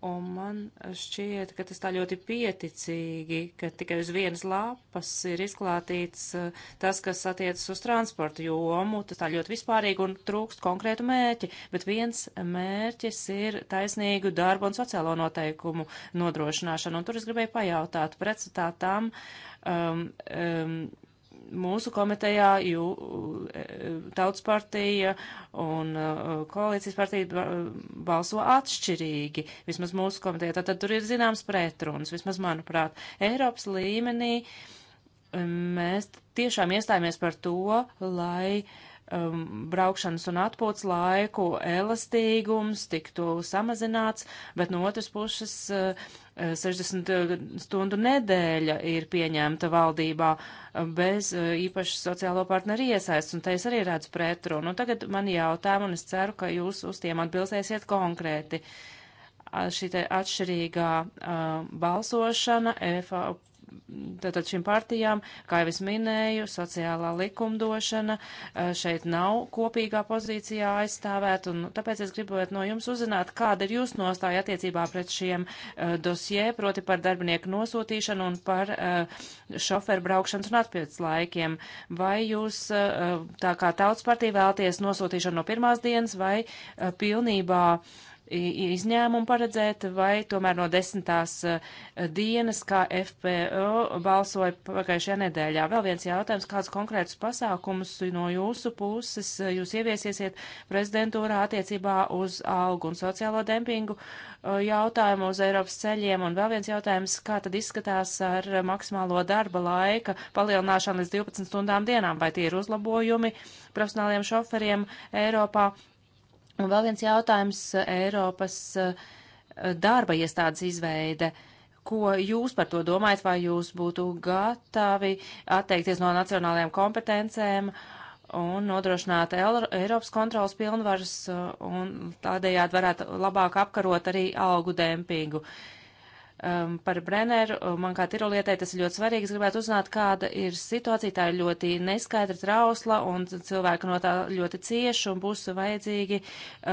Un man šķiet, ka tas tā ļoti pieticīgi, ka tikai uz vienas lapas ir izklātīts eh, tas, kas attiecas uz transporta jomu, tas tā ļoti vispārīgi un trūkst konkrētu mērķi, bet viens mērķis ir taisnīgu darbu un sociālo noteikumu nodrošināšana. Un tur es gribēju pajautāt pretstatā tam, um, um, mūsu komitejā jū, e, Tautas partija un e, koalīcijas partija balso atšķirīgi, vismaz mūsu komitejā. Tātad tur ir zināms pretruns, vismaz manuprāt, Eiropas līmenī e, mēs tiešām iestājāmies par to, lai uh, um, braukšanas un atpūtas laiku elastīgums tiktu samazināts, bet no otras puses uh, 60 uh, uh, stundu nedēļa ir pieņemta valdībā uh, bez uh, īpašas sociālo partneru iesaists, un te es arī redzu pretrunu. Nu, tagad man jautājumu, un es ceru, ka jūs uz tiem atbildēsiet konkrēti. Šī atšķirīgā uh, balsošana, FAP tātad šīm partijām, kā jau es minēju, sociālā likumdošana eh, šeit nav kopīgā pozīcijā aizstāvēt, un tāpēc es gribētu no jums uzzināt, kāda ir jūsu nostāja attiecībā pret šiem eh, dosjē, proti par darbinieku nosūtīšanu un par eh, šoferu braukšanas un atpildes laikiem. Vai jūs, tā kā tautas partija, vēlties nosūtīšanu no pirmās dienas vai pilnībā uh, izņēmumu paredzēt, vai tomēr no desmitās eh, dienas, kā FPO balsoja pagājušajā nedēļā. Vēl viens jautājums, kādus konkrētus pasākumus no jūsu puses eh, jūs ieviesiesiet prezidentūrā attiecībā uz algu un sociālo dempingu eh, jautājumu uz Eiropas ceļiem, un vēl viens jautājums, kā tad izskatās ar maksimālo darba laika palielināšanu līdz 12 stundām dienām, vai tie ir uzlabojumi profesionāliem šoferiem Eiropā. Un vēl viens jautājums eh, - Eiropas eh, darba iestādes izveide. Ko jūs par to domājat, vai jūs būtu gatavi atteikties no nacionālajām kompetencēm un nodrošināt Eiropas kontrolas pilnvaras eh, un tādējādi varētu labāk apkarot arī algu dempingu? Uh, um, par Brenneru. Um, man kā tirolietai tas ir ļoti svarīgi. Es gribētu uzzināt, kāda ir situācija. Tā ir ļoti neskaidra, trausla un cilvēki no tā ļoti cieši un būs vajadzīgi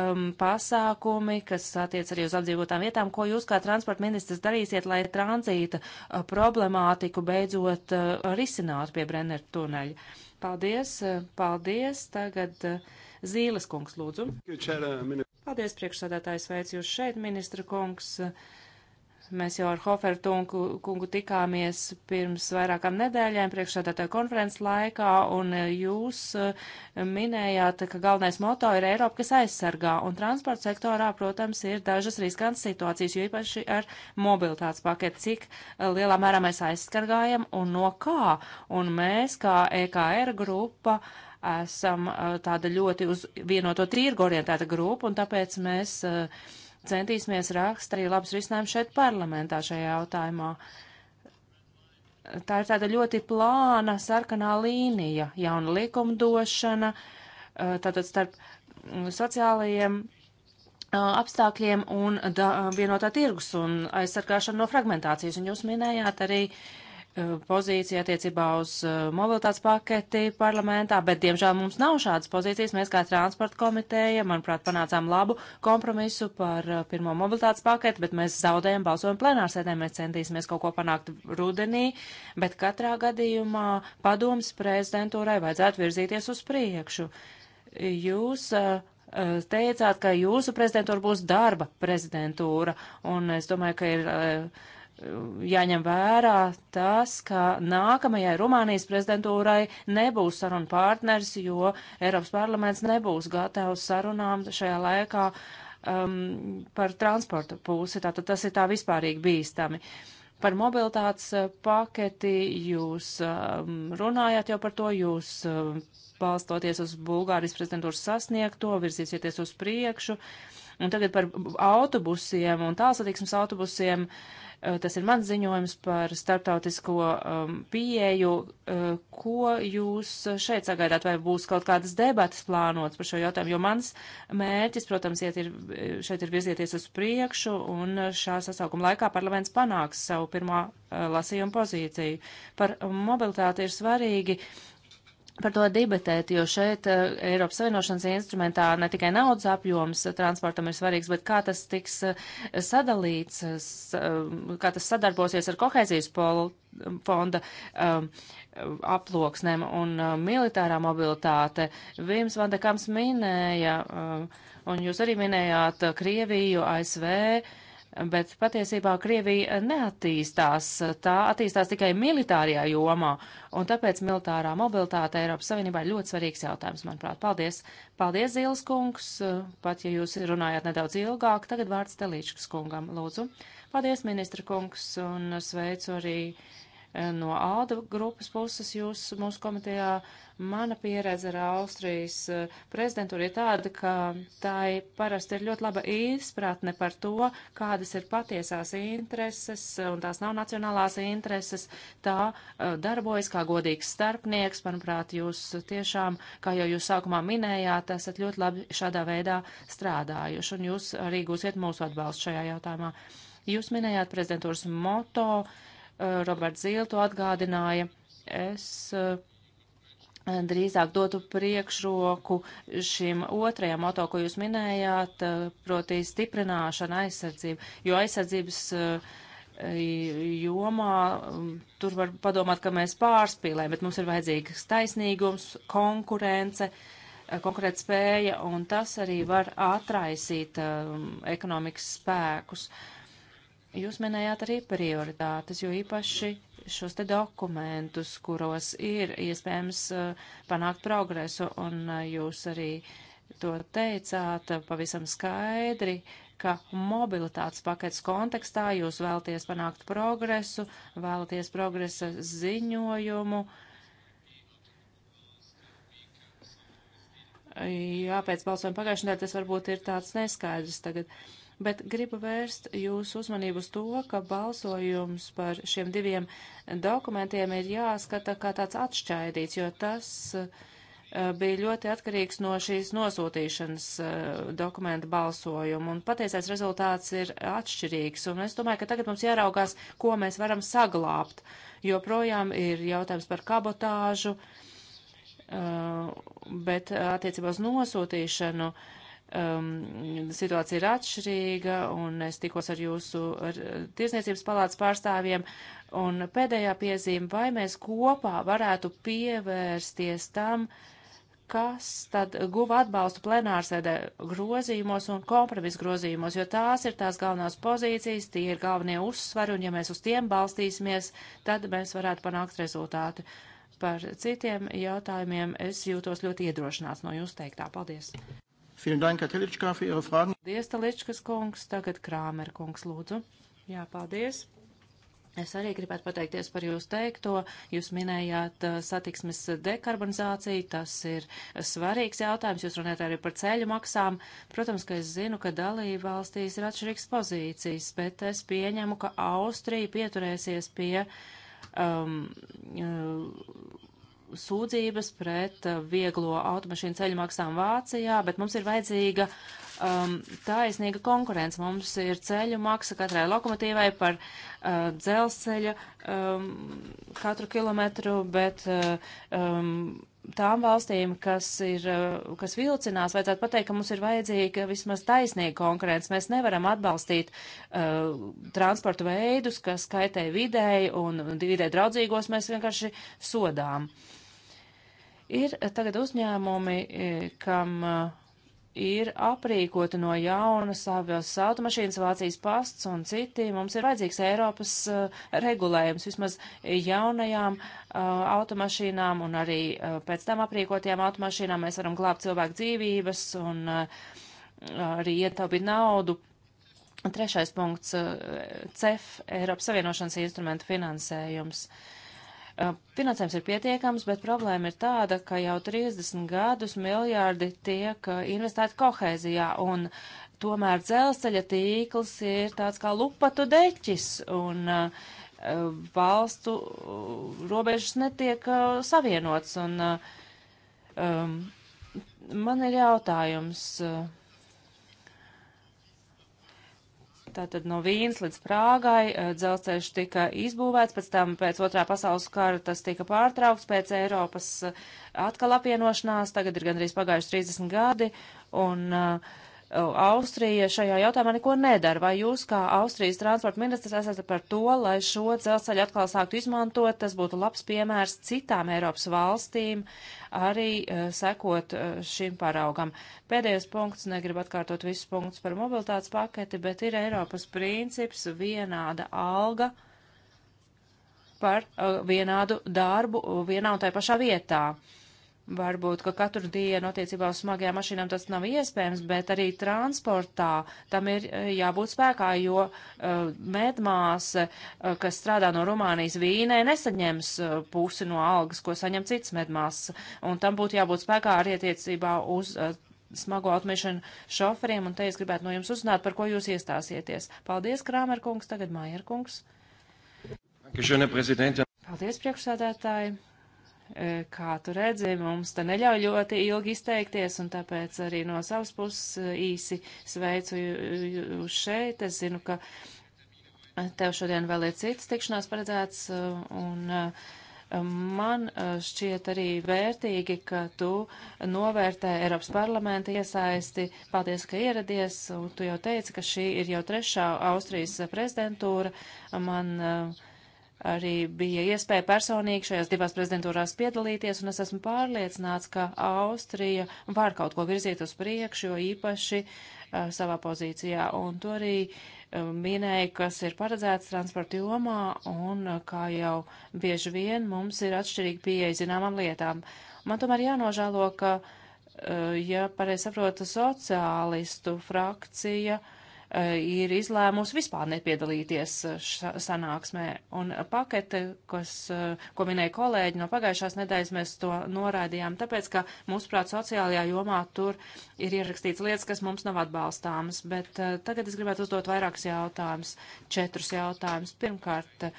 um, pasākumi, kas attiec arī uz apdzīvotām vietām. Ko jūs kā transporta ministrs darīsiet, lai tranzīta uh, problemātiku beidzot uh, risinātu pie Brenneru tuneļa? Paldies, uh, paldies. Tagad uh, Zīles kungs lūdzu. Uh, paldies, priekšsādātājs, veicu jūs šeit, ministra kungs. Uh, Mēs jau ar Hoferu tungu, kungu tikāmies pirms vairākām nedēļām priekšsādātāju konferences laikā, un eh, jūs eh, minējāt, ka galvenais moto ir Eiropa, kas aizsargā, un transporta sektorā, protams, ir dažas riskantas situācijas, jo īpaši ar mobilitātes paketu, cik eh, lielā mērā mēs aizsargājam un no kā, un mēs kā EKR grupa esam tāda ļoti uz vienoto tirgu orientēta grupa, un tāpēc mēs. Uh, centīsimies rakst arī labs risinājums šeit parlamentā šajā jautājumā. Tā ir tāda ļoti plāna sarkanā līnija, jauna likumdošana, eh, tātad starp mm, sociālajiem eh, apstākļiem un eh, vienotā tirgus un aizsargāšana no fragmentācijas. Un jūs minējāt arī uh, Eh, pozīcija attiecībā uz eh, mobilitātes paketi parlamentā, bet diemžēl mums nav šādas pozīcijas. Mēs kā transporta komiteja, manuprāt, panācām labu kompromisu par eh, pirmo mobilitātes paketi, bet mēs zaudējam balsojumu plenārsēdē. Mēs centīsimies kaut ko panākt rudenī, bet katrā gadījumā padomas prezidentūrai vajadzētu virzīties uz priekšu. Jūs teicāt, ka jūsu prezidentūra būs darba prezidentūra, un es domāju, ka ir jāņem vērā tas, ka nākamajai Rumānijas prezidentūrai nebūs saruna partners, jo Eiropas parlaments nebūs gatavs sarunām šajā laikā um, par transporta pusi. Tātad tas ir tā vispārīgi bīstami. Par mobilitātes uh, paketi jūs um, runājāt jau par to, jūs um, balstoties uz Bulgārijas prezidentūras sasniegto, virzīsieties uz priekšu. Un tagad par autobusiem un tālsatiksmes autobusiem. Uh, Eh, tas ir mans ziņojums par starptautisko um, pieeju. Eh, ko jūs šeit sagaidāt? Vai būs kaut kādas debatas plānotas par šo jautājumu? Jo mans mērķis, protams, iet ir, šeit ir virzieties uz priekšu, un šā sasaukuma laikā parlaments panāks savu pirmā uh, lasījuma pozīciju. Par mobilitāti ir svarīgi par to debatēt, jo šeit uh, Eiropas Savienošanas instrumentā ne tikai naudas apjoms eh, transportam ir svarīgs, bet kā tas tiks uh, sadalīts, uh, kā tas sadarbosies ar kohēzijas pol, fonda aploksnēm un militārā mobilitāte. Vims Vandekams minēja, un jūs arī minējāt Krieviju, ASV bet patiesībā Krievija neattīstās, tā attīstās tikai militārajā jomā, un tāpēc militārā mobilitāte Eiropas Savienībā ir ļoti svarīgs jautājums, manuprāt. Paldies! Paldies, Zīles kungs, pat ja jūs runājat nedaudz ilgāk, tagad vārds Telīčkas kungam, lūdzu. Paldies, ministra kungs, un sveicu arī Eh, no ALDA grupas puses jūs mūsu komitejā. Mana pieredze ar Austrijas eh, prezidentūru ir tāda, ka tai parasti ir ļoti laba izpratne par to, kādas ir patiesās intereses, eh, un tās nav nacionālās intereses. Tā darbojas kā godīgs starpnieks. Manuprāt, jūs tiešām, kā jau jūs sākumā minējāt, esat ļoti labi šādā veidā strādājuši, un jūs arī gūsiet mūsu atbalstu šajā jautājumā. Jūs minējāt prezidentūras moto. Uh, Roberts Zīle to atgādināja. Es eh, drīzāk dotu priekšroku šim otrajam moto, ko jūs minējāt, eh, proti stiprināšana aizsardzība, jo aizsardzības eh, jomā mm, tur var padomāt, ka mēs pārspīlējam, bet mums ir vajadzīgs taisnīgums, konkurence, konkurēt spēja, un tas arī var atraisīt um, ekonomikas spēkus. Uh, Jūs minējāt arī prioritātes, jo īpaši šos te dokumentus, kuros ir iespējams eh, panākt progresu, un eh, jūs arī to teicāt eh, pavisam skaidri, ka mobilitātes paketes kontekstā jūs vēlaties panākt progresu, vēlaties progresa ziņojumu. Jā, pēc balsojuma pagājušajā nedēļā tas varbūt ir tāds neskaidrs tagad. Uh, bet gribu vērst jūsu uzmanību uz to, ka balsojums par šiem diviem dokumentiem ir jāskata kā tāds atšķaidīts, jo tas eh, bija ļoti atkarīgs no šīs nosūtīšanas eh, dokumenta balsojuma, un patiesais rezultāts ir atšķirīgs, un es domāju, ka tagad mums jāraugās, ko mēs varam saglābt, jo projām ir jautājums par kabotāžu, eh, bet attiecībā uz nosūtīšanu uh, um, situācija ir atšķirīga, un es tikos ar jūsu ar, uh, tirsniecības palātas pārstāvjiem. Un pēdējā piezīme, vai mēs kopā varētu pievērsties tam, kas tad guva atbalstu plenārsēdē grozījumos un kompromisu grozījumos, jo tās ir tās galvenās pozīcijas, tie ir galvenie uzsvari, un ja mēs uz tiem balstīsimies, tad mēs varētu panākt rezultātu. Par citiem jautājumiem es jūtos ļoti iedrošināts no jūsu teiktā. Paldies! Paldies, Taličkas kungs. Tagad Krāmer kungs, lūdzu. Jā, paldies. Es arī gribētu pateikties par jūsu teikto. Jūs minējāt uh, satiksmes dekarbonizāciju, tas ir svarīgs jautājums. Jūs runājat arī par ceļu maksām. Protams, ka es zinu, ka dalība valstīs ir atšķirīgs pozīcijas, bet es pieņemu, ka Austrija pieturēsies pie um, uh, sūdzības pret uh, vieglo automašīnu ceļu maksām Vācijā, bet mums ir vajadzīga um, taisnīga konkurence. Mums ir ceļu maksa katrai lokomotīvai par uh, dzelzceļa um, katru kilometru, bet uh, um, tām valstīm, kas, ir, eh, kas vilcinās, vajadzētu pateikt, ka mums ir vajadzīga vismaz taisnīga konkurence. Mēs nevaram atbalstīt uh, eh, transportu veidus, kas kaitē vidēji, un vidē draudzīgos mēs vienkārši sodām. Ir eh, tagad uzņēmumi, kam. Uh, ir aprīkota no jauna savas automašīnas, Vācijas pasts un citi. Mums ir vajadzīgs Eiropas uh, regulējums vismaz jaunajām uh, automašīnām un arī uh, pēc tam aprīkotajām automašīnām mēs varam glābt cilvēku dzīvības un arī ietaupīt naudu. Trešais punkts - CEF, Eiropas Savienošanas instrumentu finansējums. Uh, Uh, finansējums ir pietiekams, bet problēma ir tāda, ka jau 30 gadus miljārdi tiek uh, investēti kohēzijā, un tomēr dzelzceļa tīkls ir tāds kā lupatu deķis, un uh, valstu uh, robežas netiek uh, savienots, un uh, um, man ir jautājums. Uh, Tātad no Vīnas līdz Prāgai eh, dzelzceļš tika izbūvēts, pēc tam pēc otrā pasaules kara tas tika pārtraukts, pēc Eiropas eh, atkal apvienošanās, tagad ir gandrīz pagājuši 30 gadi, un uh, Austrija šajā jautājumā neko nedara. Vai jūs, kā Austrijas transporta ministrs, esat par to, lai šo dzelzceļu atkal sāktu izmantot? Tas būtu labs piemērs citām Eiropas valstīm, arī uh, sekot uh, šim paraugam. Pēdējais punkts, negribu atkārtot visus punktus par mobilitātes paketi, bet ir Eiropas princips vienāda alga par uh, vienādu darbu vienā un tai pašā vietā. Uh, Varbūt, ka katru dienu attiecībā uz smagajām mašīnām tas nav iespējams, bet arī transportā tam ir eh, jābūt spēkā, jo uh, eh, medmāsa, uh, eh, kas strādā no Rumānijas vīnē, nesaņems uh, pusi no algas, ko saņem cits medmāsas. Un tam būtu jābūt spēkā arī attiecībā uz uh, smago automašanu šoferiem. Un te es gribētu no jums uzzināt, par ko jūs iestāsieties. Paldies, Krāmerkungs, tagad Mājerkungs. Paldies, priekšsēdētāji kā tu redzi, mums te neļauj ļoti ilgi izteikties, un tāpēc arī no savas puses īsi sveicu jūs šeit. Es zinu, ka tev šodien vēl ir cits tikšanās paredzēts, un man šķiet arī vērtīgi, ka tu novērtē Eiropas parlamenta iesaisti. Paldies, ka ieradies, un tu jau teici, ka šī ir jau trešā Austrijas prezidentūra. Man uh, arī bija iespēja personīgi šajās divās prezidentūrās piedalīties, un es esmu pārliecināts, ka Austrija var kaut ko virzīt uz priekšu, jo īpaši uh, savā pozīcijā. Un to arī uh, minēja, kas ir paredzēts transporta jomā, un uh, kā jau bieži vien mums ir atšķirīgi pieeja zināmām lietām. Man tomēr jānožēlo, ka, uh, ja pareizi saprotu, sociālistu frakcija uh, Eh, ir izlēmusi vispār nepiedalīties eh, sanāksmē. Un pakete, kas, eh, ko minēja kolēģi no pagājušās nedēļas, mēs to norādījām, tāpēc, ka mūsuprāt sociālajā jomā tur ir ierakstīts lietas, kas mums nav atbalstāmas. Bet tagad es gribētu uzdot vairākus jautājumus, četrus jautājumus. Pirmkārt,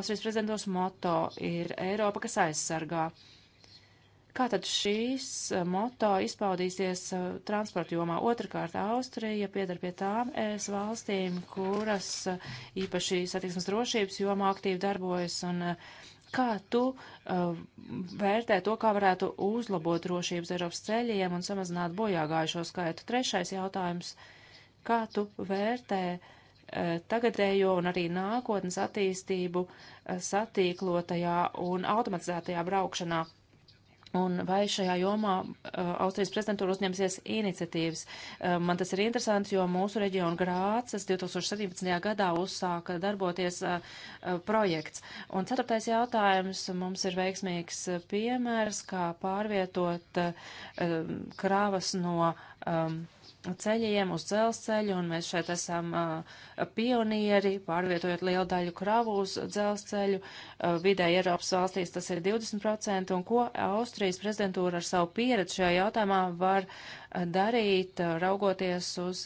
Austrijas prezidentos moto ir Eiropa, kas aizsargā. Uh, Kā tad šīs eh, moto izpaudīsies eh, transporta jomā? Otrakārt, Austrija piedar pie tām ES valstīm, kuras eh, īpaši satiksmes drošības jomā aktīvi darbojas un kā tu uh, vērtē to, kā varētu uzlabot drošības Eiropas ceļiem un samazināt bojāgājušo skaitu? Trešais jautājums. Kā tu vērtē uh, tagadējo un arī nākotnes attīstību uh, satīklotajā un automatizētajā braukšanā? un vai šajā jomā uh, Austrijas prezidentūra uzņemsies iniciatīvas. Uh, man tas ir interesanti, jo mūsu reģiona Grācas 2017. gadā uzsāka darboties uh, uh, projekts. Un ceturtais jautājums mums ir veiksmīgs piemērs, kā pārvietot uh, um, krāvas no um, ceļiem uz dzelzceļu, un mēs šeit esam uh, pionieri, pārvietojot lielu daļu kravu uz dzelzceļu. Uh, Vidēji Eiropas valstīs tas ir 20%, un ko Austrijas prezidentūra ar savu pieredzi šajā jautājumā var uh, darīt, raugoties uz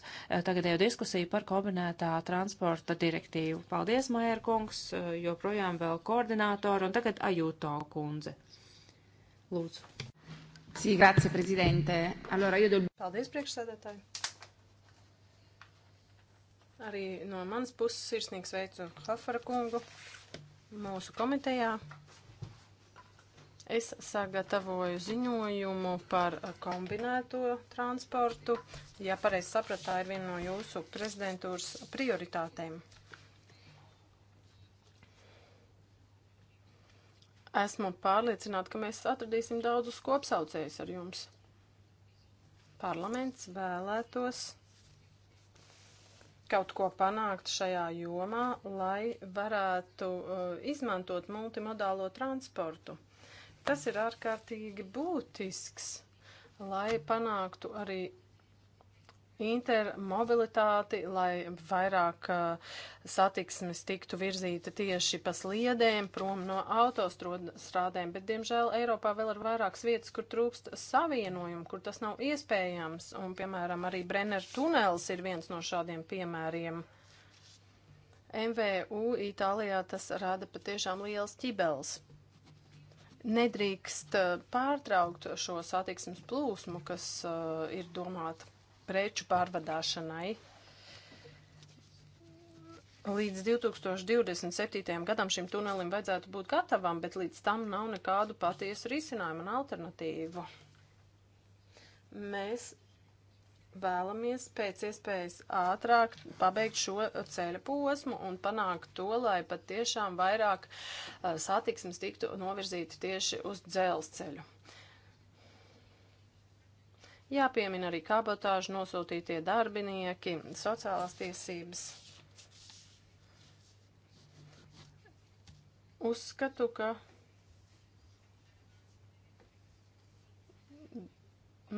tagadējo diskusiju par kombinētā transporta direktīvu. Paldies, Majerkungs, joprojām vēl koordinātori, un tagad Ajūto kundze. Lūdzu. Sī, grazie, prezidente. Allora, io do... Paldies, priekšsēdētāji. Arī no manas puses sirsnīgs veicu Hafara kungu mūsu komitejā. Es sagatavoju ziņojumu par kombinēto transportu. Ja pareizi sapratā, ir viena no jūsu prezidentūras prioritātēm. Esmu pārliecināta, ka mēs atradīsim daudzus kopsaucējus ar jums. Parlaments vēlētos kaut ko panākt šajā jomā, lai varētu uh, izmantot multimodālo transportu. Tas ir ārkārtīgi būtisks, lai panāktu arī intermobilitāti, lai vairāk uh, satiksmes tiktu virzīta tieši pa sliedēm, prom no autostrādēm, bet, diemžēl, Eiropā vēl ir vairākas vietas, kur trūkst savienojumu, kur tas nav iespējams, un, piemēram, arī Brenner tunels ir viens no šādiem piemēriem. MVU Itālijā tas rada patiešām liels ķibels. Nedrīkst eh, pārtraukt šo satiksmes plūsmu, kas uh, ir domāta preču pārvadāšanai. Līdz 2027. gadam šim tunelim vajadzētu būt gatavam, bet līdz tam nav nekādu patiesu risinājumu un alternatīvu. Mēs vēlamies pēc iespējas ātrāk pabeigt šo ceļa posmu un panākt to, lai pat tiešām vairāk uh, satiksmes tiktu novirzīti tieši uz dzelzceļu. Jāpiemina arī kabotāžu nosūtītie darbinieki, sociālās tiesības. Uzskatu, ka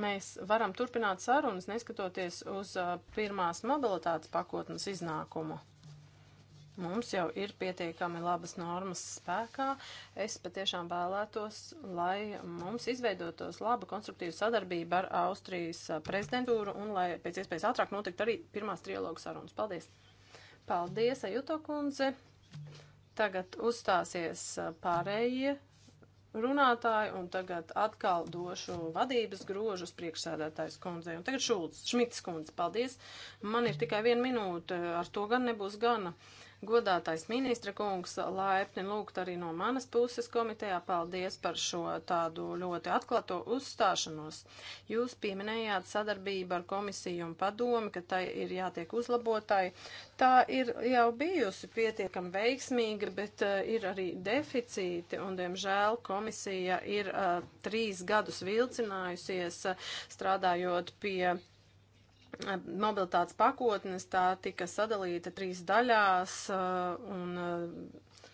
mēs varam turpināt sarunas, neskatoties uz pirmās mobilitātes pakotnes iznākumu. Mums jau ir pietiekami labas normas spēkā. Es patiešām vēlētos, lai mums izveidotos laba konstruktīva sadarbība ar Austrijas prezidentūru un lai pēc iespējas ātrāk notiktu arī pirmās trialogu sarunas. Paldies! Paldies, Ajuto kundze! Tagad uzstāsies pārējie runātāji un tagad atkal došu vadības grožus priekšsēdētājs kundzei. Un tagad Šulcs, Šmits kundze, paldies! Man ir tikai viena minūte, ar to gan nebūs gana. Uh, Godātais ministra kungs, laipni lūgt arī no manas puses komitejā, paldies par šo tādu ļoti atklāto uzstāšanos. Jūs pieminējāt sadarbību ar komisiju un padomi, ka tai ir jātiek uzlabotai. Tā ir jau bijusi pietiekami veiksmīga, bet uh, ir arī deficīti, un, diemžēl, komisija ir uh, trīs gadus vilcinājusies uh, strādājot pie mobilitātes pakotnes tā tika sadalīta trīs daļās uh, un uh,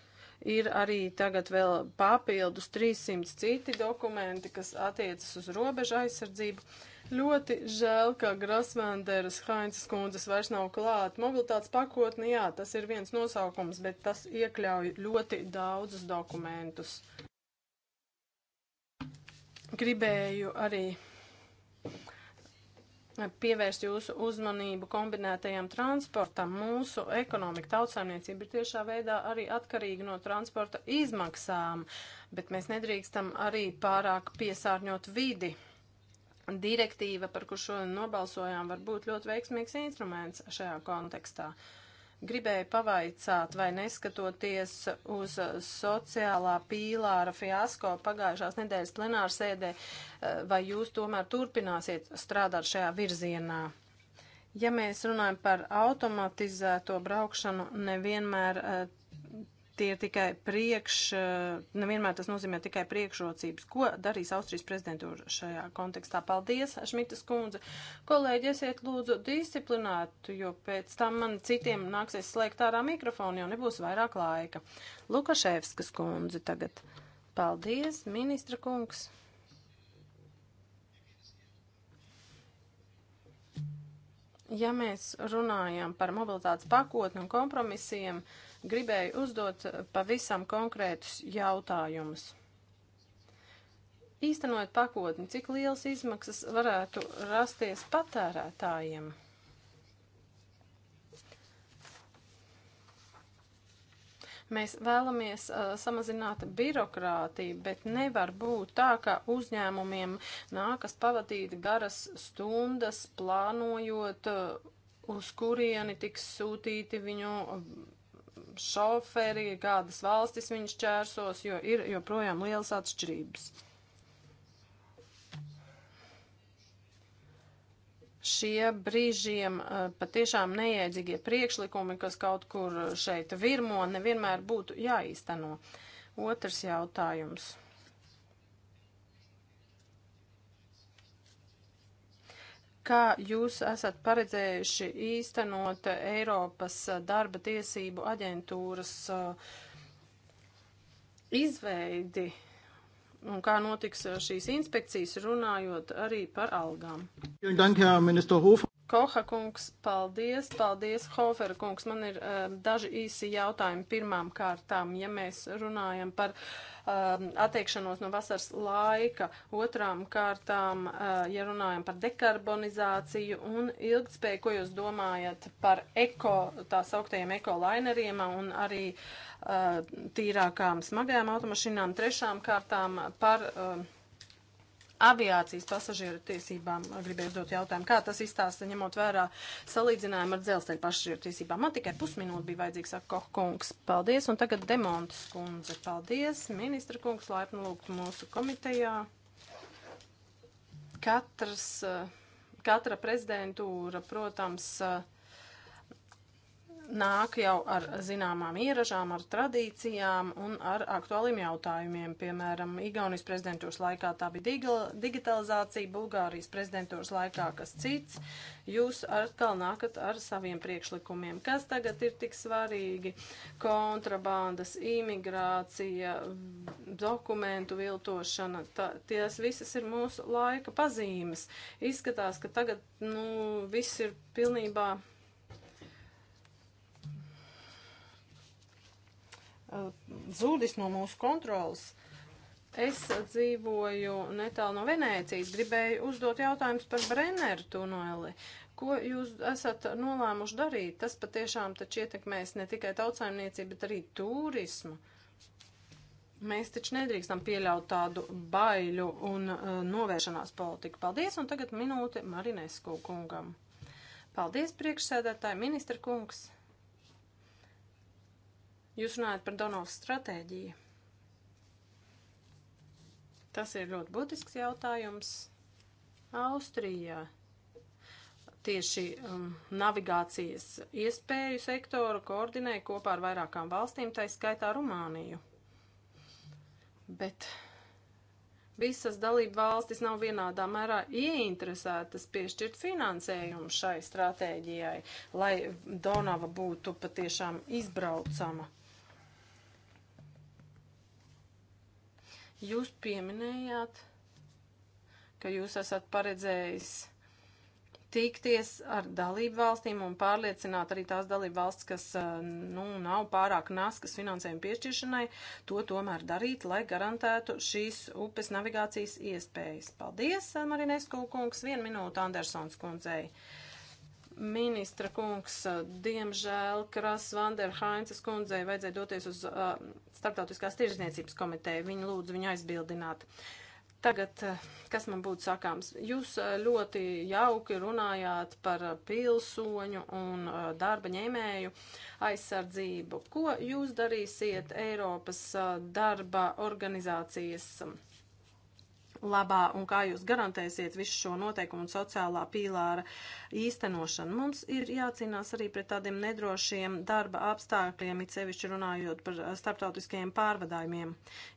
ir arī tagad vēl papildus 300 citi dokumenti, kas attiecas uz robežu aizsardzību. Ļoti žēl, ka Grasvenderas Hainces kundzes vairs nav klāt. Mobilitātes pakotni, jā, tas ir viens nosaukums, bet tas iekļauj ļoti daudzus dokumentus. Gribēju arī pievērst jūsu uzmanību kombinētajam transportam. Mūsu ekonomika tautsājumniecība ir tiešā veidā arī atkarīga no transporta izmaksām, bet mēs nedrīkstam arī pārāk piesārņot vidi. Direktīva, par kur šodien nobalsojām, var būt ļoti veiksmīgs instruments šajā kontekstā. Uh, Gribēju pavaicāt, vai neskatoties uz sociālā pīlāra fiasko pagājušās nedēļas plenāra sēdē, eh, vai jūs tomēr turpināsiet strādāt šajā virzienā? Ja mēs runājam par automatizēto braukšanu, nevienmēr eh, tie ir tikai priekš, eh, nevienmēr tas nozīmē tikai priekšrocības. Ko darīs Austrijas prezidentūra šajā kontekstā? Paldies, Šmitas kundze. Kolēģi, esiet lūdzu disciplinēti, jo pēc tam man citiem nāksies slēgt ārā mikrofonu, jo nebūs vairāk laika. Lukaševskas kundze tagad. Paldies, ministra kungs. Ja mēs runājam par mobilitātes pakotni un kompromisiem, uh, gribēju uzdot eh, pavisam konkrētus jautājumus. Īstenojot pakotni, cik lielas izmaksas varētu rasties patērētājiem? mēs vēlamies uh, samazināt birokrātiju, bet nevar būt tā, ka uzņēmumiem nākas pavadīt garas stundas plānojot, uh, uz kurieni tiks sūtīti viņu šoferi, kādas valstis viņš čērsos, jo ir joprojām lielas atšķirības. Šie brīžiem eh, patiešām neiedzīgie priekšlikumi, kas kaut kur šeit virmo, nevienmēr būtu jāīsteno. Otrs jautājums. kā jūs esat paredzējuši īstenot Eiropas darba tiesību aģentūras uh, izveidi un kā notiks uh, šīs inspekcijas, runājot arī par algām. Koha kungs, paldies, paldies, Hofera kungs. Man ir uh, daži īsi jautājumi pirmām kārtām, ja mēs runājam par uh, attiekšanos no vasaras laika, otrām kārtām, uh, ja runājam par dekarbonizāciju un ilgspēju, ko jūs domājat par eko, tā sauktajiem ekolaineriem un arī uh, tīrākām smagajām automašīnām, trešām kārtām par. Uh, aviācijas pasažieru tiesībām gribēju dot jautājumu, kā tas izstāsta, ņemot vērā salīdzinājumu ar dzelzceļa pasažieru tiesībām. Man tikai pusminūte bija vajadzīgs, saka Koh kungs. Paldies, un tagad Demontas kundze. Paldies, ministra kungs, laipni lūgt mūsu komitejā. Katrs, eh, katra prezidentūra, protams, uh, nāk jau ar zināmām ieražām, ar tradīcijām un ar aktuāliem jautājumiem. Piemēram, Igaunijas prezidentūras laikā tā bija digitalizācija, Bulgārijas prezidentūras laikā kas cits. Jūs atkal nākat ar saviem priekšlikumiem, kas tagad ir tik svarīgi - kontrabandas, imigrācija, dokumentu viltošana. Tā, tās visas ir mūsu laika pazīmes. Izskatās, ka tagad nu, viss ir pilnībā Eh, zūdis no mūsu kontrolas. Es dzīvoju netālu no Venēcijas, gribēju uzdot jautājumus par Brenneru tuneli. Ko jūs esat nolēmuši darīt? Tas patiešām taču ietekmēs ne tikai tautsājumniecību, bet arī turismu. Mēs taču nedrīkstam pieļaut tādu baiļu un uh, novēršanās politiku. Paldies, un tagad minūte Marinesku kungam. Paldies, priekšsēdētāji, ministra kungs. Jūs runājat par Donalda stratēģiju. Tas ir ļoti būtisks jautājums. Austrijā tieši um, navigācijas iespēju sektoru koordinē kopā ar vairākām valstīm, tā skaitā Rumāniju. Bet visas dalība valstis nav vienādā mērā ieinteresētas piešķirt finansējumu šai stratēģijai, lai Donava būtu patiešām izbraucama. Jūs pieminējāt, ka jūs esat paredzējis tikties ar dalību valstīm un pārliecināt arī tās dalību valsts, kas eh, nu, nav pārāk naskas finansējuma piešķiršanai, to tomēr darīt, lai garantētu šīs upes navigācijas iespējas. Paldies, eh, Marinesko kungs, vienu minūtu Andersons kundzei. Ministra kungs, eh, diemžēl Kras Vanderhainces kundzei vajadzēja doties uz uh, Startautiskās tirzniecības komiteja. Viņi lūdzu viņu aizbildināt. Tagad, eh, kas man būtu sakāms, jūs eh, ļoti jauki runājāt par eh, pilsoņu un darba ņēmēju aizsardzību. Ko jūs darīsiet Eiropas darba organizācijas? labā un kā jūs garantēsiet visu šo noteikumu un sociālā pīlāra īstenošanu. Mums ir jācīnās arī pret tādiem nedrošiem darba apstākļiem, it sevišķi runājot par eh, starptautiskajiem pārvadājumiem.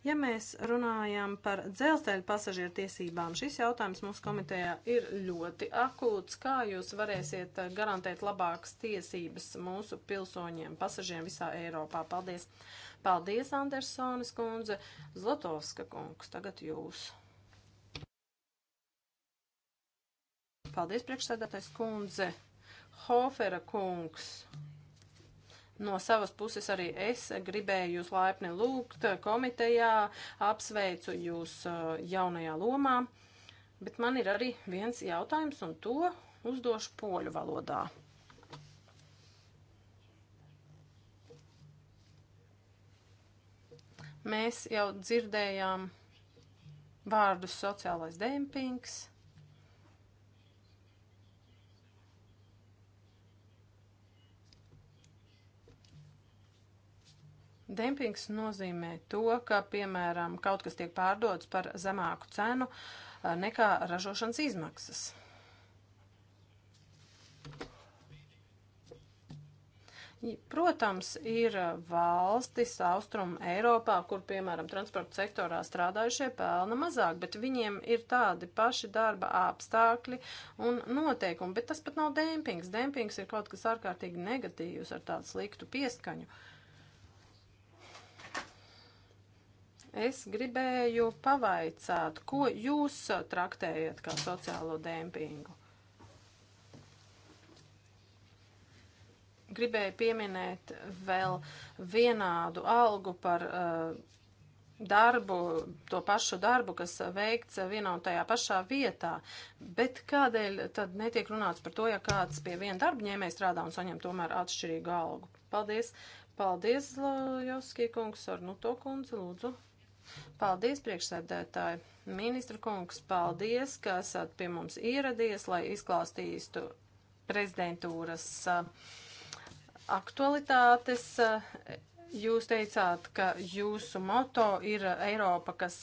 Ja mēs runājam par dzelzceļa pasažieru tiesībām, šis jautājums mūsu komitejā ir ļoti akūts. Kā jūs varēsiet eh, garantēt labākas tiesības mūsu pilsoņiem, pasažieriem visā Eiropā? Paldies! Paldies, Andersonis kundze, Zlatovska kungs, tagad jūs. Paldies, priekšsēdētājs kundze. Hofera kungs. No savas puses arī es gribēju jūs laipni lūgt komitejā, apsveicu jūs uh, jaunajā lomā, bet man ir arī viens jautājums un to uzdošu poļu valodā. Mēs jau dzirdējām vārdus sociālais dempings. Dempings nozīmē to, ka, piemēram, kaut kas tiek pārdots par zemāku cenu eh, nekā ražošanas izmaksas. Protams, ir eh, valstis austrumu Eiropā, kur, piemēram, transporta sektorā strādājušie pelna mazāk, bet viņiem ir tādi paši darba apstākļi un noteikumi, bet tas pat nav dempings. Dempings ir kaut kas ārkārtīgi negatīvs ar tādu sliktu pieskaņu. Uh, Es gribēju pavaicāt, ko jūs traktējat kā sociālo dempingu? Gribēju pieminēt vēl vienādu algu par uh, darbu, to pašu darbu, kas veikts vienā un tajā pašā vietā. Bet kādēļ tad netiek runāts par to, ja kāds pie viena darba ņēmēja strādā un saņem tomēr atšķirīgu algu? Paldies! Paldies, Jovskī kungs, ar nu to kundzi, lūdzu. Paldies, priekšsēdētāji! Ministra kungs, paldies, ka esat pie mums ieradies, lai izklāstītu prezidentūras uh, aktualitātes. Uh, Jūs teicāt, ka jūsu moto ir Eiropa, kas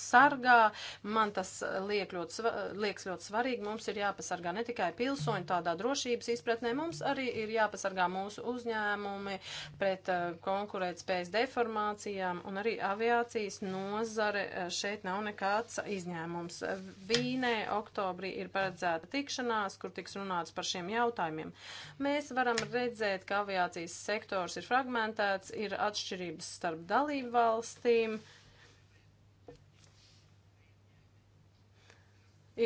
sargā. Man tas liek ļoti, liekas ļoti svarīgi. Mums ir jāpasargā ne tikai pilsoņi tādā drošības izpratnē, mums arī ir jāpasargā mūsu uzņēmumi pret konkurētspējas deformācijām, un arī aviācijas nozare šeit nav nekāds izņēmums. Vīnē oktobrī ir paredzēta tikšanās, kur tiks runāts par šiem jautājumiem. Mēs varam redzēt, ka aviācijas sektors ir fragmentēts, ir atšķirības starp dalību valstīm.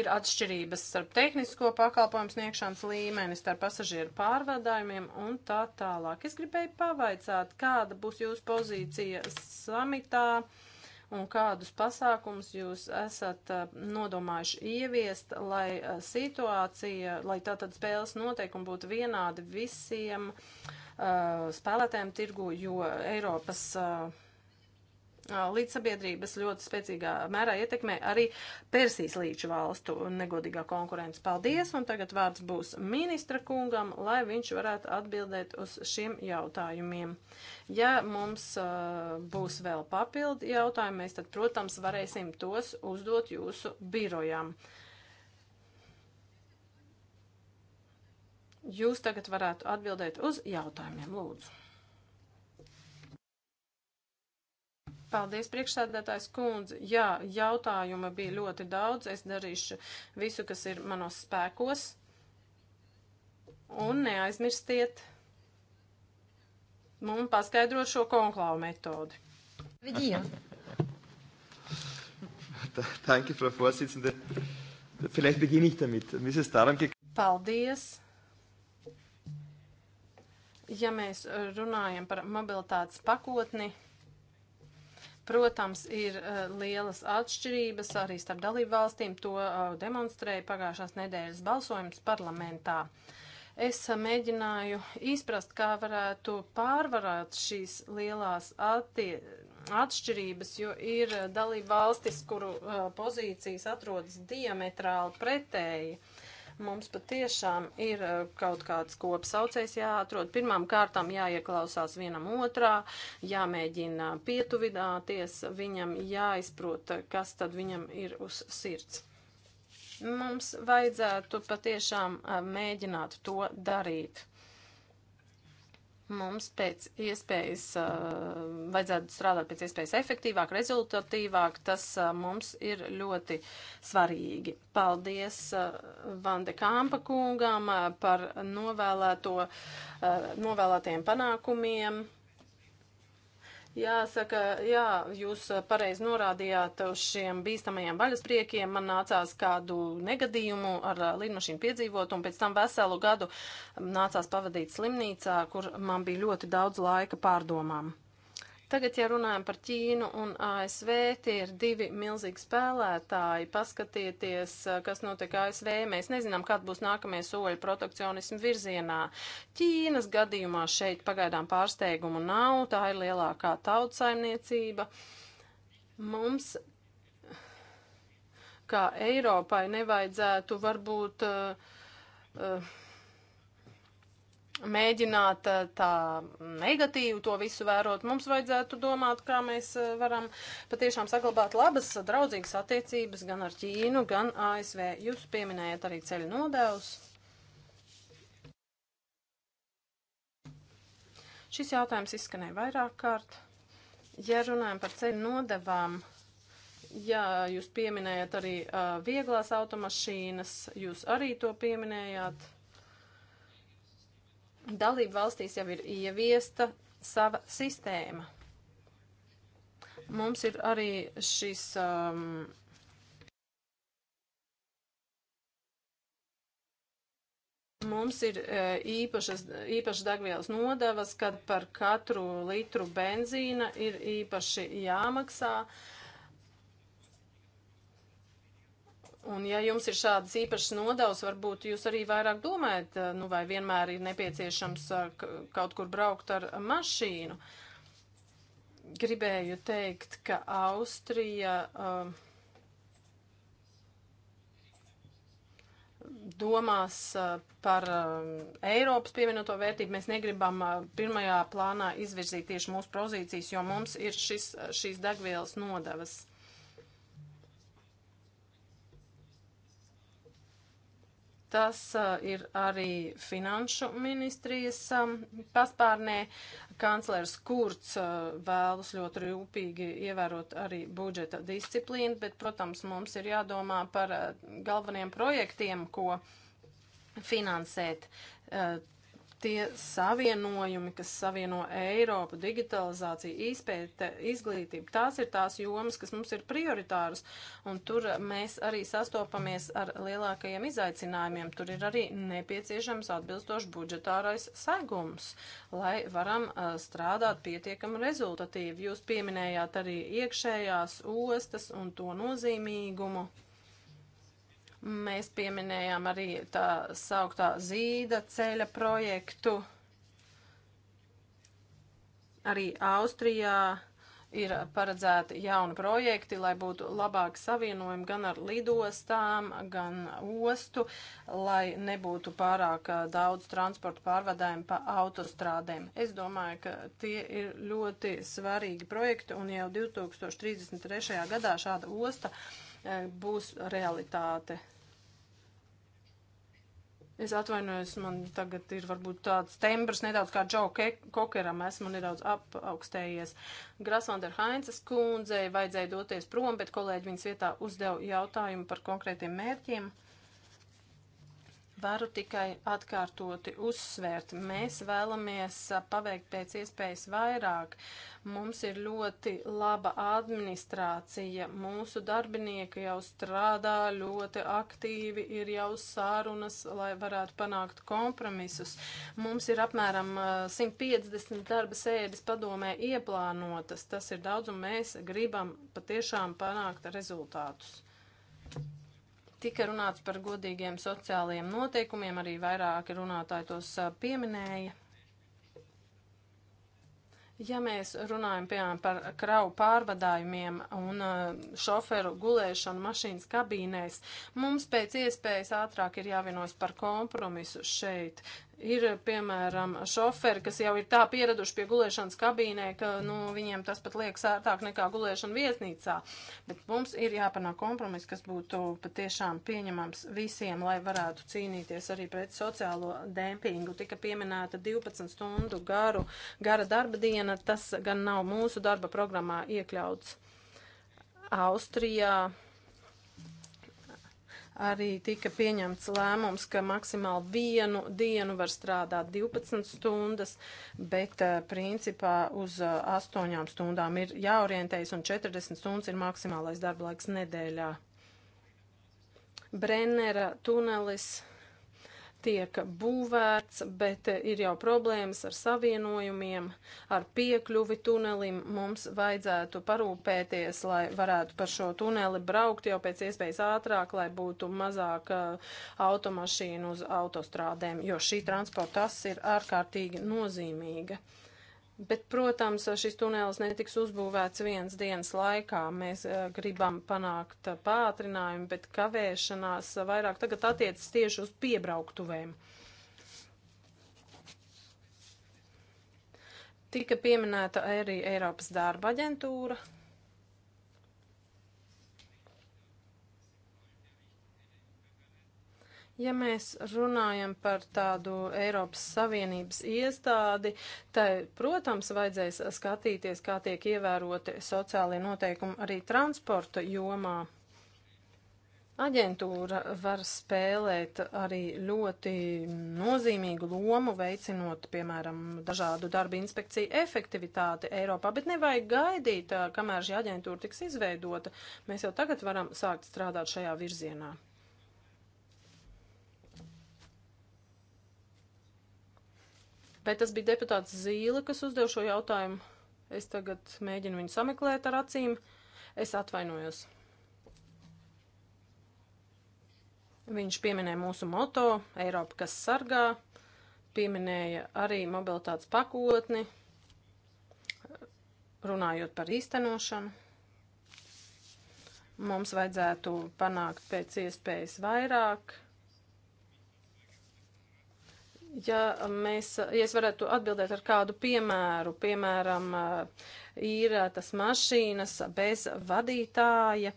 ir atšķirības starp tehnisko pakalpojumu sniegšanas līmeni, starp pasažieru pārvadājumiem un tā tālāk. Es gribēju pavaicāt, kāda būs jūsu pozīcija samitā un kādus pasākumus jūs esat eh, nodomājuši ieviest, lai eh, situācija, lai tātad spēles noteikumi būtu vienādi visiem uh, Uh, spēlētājiem tirgu, jo Eiropas uh, uh, līdzsabiedrības ļoti spēcīgā mērā ietekmē arī Persijas līča valstu negodīgā konkurence. Paldies, un tagad vārds būs ministra kungam, lai viņš varētu atbildēt uz šiem jautājumiem. Ja mums uh, būs vēl papildi jautājumi, mēs tad, protams, varēsim tos uzdot jūsu birojām. Uh, Jūs tagad varētu atbildēt uz jautājumiem, lūdzu. Paldies, priekšsēdētājs kundze. Jā, jautājuma bija ļoti daudz. Es darīšu visu, kas ir manos spēkos. Un neaizmirstiet mums paskaidrot šo konklāvu metodi. Vidīja. Danke, Frau Vorsitzende. Vielleicht beginne ich damit. Mir ist es darum gekommen. Paldies. Ja mēs runājam par mobilitātes pakotni, protams, ir eh, lielas atšķirības arī starp dalību valstīm. To eh, demonstrēja pagājušās nedēļas balsojums parlamentā es mēģināju izprast, kā varētu pārvarēt šīs lielās attie, atšķirības, jo ir eh, dalība valstis, kuru uh, pozīcijas atrodas diametrāli pretēji. Mums patiešām ir eh, kaut kāds kopsaucējs jāatrod. Pirmām kārtām jāieklausās vienam otrā, jāmēģina pietuvināties viņam, jāizprot, eh, kas tad viņam ir uz sirds mums vajadzētu patiešām eh, mēģināt to darīt. Mums pēc iespējas uh, vajadzētu strādāt pēc iespējas efektīvāk, rezultatīvāk. Tas uh, mums ir ļoti svarīgi. Paldies uh, Vande Kāmpa kungām uh, par novēlēto, uh, novēlētiem panākumiem. Jāsaka, jā, jūs uh, pareizi norādījāt uz šiem bīstamajiem vaļaspriekiem. Man nācās kādu negadījumu ar uh, līdmašīnu piedzīvot, un pēc tam veselu gadu um, nācās pavadīt slimnīcā, kur man bija ļoti daudz laika pārdomām. Tagad, ja runājam par Ķīnu un ASV, tie ir divi milzīgi spēlētāji. Paskatieties, eh, kas notiek ASV. Mēs nezinām, kāda būs nākamie soļi protekcionismu virzienā. Ķīnas gadījumā šeit pagaidām pārsteigumu nav. Tā ir lielākā tautsaimniecība. Mums, kā Eiropai, nevajadzētu varbūt. Uh, uh, mēģināt eh, tā negatīvu to visu vērot, mums vajadzētu domāt, kā mēs eh, varam patiešām saglabāt labas, draudzīgas attiecības gan ar Ķīnu, gan ASV. Jūs pieminējat arī ceļu nodevus. Šis jautājums izskanēja vairāk kārt. Ja runājam par ceļu nodevām, jā, jūs pieminējat arī uh, vieglās automašīnas, jūs arī to pieminējāt. Dalību valstīs jau ir ieviesta sava sistēma. Mums ir arī šis. Um, Mums ir uh, īpašas, īpašas degvielas nodevas, kad par katru litru benzīna ir īpaši jāmaksā. Uh, Un ja jums ir šādas īpašas nodevas, varbūt jūs arī vairāk domājat, eh, nu vai vienmēr ir nepieciešams eh, kaut kur braukt ar mašīnu. Gribēju teikt, ka Austrija uh, domās uh, par uh, Eiropas pievienoto vērtību. Mēs negribam pirmajā plānā izvirzīt tieši mūsu pozīcijas, jo mums ir šis, šīs degvielas nodevas. Tas uh, ir arī finanšu ministrijas um, paspārnē. Kanclers Kurts uh, vēlas ļoti rūpīgi ievērot arī budžeta disciplīnu, bet, protams, mums ir jādomā par uh, galveniem projektiem, ko finansēt. Uh, tie savienojumi, kas savieno Eiropu, digitalizācija, izpēte, izglītība, tās ir tās jomas, kas mums ir prioritāras, un tur mēs arī sastopamies ar lielākajiem izaicinājumiem. Tur ir arī nepieciešams atbilstošs budžetārais segums, lai varam uh, strādāt pietiekam rezultatīvi. Jūs pieminējāt arī iekšējās ostas un to nozīmīgumu. Mēs pieminējām arī tā sauktā zīda ceļa projektu. Arī Austrijā ir paredzēti jauni projekti, lai būtu labāk savienojumi gan ar lidostām, gan ostu, lai nebūtu pārāk daudz transporta pārvadājumu pa autostrādēm. Es domāju, ka tie ir ļoti svarīgi projekti, un jau 2033. gadā šāda osta būs realitāte. Es atvainojos, man tagad ir varbūt tāds tembrs nedaudz kā Džo Kokeram, esmu nedaudz apaugstējies. Grasvander Hainces kundzei vajadzēja doties prom, bet kolēģi viņas vietā uzdeva jautājumu par konkrētiem mērķiem. Uh, Varu tikai atkārtoti uzsvērt, mēs vēlamies paveikt pēc iespējas vairāk. Mums ir ļoti laba administrācija, mūsu darbinieki jau strādā ļoti aktīvi, ir jau sārunas, lai varētu panākt kompromisus. Mums ir apmēram 150 darba sēdes padomē ieplānotas, tas ir daudz un mēs gribam patiešām panākt rezultātus. Tika runāts par godīgiem sociālajiem noteikumiem, arī vairāki runātāji tos pieminēja. Ja mēs runājam piemēram par kravu pārvadājumiem un šoferu gulēšanu mašīnas kabīnēs, mums pēc iespējas ātrāk ir jāvienos par kompromisu šeit. Ir, piemēram, šoferi, kas jau ir tā pieraduši pie gulēšanas kabīnē, ka nu, viņiem tas pat liekas ērtāk nekā gulēšana viesnīcā. Bet mums ir jāpanāk kompromiss, kas būtu patiešām pieņemams visiem, lai varētu cīnīties arī pret sociālo dempingu. Tika pieminēta 12 stundu garu, gara darba diena, tas gan nav mūsu darba programmā iekļauts Austrijā arī tika pieņemts lēmums, ka maksimāli vienu dienu var strādāt 12 stundas, bet eh, principā uz 8 eh, stundām ir jāorientējas un 40 stundas ir maksimālais darba laiks nedēļā. Brennera tunelis tiek būvēts, bet ir jau problēmas ar savienojumiem, ar piekļuvi tunelim. Mums vajadzētu parūpēties, lai varētu par šo tuneli braukt jau pēc iespējas ātrāk, lai būtu mazāk uh, automašīnu uz autostrādēm, jo šī transporta tas ir ārkārtīgi nozīmīga. Bet, protams, šis tunelis netiks uzbūvēts viens dienas laikā. Mēs uh, gribam panākt uh, pātrinājumu, bet kavēšanās uh, vairāk tagad attiecas tieši uz piebrauktuvēm. Tika pieminēta arī Eiropas darba aģentūra. Ja mēs runājam par tādu Eiropas Savienības iestādi, tai, protams, vajadzēs skatīties, kā tiek ievēroti sociālie noteikumi arī transporta jomā. Aģentūra var spēlēt arī ļoti nozīmīgu lomu, veicinot, piemēram, dažādu darba inspekciju efektivitāti Eiropā, bet nevajag gaidīt, kamēr šī aģentūra tiks izveidota. Mēs jau tagad varam sākt strādāt šajā virzienā. Bet tas bija deputāts Zīle, kas uzdev šo jautājumu. Es tagad mēģinu viņu sameklēt ar acīm. Es atvainojos. Viņš pieminēja mūsu moto Eiropa, kas sargā, pieminēja arī mobilitātes pakotni, runājot par īstenošanu. Mums vajadzētu panākt pēc iespējas vairāk. Ja, mēs, ja es varētu atbildēt ar kādu piemēru, piemēram, ir tas mašīnas bez vadītāja.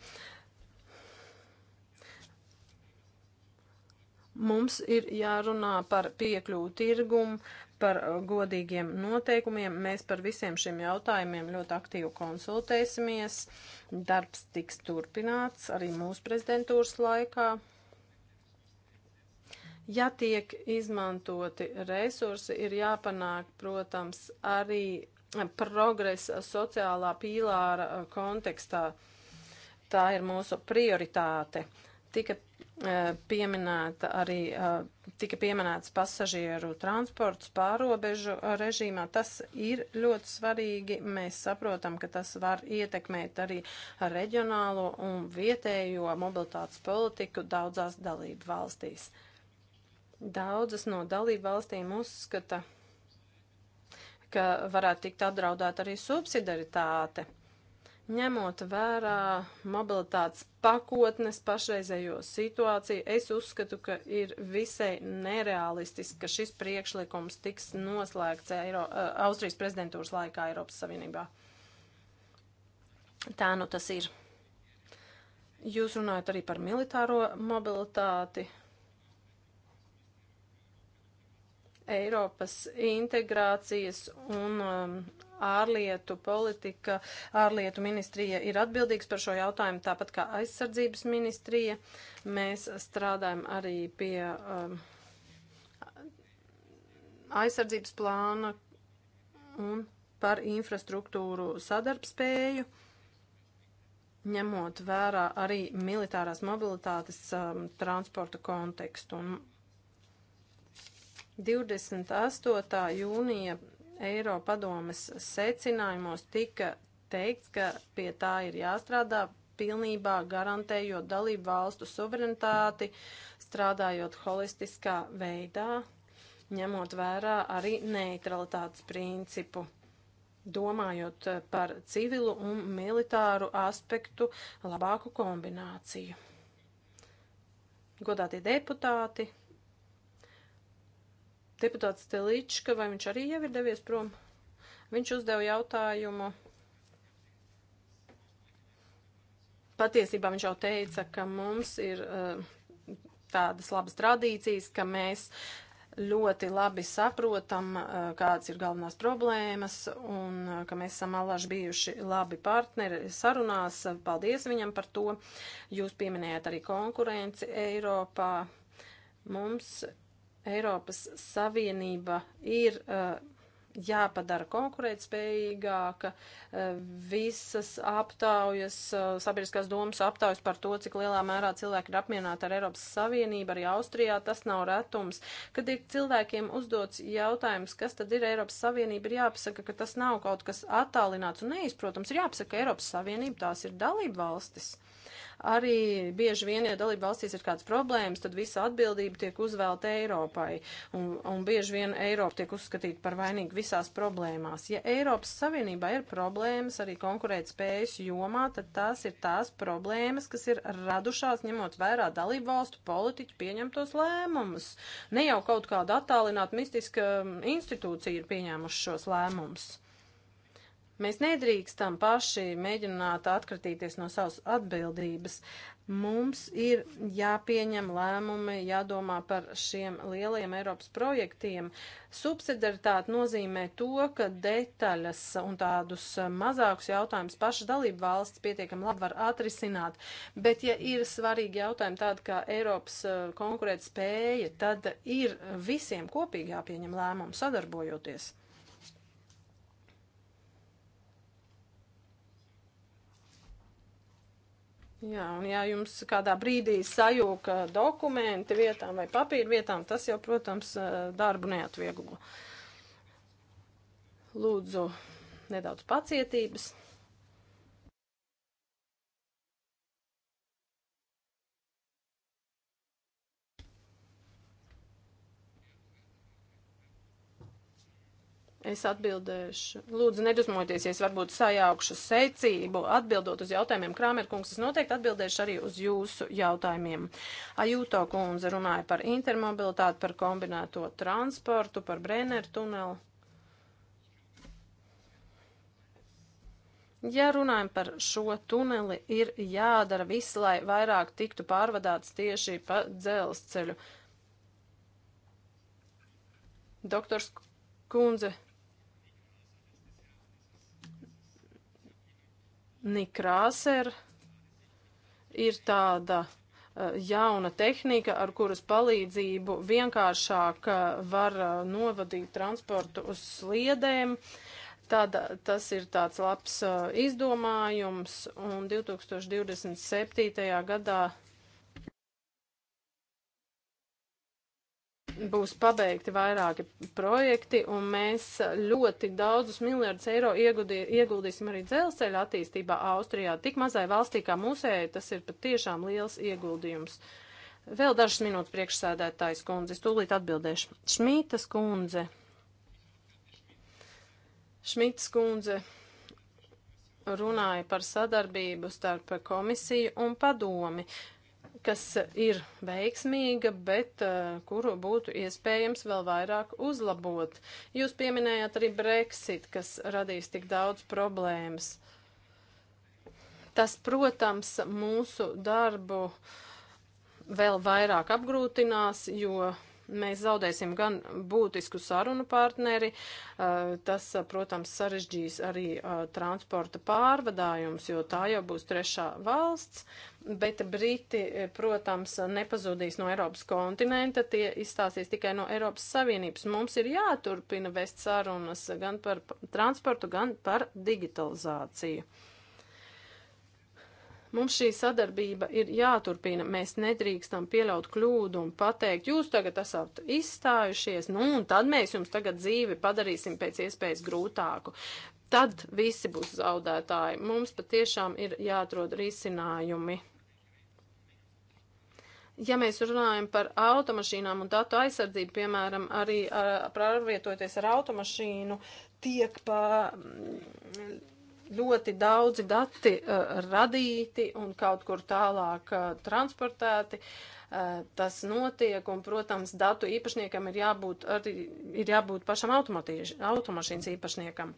Mums ir jārunā par piekļuvu tirgumu, par godīgiem noteikumiem. Mēs par visiem šiem jautājumiem ļoti aktīvi konsultēsimies. Darbs tiks turpināts arī mūsu prezidentūras laikā. Ja tiek izmantoti resursi, ir jāpanāk, protams, arī progresa sociālā pīlāra kontekstā. Tā ir mūsu prioritāte. Tika eh, pieminēta arī, eh, tika pieminēts pasažieru transports pārobežu režīmā. Tas ir ļoti svarīgi. Mēs saprotam, ka tas var ietekmēt arī reģionālo un vietējo mobilitātes politiku daudzās dalību valstīs. Daudzas no dalību valstīm uzskata, ka varētu tikt apdraudēta arī subsidaritāte ņemot vērā mobilitātes pakotnes pašreizējo situāciju, es uzskatu, ka ir visai nerealistiski, ka šis priekšlikums tiks noslēgts Eiro, Austrijas prezidentūras laikā Eiropas Savienībā. Tā nu tas ir. Jūs runājat arī par militāro mobilitāti. Eiropas integrācijas un um, ārlietu politika, ārlietu ministrija ir atbildīgs par šo jautājumu, tāpat kā aizsardzības ministrija. Mēs strādājam arī pie um, aizsardzības plāna un par infrastruktūru sadarbspēju ņemot vērā arī militārās mobilitātes um, transporta kontekstu un 28. jūnija Eiropadomes secinājumos tika teikts, ka pie tā ir jāstrādā pilnībā garantējot dalību valstu suverenitāti, strādājot holistiskā veidā, ņemot vērā arī neutralitātes principu, domājot par civilu un militāru aspektu labāku kombināciju. Godātie deputāti, deputāts Telička, vai viņš arī jau ir devies prom? Viņš uzdeva jautājumu. Patiesībā viņš jau teica, ka mums ir uh, tādas labas tradīcijas, ka mēs ļoti labi saprotam, uh, kādas ir galvenās problēmas un uh, ka mēs esam allaž bijuši labi partneri sarunās. Paldies viņam par to. Jūs pieminējāt arī konkurenci Eiropā. Mums Eiropas Savienība ir uh, jāpadara konkurētspējīgāka. Uh, visas aptaujas, uh, sabiedriskās domas aptaujas par to, cik lielā mērā cilvēki ir apmierināti ar Eiropas Savienību, arī Austrijā tas nav retums. Kad ir cilvēkiem uzdots jautājums, kas tad ir Eiropas Savienība, ir jāpasaka, ka tas nav kaut kas attālināts un neizprotams. Ir jāpasaka, ka Eiropas Savienība tās ir dalība valstis arī bieži vien, ja dalība valstīs ir kāds problēmas, tad visa atbildība tiek uzvēlta Eiropai, un, un bieži vien Eiropa tiek uzskatīta par vainīgu visās problēmās. Ja Eiropas Savienībā ir problēmas arī konkurēt spējas jomā, tad tās ir tās problēmas, kas ir radušās ņemot vērā dalību valstu politiķu pieņemtos lēmumus. Ne jau kaut kāda attālināta mistiska mm, institūcija ir pieņēmuši šos lēmumus. Mēs nedrīkstam paši mēģināt atkratīties no savas atbildības. Mums ir jāpieņem lēmumi, jādomā par šiem lielajiem Eiropas projektiem. Subsidaritāte nozīmē to, ka detaļas un tādus mazākus jautājumus paša dalība valsts pietiekam labi var atrisināt, bet ja ir svarīgi jautājumi tādi kā Eiropas eh, konkurēt spēja, tad ir visiem kopīgi jāpieņem lēmumu sadarbojoties. Jā, un ja jums kādā brīdī sajūka dokumenti vietām vai papīra vietām, tas jau, protams, eh, darbu neatvieglo. Lūdzu, nedaudz pacietības. Es atbildēšu. Lūdzu, nedusmojieties, ja es varbūt sajaukšu secību. Atbildot uz jautājumiem, Krāmerkungs, es noteikti atbildēšu arī uz jūsu jautājumiem. Ajūto kundze runāja par intermobilitāti, par kombinēto transportu, par Brenner tunelu. Ja runājam par šo tuneli, ir jādara viss, lai vairāk tiktu pārvadāts tieši pa dzelzceļu. Doktors Kundze Nikrāser ir tāda eh, jauna tehnika, ar kuras palīdzību vienkāršāk eh, var eh, novadīt transportu uz sliedēm. Tāda, tas ir tāds labs izdomājums, un 2027. gadā būs pabeigti vairāki projekti, un mēs ļoti daudzus miljardus eiro iegudī, ieguldīsim arī dzelzceļa attīstībā Austrijā. Tik mazai valstī kā mūsēji tas ir patiešām liels ieguldījums. Vēl dažas minūtes priekšsēdētājas kundze, es tūlīt atbildēšu. Šmītas kundze. Šmītas kundze runāja par sadarbību starp komisiju un padomi. Uh, kas ir veiksmīga, bet uh, kuru būtu iespējams vēl vairāk uzlabot. Jūs pieminējāt arī Brexit, kas radīs tik daudz problēmas. Tas, protams, mūsu darbu vēl vairāk apgrūtinās, jo Mēs zaudēsim gan būtisku sarunu partneri, eh, tas, eh, protams, sarežģīs arī eh, transporta pārvadājums, jo tā jau būs trešā valsts, bet Briti, protams, nepazudīs no Eiropas kontinenta, tie izstāsies tikai no Eiropas Savienības. Mums ir jāturpina vest sarunas gan par transportu, gan par digitalizāciju. Mums šī sadarbība ir jāturpina. Mēs nedrīkstam pieļaut kļūdu un pateikt, jūs tagad esat izstājušies, nu un tad mēs jums tagad dzīvi padarīsim pēc iespējas grūtāku. Tad visi būs zaudētāji. Mums patiešām ir jāatrod risinājumi ja mēs runājam par automašīnām un datu aizsardzību, piemēram, arī ar, pārvietoties ar automašīnu, tiek pa, ļoti daudzi dati uh, radīti un kaut kur tālāk uh, transportēti. Uh, tas notiek, un, protams, datu īpašniekam ir jābūt, arī, ir jābūt pašam automašīnas īpašniekam.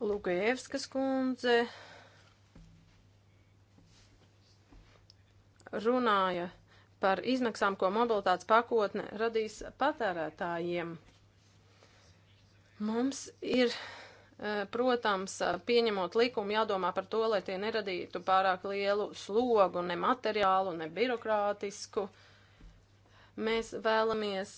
Lukajevskas kundze runāja par izmaksām, ko mobilitātes pakotne radīs patērētājiem. Mums ir Eh, protams, eh, pieņemot likumu, jādomā par to, lai tie neradītu pārāk lielu slogu, ne materiālu, ne birokrātisku. Mēs vēlamies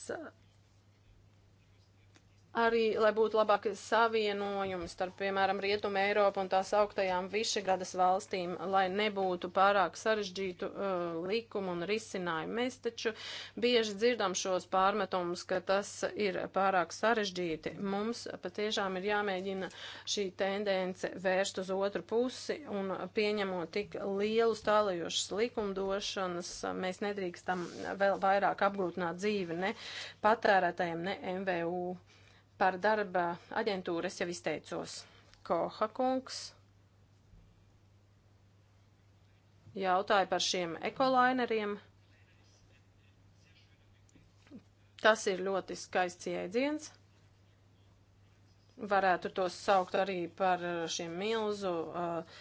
arī, lai būtu labāki savienojumi starp, piemēram, Rietumu Eiropu un tās augtajām Višegradas valstīm, lai nebūtu pārāk sarežģītu uh, likumu un risinājumu. Mēs taču bieži dzirdam šos pārmetumus, ka tas ir pārāk sarežģīti. Mums patiešām ir jāmēģina šī tendence vērst uz otru pusi un pieņemot tik lielu stālojošas likumdošanas, mēs nedrīkstam vēl vairāk apgrūtināt dzīvi ne patērētājiem, ne MVU. Par darba aģentūru es jau izteicos. Koha kungs jautāja par šiem ekolaineriem. Tas ir ļoti skaists jēdziens. Varētu tos saukt arī par šiem milzu, uh,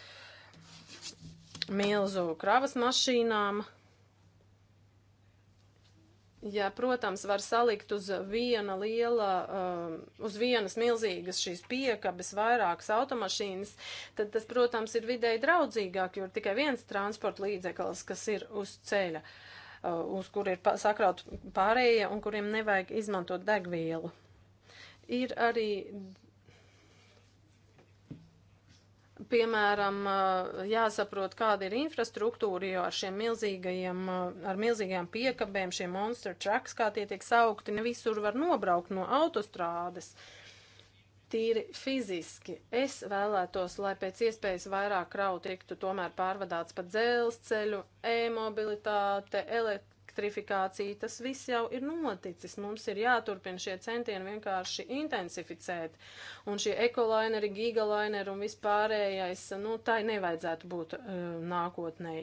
milzu kravas mašīnām ja, protams, var salikt uz viena liela, um, uz vienas milzīgas šīs piekabes vairākas automašīnas, tad tas, protams, ir vidēji draudzīgāk, jo ir tikai viens transporta līdzeklis, kas ir uz ceļa, uh, uz kur ir sakraut pārējie un kuriem nevajag izmantot degvielu. Ir arī piemēram, jāsaprot, kāda ir infrastruktūra, jo ar šiem milzīgajiem, ar milzīgajām piekabēm, šie monster trucks, kā tie tiek saukti, ne visur var nobraukt no autostrādes. Tīri fiziski es vēlētos, lai pēc iespējas vairāk kravu tiktu tomēr pārvadāts pa dzelzceļu, e-mobilitāte, elektrību elektrifikāciju, tas viss jau ir noticis. Mums ir jāturpina šie centieni vienkārši intensificēt. Un šie ekolaineri, gigalaineri un vispārējais, nu, tai nevajadzētu būt uh, eh, nākotnē.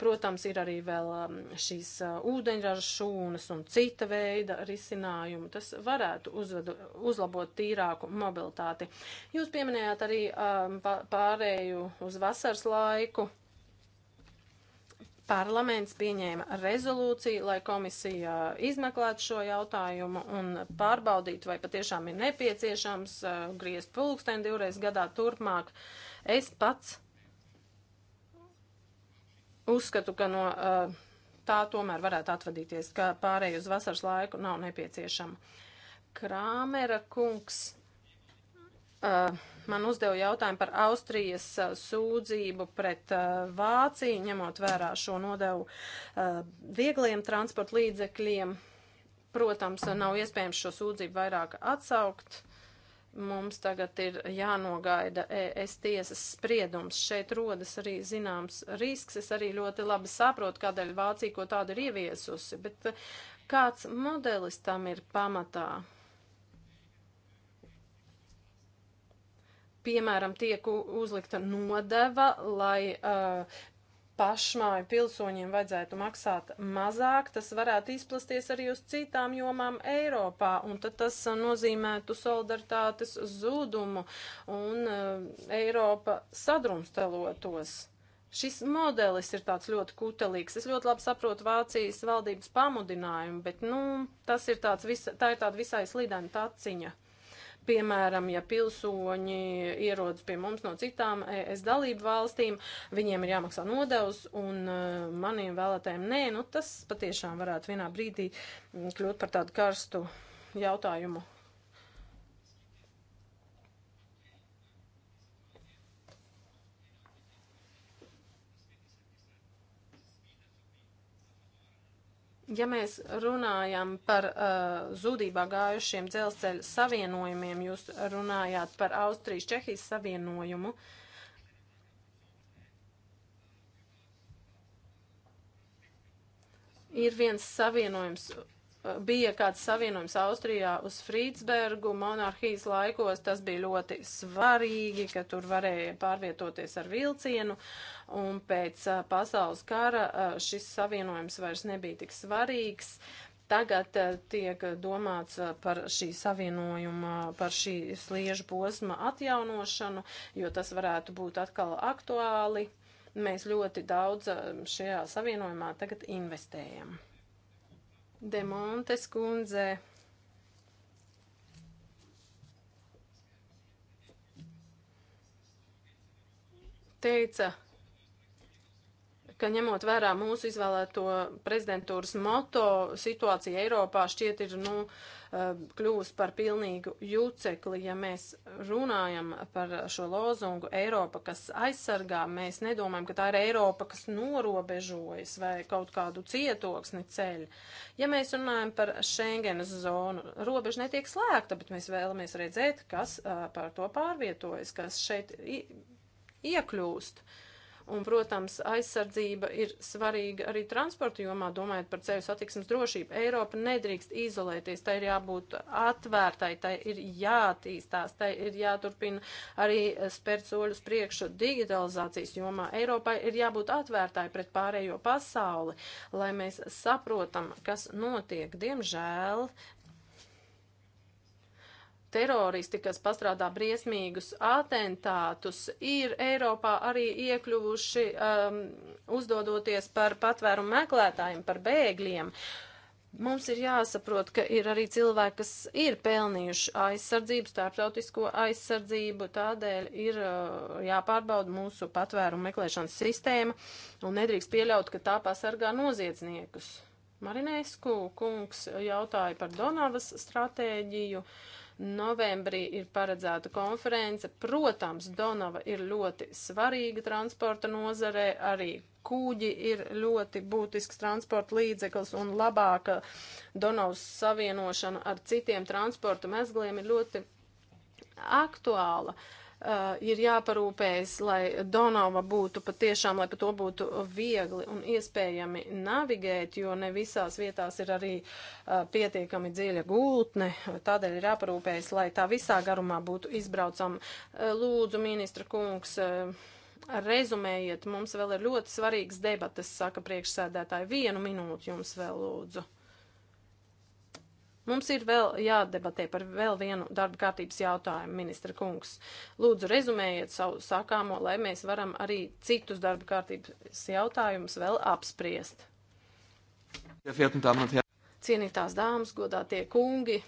Protams, ir arī vēl um, šīs uh, ūdeņraža šūnas un cita veida risinājumi. Tas varētu uzvedu, uzlabot tīrāku mobilitāti. Jūs pieminējāt arī um, pārēju uz vasaras laiku. Parlaments pieņēma rezolūciju, lai komisija izmeklētu šo jautājumu un pārbaudītu, vai patiešām ir nepieciešams eh, griezt pulksteni divreiz gadā turpmāk. Es pats uzskatu, ka no eh, tā tomēr varētu atvadīties, ka pārēju uz vasaras laiku nav nepieciešama. Krāmera kungs uh, man uzdeva jautājumu par Austrijas uh, sūdzību pret uh, Vāciju, ņemot vērā šo nodevu uh, viegliem transporta līdzekļiem. Protams, nav iespējams šo sūdzību vairāk atsaukt. Mums tagad ir jānogaida ES tiesas spriedums. Šeit rodas arī zināms risks. Es arī ļoti labi saprotu, kādēļ Vācija ko tādu ir ieviesusi, bet kāds modelis tam ir pamatā? piemēram, tiek uzlikta nodeva, lai uh, pašmāju pilsoņiem vajadzētu maksāt mazāk, tas varētu izplasties arī uz citām jomām Eiropā, un tad tas nozīmētu solidaritātes zudumu un uh, Eiropa sadrumstalotos. Šis modelis ir tāds ļoti kutelīgs. Es ļoti labi saprotu Vācijas valdības pamudinājumu, bet, nu, tas ir tāds, visa, tā ir tāda visai slidēna taciņa. Piemēram, ja pilsoņi ierodas pie mums no citām ES dalību valstīm, viņiem ir jāmaksā nodevs un uh, maniem vēlētājiem nē, nu tas patiešām varētu vienā brīdī mm, kļūt par tādu karstu jautājumu Ja mēs runājam par uh, zudībā gājušiem dzelzceļa savienojumiem, jūs runājāt par Austrijas-Čehijas savienojumu. Ir viens savienojums bija kāds savienojums Austrijā uz Frīdsbergu monarhijas laikos. Tas bija ļoti svarīgi, ka tur varēja pārvietoties ar vilcienu, un pēc uh, pasaules kara uh, šis savienojums vairs nebija tik svarīgs. Tagad uh, tiek domāts par šī savienojuma, par šī sliežu posma atjaunošanu, jo tas varētu būt atkal aktuāli. Mēs ļoti daudz šajā savienojumā tagad investējam. Demontes kundzē. Teica, ka ņemot vērā mūsu izvēlēto prezidentūras moto, situācija Eiropā šķiet ir, nu, uh, Um, kļūs par pilnīgu jūcekli, ja mēs runājam par šo lozungu Eiropa, kas aizsargā, mēs nedomājam, ka tā ir Eiropa, kas norobežojas vai kaut kādu cietoksni ceļ. Ja mēs runājam par Schengenas zonu, robeža netiek slēgta, bet mēs vēlamies redzēt, kas uh, par to pārvietojas, kas šeit iekļūst. Uh, Un, protams, aizsardzība ir svarīga arī transporta jomā, domājot par ceļu satiksmes drošību. Eiropa nedrīkst izolēties, tai ir jābūt atvērtai, tai ir jātīstās, tai ir jāturpina arī spērt soļus priekšu digitalizācijas jomā. Eiropai ir jābūt atvērtai pret pārējo pasauli, lai mēs saprotam, kas notiek. Diemžēl teroristi, kas pastrādā briesmīgus atentātus, ir Eiropā arī iekļuvuši um, uzdodoties par patvērumu meklētājiem, par bēgļiem. Mums ir jāsaprot, ka ir arī cilvēki, kas ir pelnījuši aizsardzību, starptautisko aizsardzību, tādēļ ir uh, jāpārbauda mūsu patvērumu meklēšanas sistēma un nedrīkst pieļaut, ka tā pasargā noziedzniekus. Marinēsku kungs jautāja par Donavas stratēģiju. Uh, Novembrī ir paredzēta konference. Protams, Donava ir ļoti svarīga transporta nozarē, arī kūģi ir ļoti būtisks transporta līdzeklis un labāka Donavas savienošana ar citiem transporta mezgliem ir ļoti aktuāla. Uh, Uh, ir jāparūpējas, lai Donava būtu patiešām, lai pa to būtu viegli un iespējami navigēt, jo ne visās vietās ir arī uh, pietiekami dziļa gultne. Tādēļ ir jāparūpējas, lai tā visā garumā būtu izbraucama. Uh, lūdzu, ministra kungs. Uh, rezumējiet, mums vēl ir ļoti svarīgas debatas, saka priekšsēdētāji. Vienu minūti jums vēl lūdzu. Mums ir vēl jādebatē par vēl vienu darba kārtības jautājumu, ministra kungs. Lūdzu, rezumējiet savu sakāmo, lai mēs varam arī citus darba kārtības jautājumus vēl apspriest. Cienītās dāmas, godātie kungi,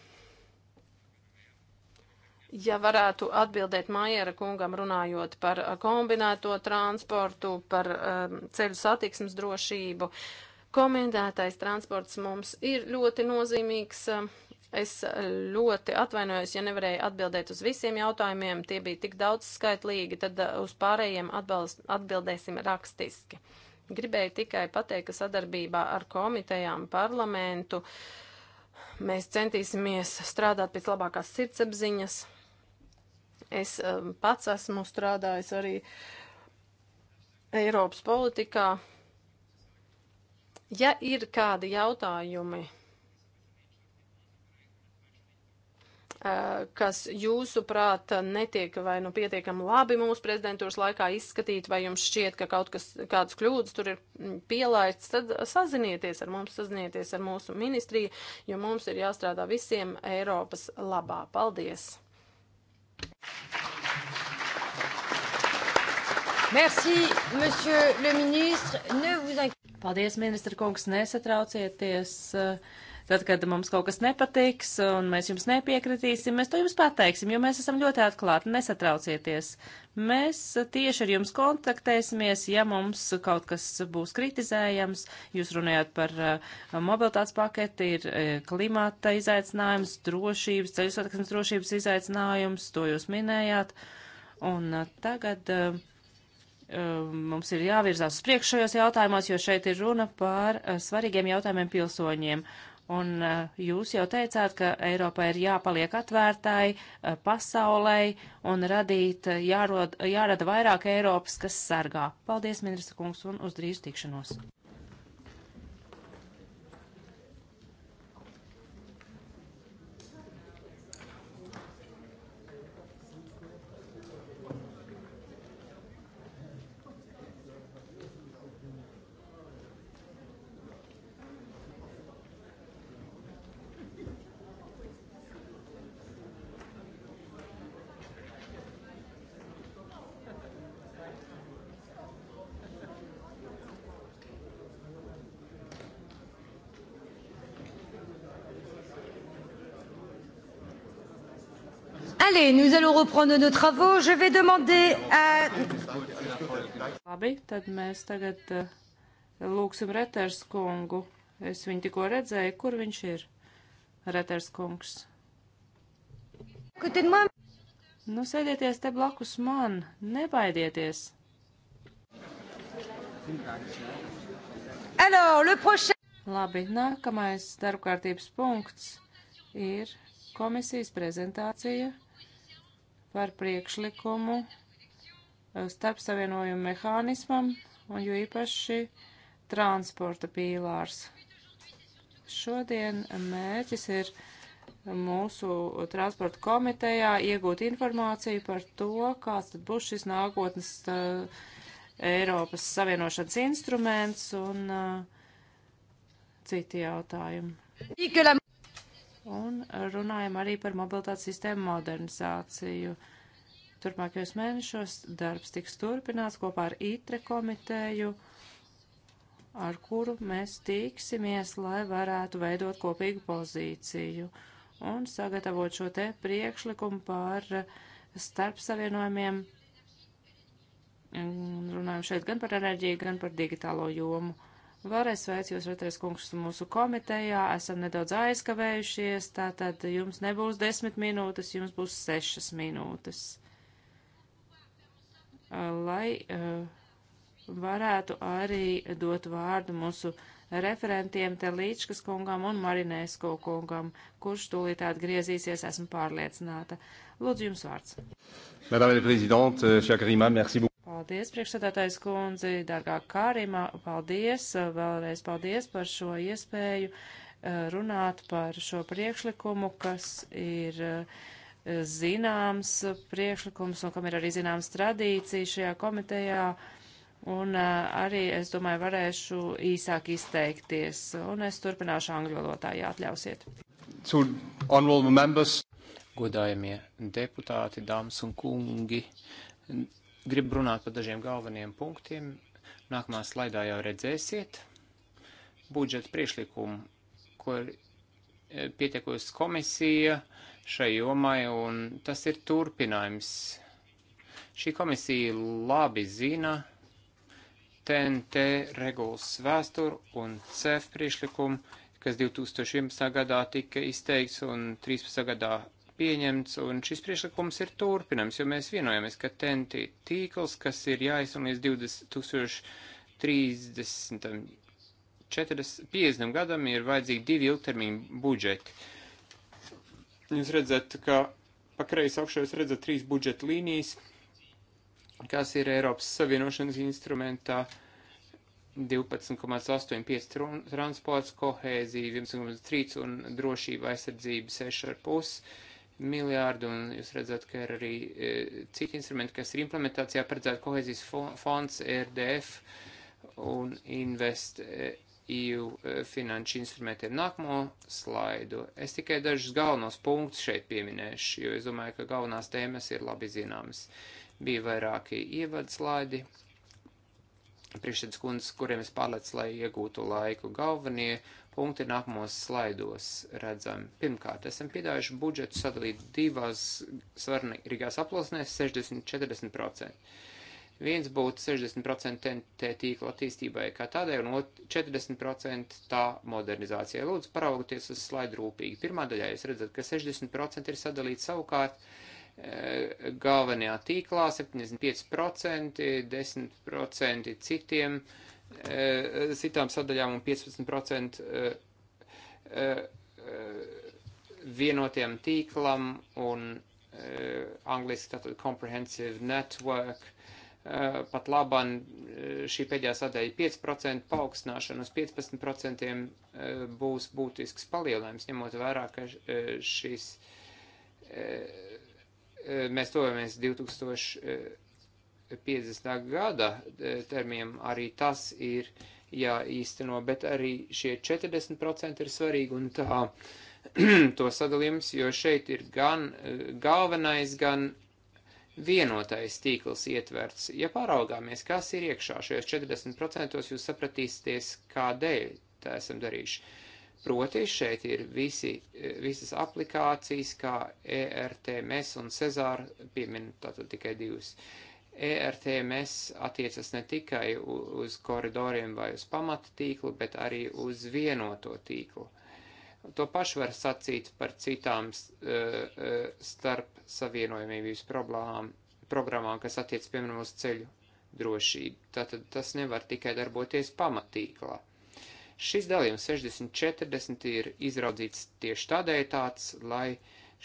Ja varētu atbildēt Maiera kungam runājot par kombinēto transportu, par um, ceļu satiksmes drošību, Komentētais transports mums ir ļoti nozīmīgs. Es ļoti atvainojos, ja nevarēju atbildēt uz visiem jautājumiem, tie bija tik daudz skaitlīgi, tad uh, uz pārējiem atbalst, atbildēsim rakstiski. Gribēju tikai pateikt, ka sadarbībā ar komitejām parlamentu mēs centīsimies strādāt pēc labākās sirdsapziņas. Es um, pats esmu strādājis arī Eiropas politikā, Ja ir kādi jautājumi, kas jūsuprāt netiek vai nu pietiekami labi mūsu prezidentūras laikā izskatīt, vai jums šķiet, ka kaut kas, kāds kļūdas tur ir mm, pielaists, tad sazinieties ar mums, sazinieties ar mūsu ministriju, jo mums ir jāstrādā visiem Eiropas labā. Paldies! Thank you. Merci, monsieur le ministre. Ne vous inquiétez. Paldies, ministra kungs, nesatraucieties. Eh, tad, kad mums kaut kas nepatiks un mēs jums nepiekritīsim, mēs to jums pateiksim, jo mēs esam ļoti atklāti, nesatraucieties. Mēs tieši ar jums kontaktēsimies, ja mums kaut kas būs kritizējams. Jūs runājat par uh, mobilitātes paketi, ir uh, klimata izaicinājums, drošības, ceļu satiksmes drošības izaicinājums, to jūs minējāt. Un uh, tagad. Uh, mums ir jāvirzās uz priekšu šajos jautājumos, jo šeit ir runa par eh, svarīgiem jautājumiem pilsoņiem. Un eh, jūs jau teicāt, ka Eiropai ir jāpaliek atvērtai eh, pasaulei un radīt, jārod, jārada vairāk Eiropas, kas sargā. Paldies, ministra kungs, un uz drīz tikšanos! Désolé, nous allons reprendre nos travaux. Je vais demander à... Labi, tad mēs tagad uh, lūksim Reters kungu. Es viņu tikko redzēju, kur viņš ir. Reters kungs. Nu, sēdieties te blakus man, nebaidieties. Alors, Labi, nākamais darbkārtības punkts ir komisijas prezentācija par priekšlikumu eh, starpsavienojumu mehānismam un jo īpaši transporta pīlārs. Šodien mērķis ir mūsu transporta komitejā iegūt informāciju par to, kāds tad būs šis nākotnes uh, Eiropas Savienošanas instruments un uh, citi jautājumi un runājam arī par mobilitātes sistēmu modernizāciju. Turpmākajos mēnešos darbs tiks turpināts kopā ar ITRE komiteju, ar kuru mēs tīksimies, lai varētu veidot kopīgu pozīciju un sagatavot šo te priekšlikumu par starpsavienojumiem. Runājam šeit gan par enerģiju, gan par digitālo jomu. Vēlreiz sveicu jūs, Retres kungs, mūsu komitejā. Esam nedaudz aizkavējušies, tātad jums nebūs desmit minūtes, jums būs sešas minūtes. Lai varētu arī dot vārdu mūsu referentiem Telīčkas kungam un Marinēsko kungam, kurš tūlīt atgriezīsies, esmu pārliecināta. Lūdzu, jums vārds. Madame la Présidente, cher Grima, merci beaucoup. Paldies, priekšsēdētājs kundzi, dārgā Kārima, paldies, uh, vēlreiz paldies par šo iespēju uh, runāt par šo priekšlikumu, kas ir uh, zināms priekšlikums un kam ir arī zināms tradīcija šajā komitejā. Un arī, es domāju, varēšu īsāk izteikties, un es turpināšu angļu valodā, ja atļausiet. Godājamie deputāti, dāmas un kungi, Gribu runāt par dažiem galveniem punktiem. Nākamā slaidā jau redzēsiet budžeta priešlikumu, ko ir e, pietiekusi komisija šai jomai, un tas ir turpinājums. Šī komisija labi zina TNT regulas vēsturu un CEF priešlikumu, kas 2011. gadā tika izteikts un 13. gadā pieņemts, un šis priešlikums ir turpinams, jo mēs vienojamies, ka TNT tīkls, kas ir jāizsum līdz 2030. 40, 50 gadam ir vajadzīgi divi ilgtermiņu budžeti. Jūs redzat, ka pa kreisi augšā jūs redzat trīs budžeta līnijas, kas ir Eiropas Savienošanas instrumentā 12,85 transports, kohēzija 11,3 un drošība aizsardzība 6,5 miljārdu, un jūs redzat, ka ir arī e, citi instrumenti, kas ir implementācijā paredzēti kohēzijas fonds, e RDF un Invest EU e e, finanšu instrumenti ir nākamo slaidu. Es tikai dažus galvenos punktus šeit pieminēšu, jo es domāju, ka galvenās tēmas ir labi zināmas. Bija vairāki ievadslaidi. slaidi priekšsēdus kundzes, kuriem es pārlecu, lai iegūtu laiku. Galvenie punkti nākamos slaidos redzam. Pirmkārt, esam piedājuši budžetu sadalīt divās svarīgās aplosnēs 60-40%. Viens būtu 60% TNT tīkla attīstībai kā tādai, un 40% tā modernizācijai. Lūdzu, paraugoties uz slaidu rūpīgi. Pirmā daļā jūs redzat, ka 60% ir sadalīts savukārt uh, Eh, galvenajā tīklā, 75%, 10% citiem, eh, citām sadaļām un 15% eh, vienotiem tīklam un angliski tātad comprehensive network. Pat labam šī pēdējā sadaļa 5% paaugstināšana uz 15% būs būtisks palielinājums, ņemot vērā, ka šis Eh, mēs tojamies 2050. gada eh, termiem, arī tas ir jāīsteno, bet arī šie 40% ir svarīgi un tā to sadalījums, jo šeit ir gan eh, galvenais, gan vienotais tīkls ietverts. Ja pāraugāmies, kas ir iekšā šajos 40%, jūs sapratīsieties, kādēļ tā esam darījuši. Uh, Proti šeit ir visi, eh, visas aplikācijas, kā ERTMS un Cezāra, piemin tātad tikai divas. ERTMS attiecas ne tikai uz koridoriem vai uz pamata tīklu, bet arī uz vienoto tīklu. To pašu var sacīt par citām uh, starp savienojumības problēmām, programmām, kas attiec, piemēram, uz ceļu drošību. Tātad tas nevar tikai darboties pamatīklā. Uh, Šis dalījums 60-40 ir izraudzīts tieši tādēļ tāds, lai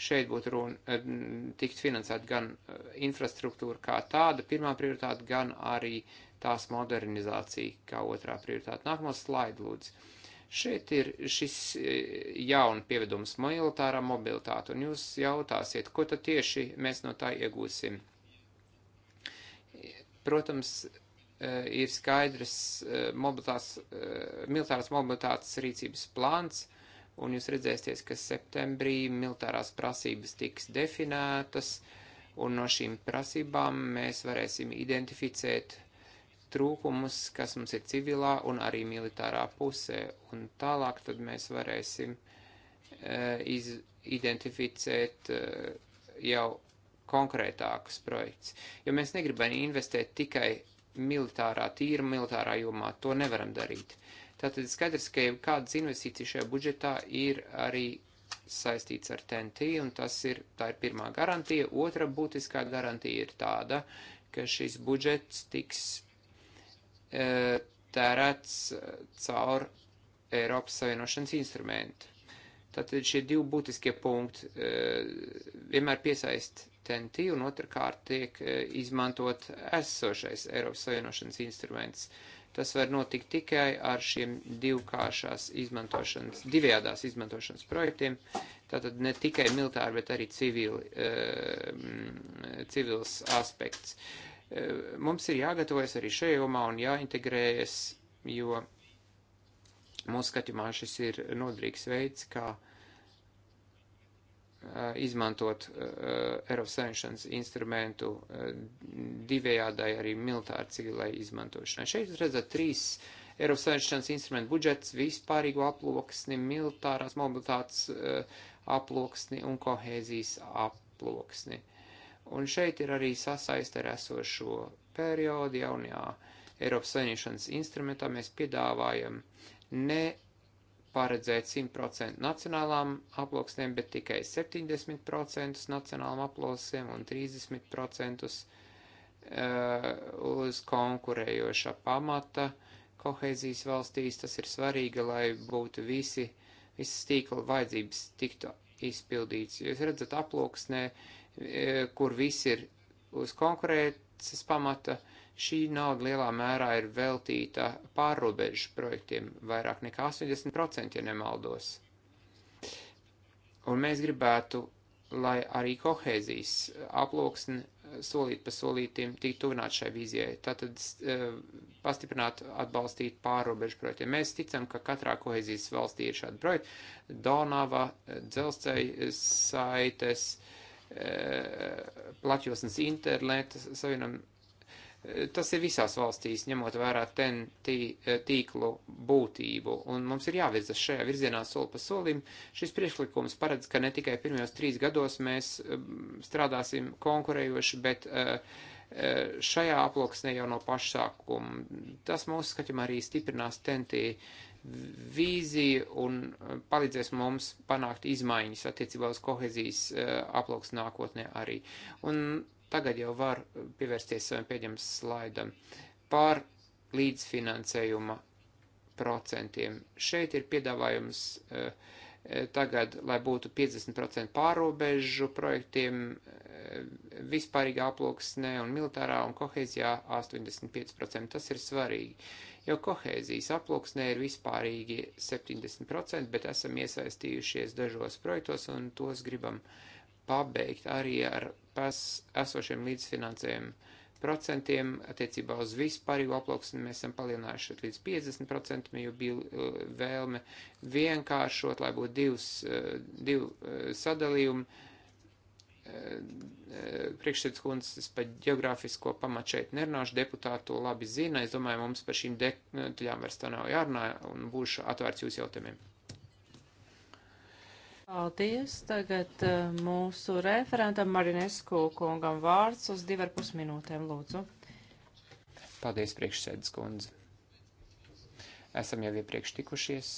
šeit būtu runa, eh, tikt finansēt gan eh, infrastruktūra kā tāda, pirmā prioritāte, gan arī tās modernizācija kā otrā prioritāte. Nākamā slaida, lūdzu. Šeit ir šis eh, jauna pievedums militārā mobilitāte, un jūs jautāsiet, ko tad tieši mēs no tā iegūsim. Protams, Eh, ir skaidrs eh, mobilitātes, eh, militārās mobilitātes rīcības plāns, un jūs redzēsiet, ka septembrī militārās prasības tiks definētas, un no šīm prasībām mēs varēsim identificēt trūkumus, kas mums ir civilā un arī militārā pusē, un tālāk tad mēs varēsim uh, iz, identificēt uh, jau konkrētākus projekts, jo mēs negribam investēt tikai militārā, tīra militārā jomā. To nevaram darīt. Tātad skaidrs, ka kādas investīcijas šajā budžetā ir arī saistīts ar TNT, un tas ir, tā ir pirmā garantija. Otra būtiskā garantija ir tāda, ka šis budžets tiks e, tērēts caur Eiropas Savienošanas instrumentu. Tātad šie divi būtiskie punkti e, vienmēr piesaist TNT, un otrkārt tiek e, izmantot esošais Eiropas Savienošanas instruments. Tas var notikt tikai ar šiem divkāršās izmantošanas, divējādās izmantošanas projektiem, tātad ne tikai militāri, bet arī civili, uh, civils aspekts. Uh, mums ir jāgatavojas arī šajā jomā un jāintegrējas, jo mūsu skatījumā šis ir nodrīgs veids, kā uh, Eh, izmantot Eiropas eh, Savienības instrumentu eh, divējādai arī militāru civilai izmantošanai. Šeit jūs redzat trīs Eiropas Savienības instrumentu budžets, vispārīgo aploksni, militārās mobilitātes aploksni un kohēzijas aploksni. Un šeit ir arī sasaiste ar esošo periodu jaunajā Eiropas Savienības instrumentā. Mēs piedāvājam ne paredzēt 100% nacionālām aploksnēm, bet tikai 70% nacionālām aplosiem un 30% uz, uh, uz konkurējoša pamata kohēzijas valstīs. Tas ir svarīgi, lai būtu visi, visas tīkla vajadzības tiktu izpildīts. Jūs redzat aploksnē, uh, kur visi ir uz konkurētas pamata, uh, Šī nauda lielā mērā ir veltīta pārrobežu projektiem, vairāk nekā 80%, ja nemaldos. Un mēs gribētu, lai arī kohēzijas aploksni solīt pa solītiem tik tuvināt šai vīzijai, tātad eh, pastiprināt, atbalstīt pārrobežu projektiem. Mēs ticam, ka katrā kohēzijas valstī ir šādi projekti - Donava, dzelzceļa saites, eh, plaķosnes interneta savienojums Tas ir visās valstīs, ņemot vērā ten tī, eh, tīklu būtību, un mums ir jāvirzas šajā virzienā soli pa solim. Šis priekšlikums paredz, ka ne tikai pirmajos trīs gados mēs eh, strādāsim konkurējoši, bet eh, šajā aploksnē jau no pašsākuma. Tas mūsu skatījumā arī stiprinās tentī vīziju un palīdzēs mums panākt izmaiņas attiecībā uz kohezijas aploks nākotnē arī. Un Tagad jau var eh, pievērsties saviem pēdējiem slaidam. Pār līdzfinansējuma procentiem. Šeit ir piedāvājums eh, eh, tagad, lai būtu 50% pārobežu projektiem vispārīgā aploksnē un militārā un kohēzijā 85%. Tas ir svarīgi, jo kohēzijas aploksnē ir vispārīgi 70%, bet esam iesaistījušies dažos projektos un tos gribam pabeigt arī ar pas esošiem līdzfinansējumu procentiem attiecībā uz vispārīgo aploksni mēs esam palielinājuši līdz 50%, jo bija uh, vēlme vienkāršot, lai būtu divs, uh, divi uh, sadalījumi. Priekšsēdus kundzes par geogrāfisko pamatu šeit nerunāšu, deputāti to labi zina. Es domāju, mums par šīm detaļām vairs tā nav jārunā un būšu atvērts jūsu jautājumiem. Paldies. Tagad eh, mūsu referentam Marinesku kungam vārds uz divar pusminūtēm, lūdzu. Paldies, priekšsēdus kundze. Esam jau iepriekš tikušies,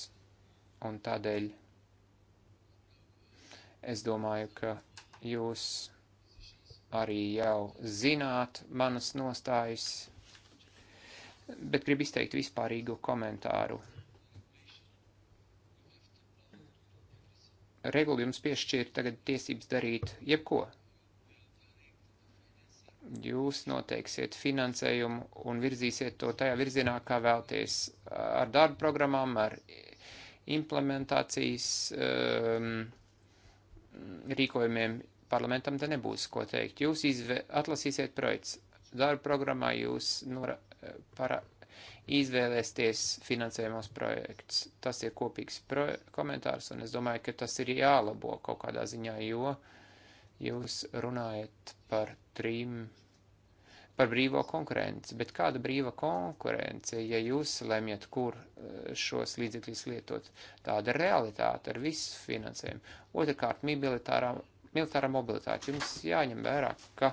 un tādēļ es domāju, ka jūs arī jau zināt manas nostājas, bet gribu izteikt vispārīgu komentāru regula jums piešķir tagad tiesības darīt jebko. Jūs noteiksiet finansējumu un virzīsiet to tajā virzienā, kā vēlties ar darba programmām, ar implementācijas um, rīkojumiem. Parlamentam te nebūs ko teikt. Jūs izve, atlasīsiet projekts. Darba programmā jūs nora, para, izvēlēsties finansējumos projekts. Tas ir kopīgs komentārs, un es domāju, ka tas ir jālabo kaut kādā ziņā, jo jūs runājat par trim, par brīvo konkurenci, bet kāda brīva konkurence, ja jūs lemjat, kur eh, šos līdzekļus lietot? Tāda realitāte ar visu finansējumu. Otrakārt, militārā, militārā mobilitāte. Jums jāņem vērā, ka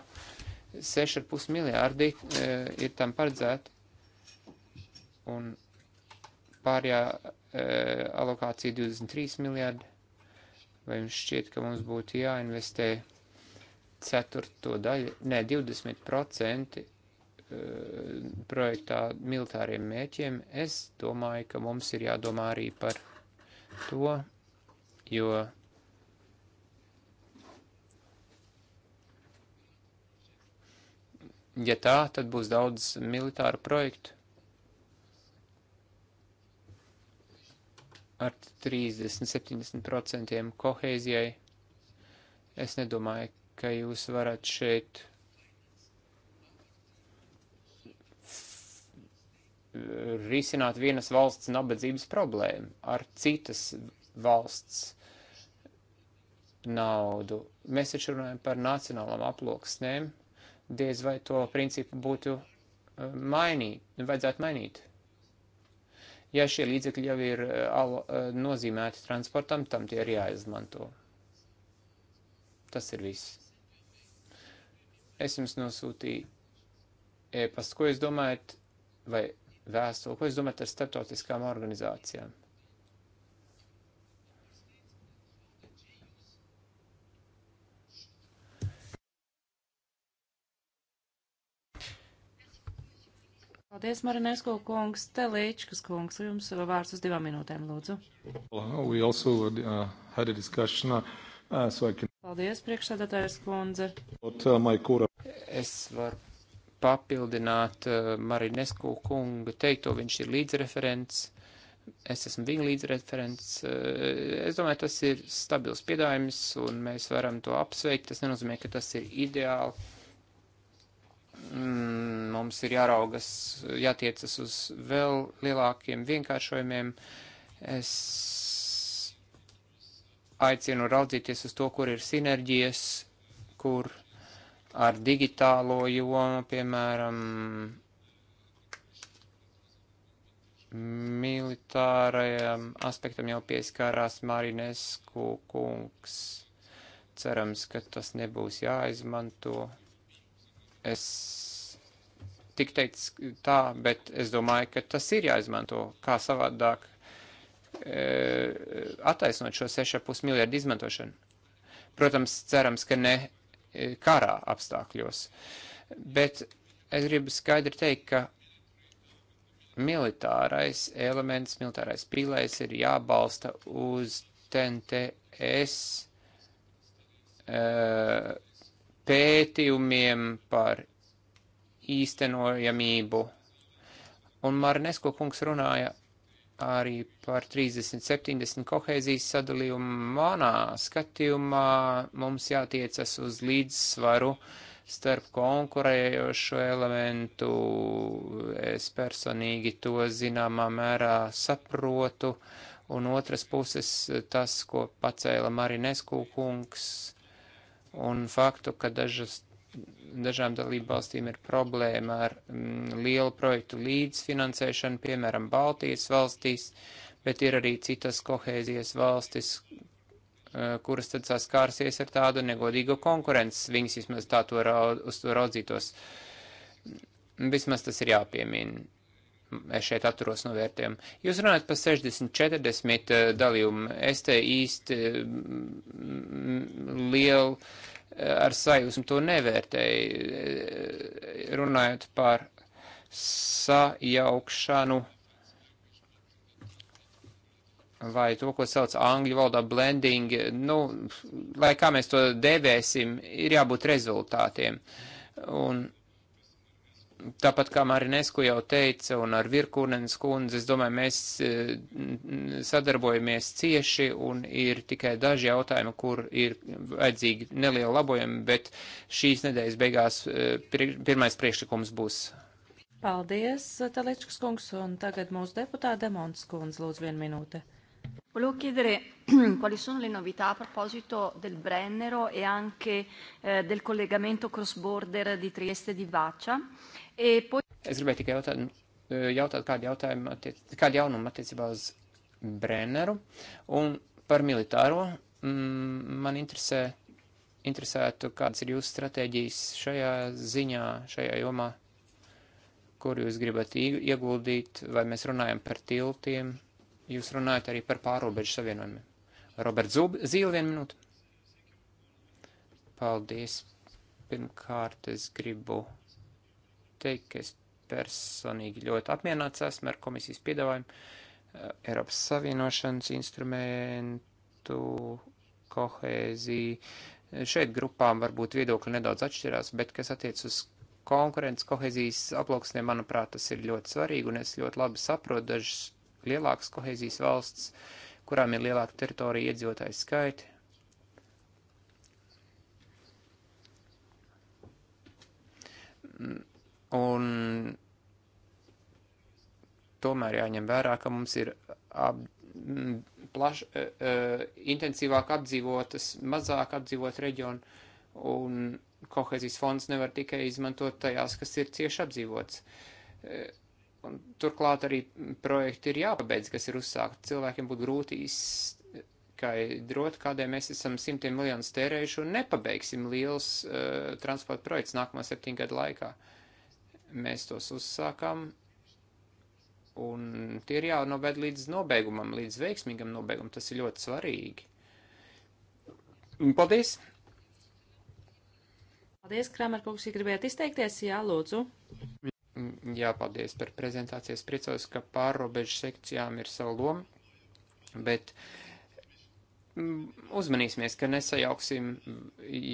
6,5 miljārdi e, ir tam paredzēti un pārējā e, alokācija 23 miljārdi. Vai jums šķiet, ka mums būtu jāinvestē ceturto daļu, ne 20% e, projektā militāriem mēķiem? Es domāju, ka mums ir jādomā arī par to, jo ja tā, tad būs daudz militāru projektu ar 30-70% kohēzijai. Es nedomāju, ka jūs varat šeit risināt vienas valsts nabadzības problēmu ar citas valsts naudu. Mēs taču runājam par nacionālām aploksnēm, diez vai to principu būtu eh, mainīt, vajadzētu mainīt. Ja šie līdzekļi jau ir eh, eh, nozīmēti transportam, tam tie ir jāizmanto. Tas ir viss. Es jums nosūtīju e-pastu, ko jūs domājat, vai vēstuli, ko jūs domājat ar starptautiskām organizācijām. Paldies, Marinesko kungs, Telīčkas kungs, jums vārds uz divām minūtēm, lūdzu. Also, uh, uh, so can... Paldies, priekšsēdētājs kundze. But, uh, es varu papildināt uh, Marinesko kunga teikto, viņš ir līdzreferents, es esmu viņa līdzreferents. Uh, es domāju, tas ir stabils piedājums un mēs varam to apsveikt, tas nenozīmē, ka tas ir ideāli Mm, mums ir jāraugas, jātiecas uz vēl lielākiem vienkāršojumiem. Es aicinu raudzīties uz to, kur ir sinerģijas, kur ar digitālo jomu, piemēram, militārajam aspektam jau pieskārās Marinesku kungs. Cerams, ka tas nebūs jāizmanto. Es tik teikts tā, bet es domāju, ka tas ir jāizmanto kā savādāk e, attaisnot šo 6,5 miljardu izmantošanu. Protams, cerams, ka ne e, karā apstākļos, bet es gribu skaidri teikt, ka militārais elements, militārais pīlēs ir jābalsta uz TNTS e, pētījumiem par īstenojamību. Un Marinesko kungs runāja arī par 30-70 kohēzijas sadalījumu. Manā skatījumā mums jātiecas uz līdzsvaru starp konkurējošo elementu. Es personīgi to zināmā mērā saprotu. Un otras puses tas, ko pacēla Marinesku kungs, un faktu, ka dažas dažām dalību valstīm ir problēma ar mm, lielu projektu līdzfinansēšanu, piemēram, Baltijas valstīs, bet ir arī citas kohēzijas valstis, eh, kuras tad saskārsies ar tādu negodīgu konkurences, viņas vismaz tā to raud, uz to raudzītos. Vismaz tas ir jāpiemina. Es šeit atturos no vērtējumu. Jūs runājat par 60-40 eh, dalījumu. Es te īsti mm, mm, lielu ar sajūsmu to nevērtēju, runājot par sajaukšanu vai to, ko sauc angļu valodā blending, nu, lai kā mēs to devēsim, ir jābūt rezultātiem. Un Tāpat kā Marinesku jau teica un ar Virkūnenes kundzi, es domāju, mēs eh, sadarbojamies cieši un ir tikai daži jautājumi, kur ir vajadzīgi neliela labojuma, bet šīs nedēļas beigās eh, pirmais priekšlikums būs. Paldies, Taličkas kungs, un tagad mūsu deputāte Demons kundze, lūdzu, vienu minūti. Volevo chiedere quali sono le novità a proposito del Brennero e anche eh, del collegamento cross border di Trieste di Vaccia E, es gribēju tikai jautāt, nu, e, jautāt kādu, jautājumu, kādu jaunumu attiecībā uz Brenneru un par militāro. Mm, man interesē, interesētu, kādas ir jūsu stratēģijas šajā ziņā, šajā jomā, kur jūs gribat ieguldīt, vai mēs runājam par tiltiem, jūs runājat arī par pārobežu savienojumiem. Roberts Zīle, vienu minūtu. Paldies. Pirmkārt, es gribu teikt, ka es personīgi ļoti apmierināts esmu ar komisijas piedāvājumu eh, Eiropas Savienošanas instrumentu kohēziju. Šeit grupām varbūt viedokļi nedaudz atšķirās, bet kas attiec uz konkurences kohēzijas aploksnē, manuprāt, tas ir ļoti svarīgi, un es ļoti labi saprotu dažas lielākas kohēzijas valsts, kurām ir lielāka teritorija iedzīvotāju skaiti, mm, Un tomēr jāņem vērā, ka mums ir ap, plaš, uh, intensīvāk apdzīvotas, mazāk apdzīvot reģionu, un kohezijas fonds nevar tikai izmantot tajās, kas ir cieši apdzīvots. Uh, un turklāt arī projekti ir jāpabeidz, kas ir uzsākti. Cilvēkiem būtu grūti izskaidrot, kādēļ mēs esam simtiem miljonus tērējuši un nepabeigsim liels uh, transporta projekts nākamā septiņu gadu laikā. Uh, Mēs tos uzsākam, un tie ir jānoved līdz nobeigumam, līdz veiksmīgam nobeigumam. Tas ir ļoti svarīgi. Paldies! Paldies, Kramerkungs, ja gribējāt izteikties, jā, lūdzu. Jā, paldies par prezentāciju. Es priecājos, ka pārrobežu sekcijām ir sava loma, bet uh, Mm, uzmanīsimies, ka nesajauksim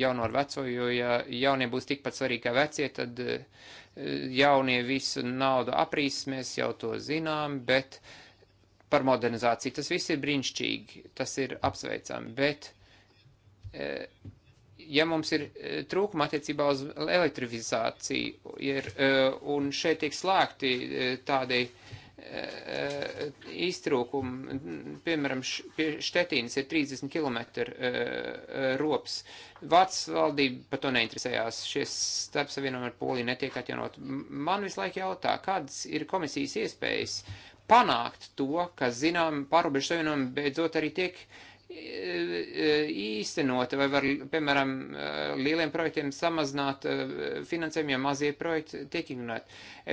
jauno ar veco, jo ja jaunie būs tikpat svarīgi kā vecie, tad eh, jaunie visu naudu aprīs, mēs jau to zinām, bet par modernizāciju tas viss ir brīnišķīgi, tas ir apsveicami, bet eh, ja mums ir eh, trūkuma attiecībā uz elektrifizāciju, ir, un šeit tiek slēgti tādai iztrūkumu. Piemēram, pie Štetīnas ir 30 km eh, eh, rops. Vācijas valdība par to neinteresējās. Šie starp savienojumi ar Poliju netiek atjaunot. Man visu laiku jautā, kādas ir komisijas iespējas panākt to, ka, zinām, pārobežu savienojumi beidzot arī tiek uh, īstenot, vai var, piemēram, lieliem projektiem samazināt finansējumu, ja mazie projekti tiek ignorēti.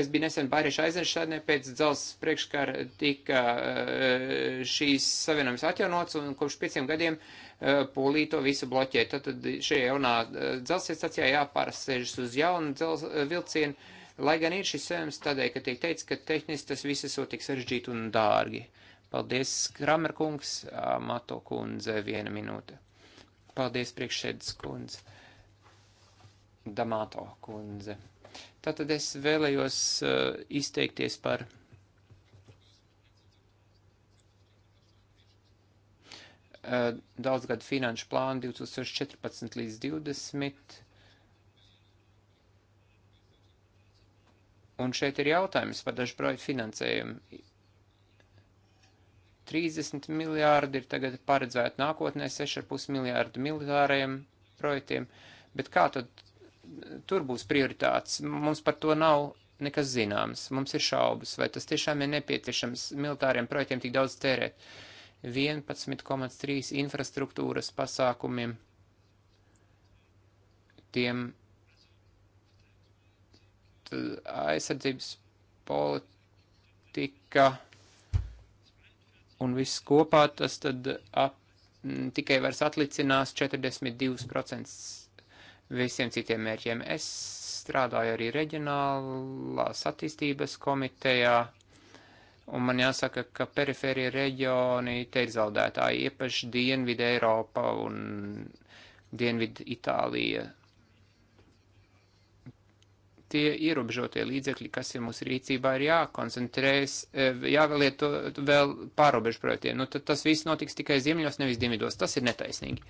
Es biju nesen Bāriša aiznešanē, pēc dzelzs priekškara tika eh, šīs savienojums atjaunots, un kopš pieciem gadiem eh, Polija to visu bloķē. Tad šajā jaunā eh, dzelzs stacijā jāpārsēžas uz jaunu dzelz, vilcienu, lai gan ir šis savienojums tādēļ, ka tiek teicis, ka tehniski tas viss ir tik sarežģīti un dārgi. Uh, Paldies, Kramerkungs, Mato kundze, viena minūte. Paldies, priekšsēdus kundze, Damato kundze. Tātad es vēlējos uh, izteikties par. Eh, daudzgadu finanšu plānu 2014 līdz 2020. Un šeit ir jautājums par dažu projektu finansējumu. 30 miljārdi ir tagad paredzēti nākotnē, 6,5 miljārdi militārajiem projektiem, bet kā tad tur būs prioritātes? Mums par to nav nekas zināms, mums ir šaubas, vai tas tiešām ir nepieciešams militāriem projektiem tik daudz tērēt. 11,3 infrastruktūras pasākumiem tiem aizsardzības politika un viss kopā tas tad ap, m, tikai vairs atlicinās 42% visiem citiem mērķiem. Es strādāju arī reģionālās attīstības komitejā, un man jāsaka, ka perifērija reģioni te ir zaudētāji, iepaši Dienvidu Eiropa un Dienvidu Itālija tie ierobežotie līdzekļi, kas ir mūsu rīcībā, ir jākoncentrēs, eh, jāvēlieto vēl pārobežu projektiem. Nu, tad tas viss notiks tikai ziemeļos, nevis dienvidos. Tas ir netaisnīgi.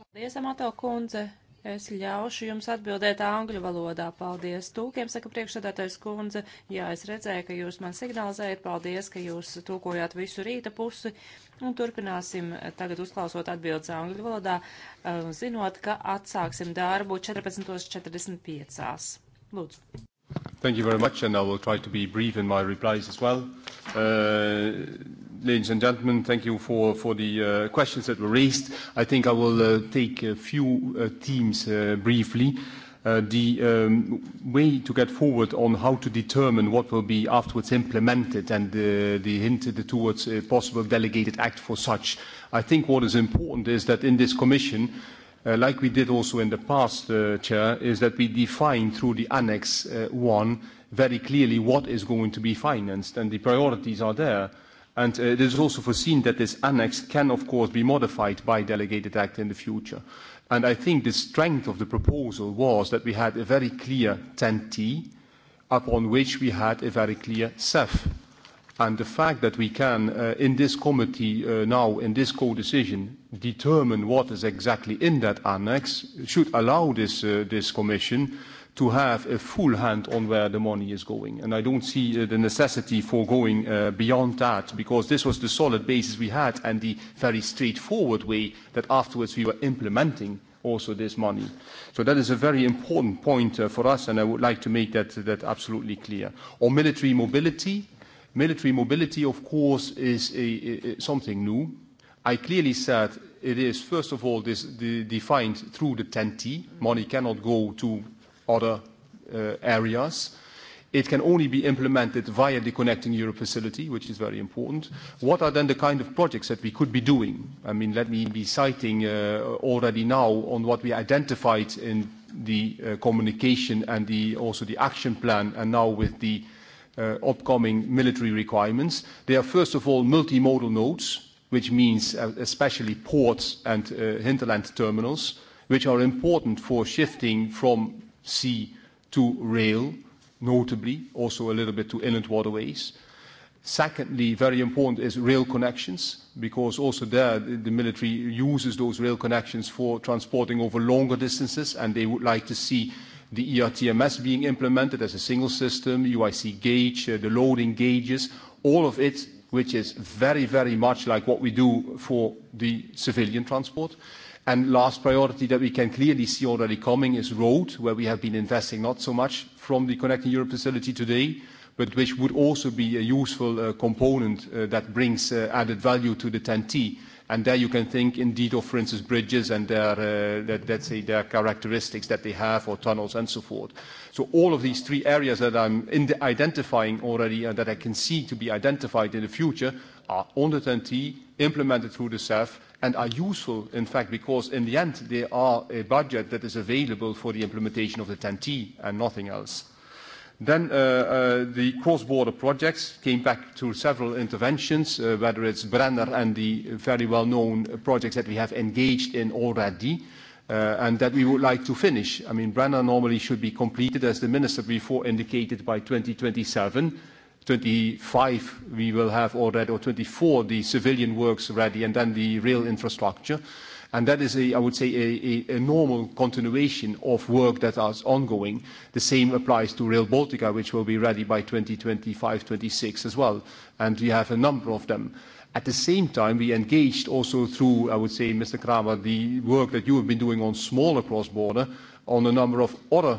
Paldies, Amato kundze. Es ļaušu jums atbildēt angļu valodā. Paldies tūkiem, saka priekšsēdētājs kundze. Jā, es redzēju, ka jūs man signalizējat. Paldies, ka jūs tūkojāt visu rīta pusi. Un turpināsim tagad uzklausot atbildes angļu valodā, eh, zinot, ka atsāksim darbu 14.45. Lūdzu. Thank you very much, and I will try to be brief in my replies as well. Uh, ladies and gentlemen, thank you for, for the uh, questions that were raised. I think I will uh, take a few uh, themes uh, briefly. Uh, the um, way to get forward on how to determine what will be afterwards implemented and the hint towards a possible delegated act for such. I think what is important is that in this commission, uh, like we did also in the past, uh, Chair, is that we define through the Annex uh, 1 very clearly what is going to be financed, and the priorities are there. And uh, it is also foreseen that this annex can, of course, be modified by delegated act in the future. And I think the strength of the proposal was that we had a very clear 10T, upon which we had a very clear CEF. And the fact that we can, uh, in this committee uh, now, in this co-decision, determine what is exactly in that annex should allow this, uh, this commission to have a full hand on where the money is going. And I don't see uh, the necessity for going uh, beyond that, because this was the solid basis we had and the very straightforward way that afterwards we were implementing also this money. So that is a very important point uh, for us, and I would like to make that, that absolutely clear. On military mobility, uh, Military mobility, of course, is a, a, something new. I clearly said it is, first of all, this, the, defined through the 10T. Money cannot go to other uh, areas. It can only be implemented via the Connecting Europe facility, which is very important. What are then the kind of projects that we could be doing? I mean, let me be citing uh, already now on what we identified in the uh, communication and the, also the action plan, and now with the uh, uh, upcoming military requirements. They are, first of all, multimodal nodes, which means uh, especially ports and uh, hinterland terminals, which are important for shifting from sea to rail, notably, also a little bit to inland waterways. Secondly, very important is rail connections, because also there, the military uses those rail connections for transporting over longer distances, and they would like to see uh, the ERTMS being implemented as a single system, UIC gauge, uh, the loading gauges, all of it, which is very, very much like what we do for the civilian transport. And last priority that we can clearly see already coming is road, where we have been investing not so much from the Connecting Europe facility today, but which would also be a useful uh, component uh, that brings uh, added value to the TEN-T And there you can think indeed of, for instance, bridges and their, uh, let, let's say, their characteristics that they have or tunnels and so forth. So all of these three areas that I'm in the identifying already and that I can see to be identified in the future are on the TEN-T, implemented through the CEF, and are useful, in fact, because in the end, they are a budget that is available for the implementation of the TEN-T and nothing else. Then uh, uh, the cross-border projects came back to several interventions, uh, whether it's Brenner and the very well-known projects that we have engaged in already, uh, and that we would like to finish. I mean, Brenner normally should be completed, as the minister before indicated, by 2027. 2025, we will have already, or 2024, the civilian works ready, and then the rail infrastructure. And that is, a, I would say, a, a, a normal continuation of work that is ongoing. The same applies to Rail Baltica, which will be ready by 2025, 26 as well. And we have a number of them. At the same time, we engaged also through, I would say, Mr. Kramer, the work that you have been doing on smaller cross-border on a number of other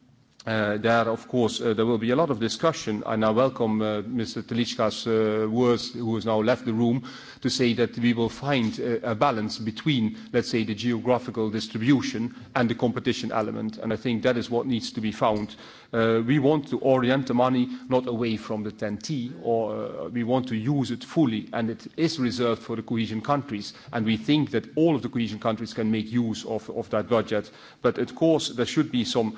Uh, there, of course, uh, there will be a lot of discussion, and I welcome uh, Mr. Telichka's uh, words, who has now left the room, to say that we will find uh, a balance between, let's say, the geographical distribution and the competition element, and I think that is what needs to be found. Uh, we want to orient the money not away from the 10T, or uh, we want to use it fully, and it is reserved for the cohesion countries, and we think that all of the cohesion countries can make use of, of that budget, but of course there should be some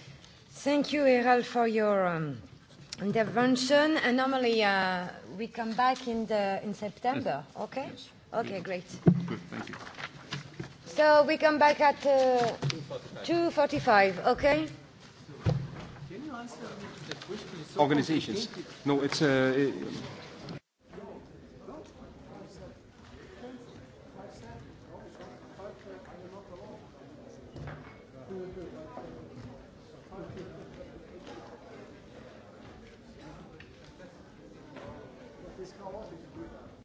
Thank you, Errol, for your um, intervention. And normally uh, we come back in, the, in September, yes. okay? Yes. Okay, yes. great. Good, thank you. So we come back at uh, 2.45, okay? Organizations. No, it's... Uh, it,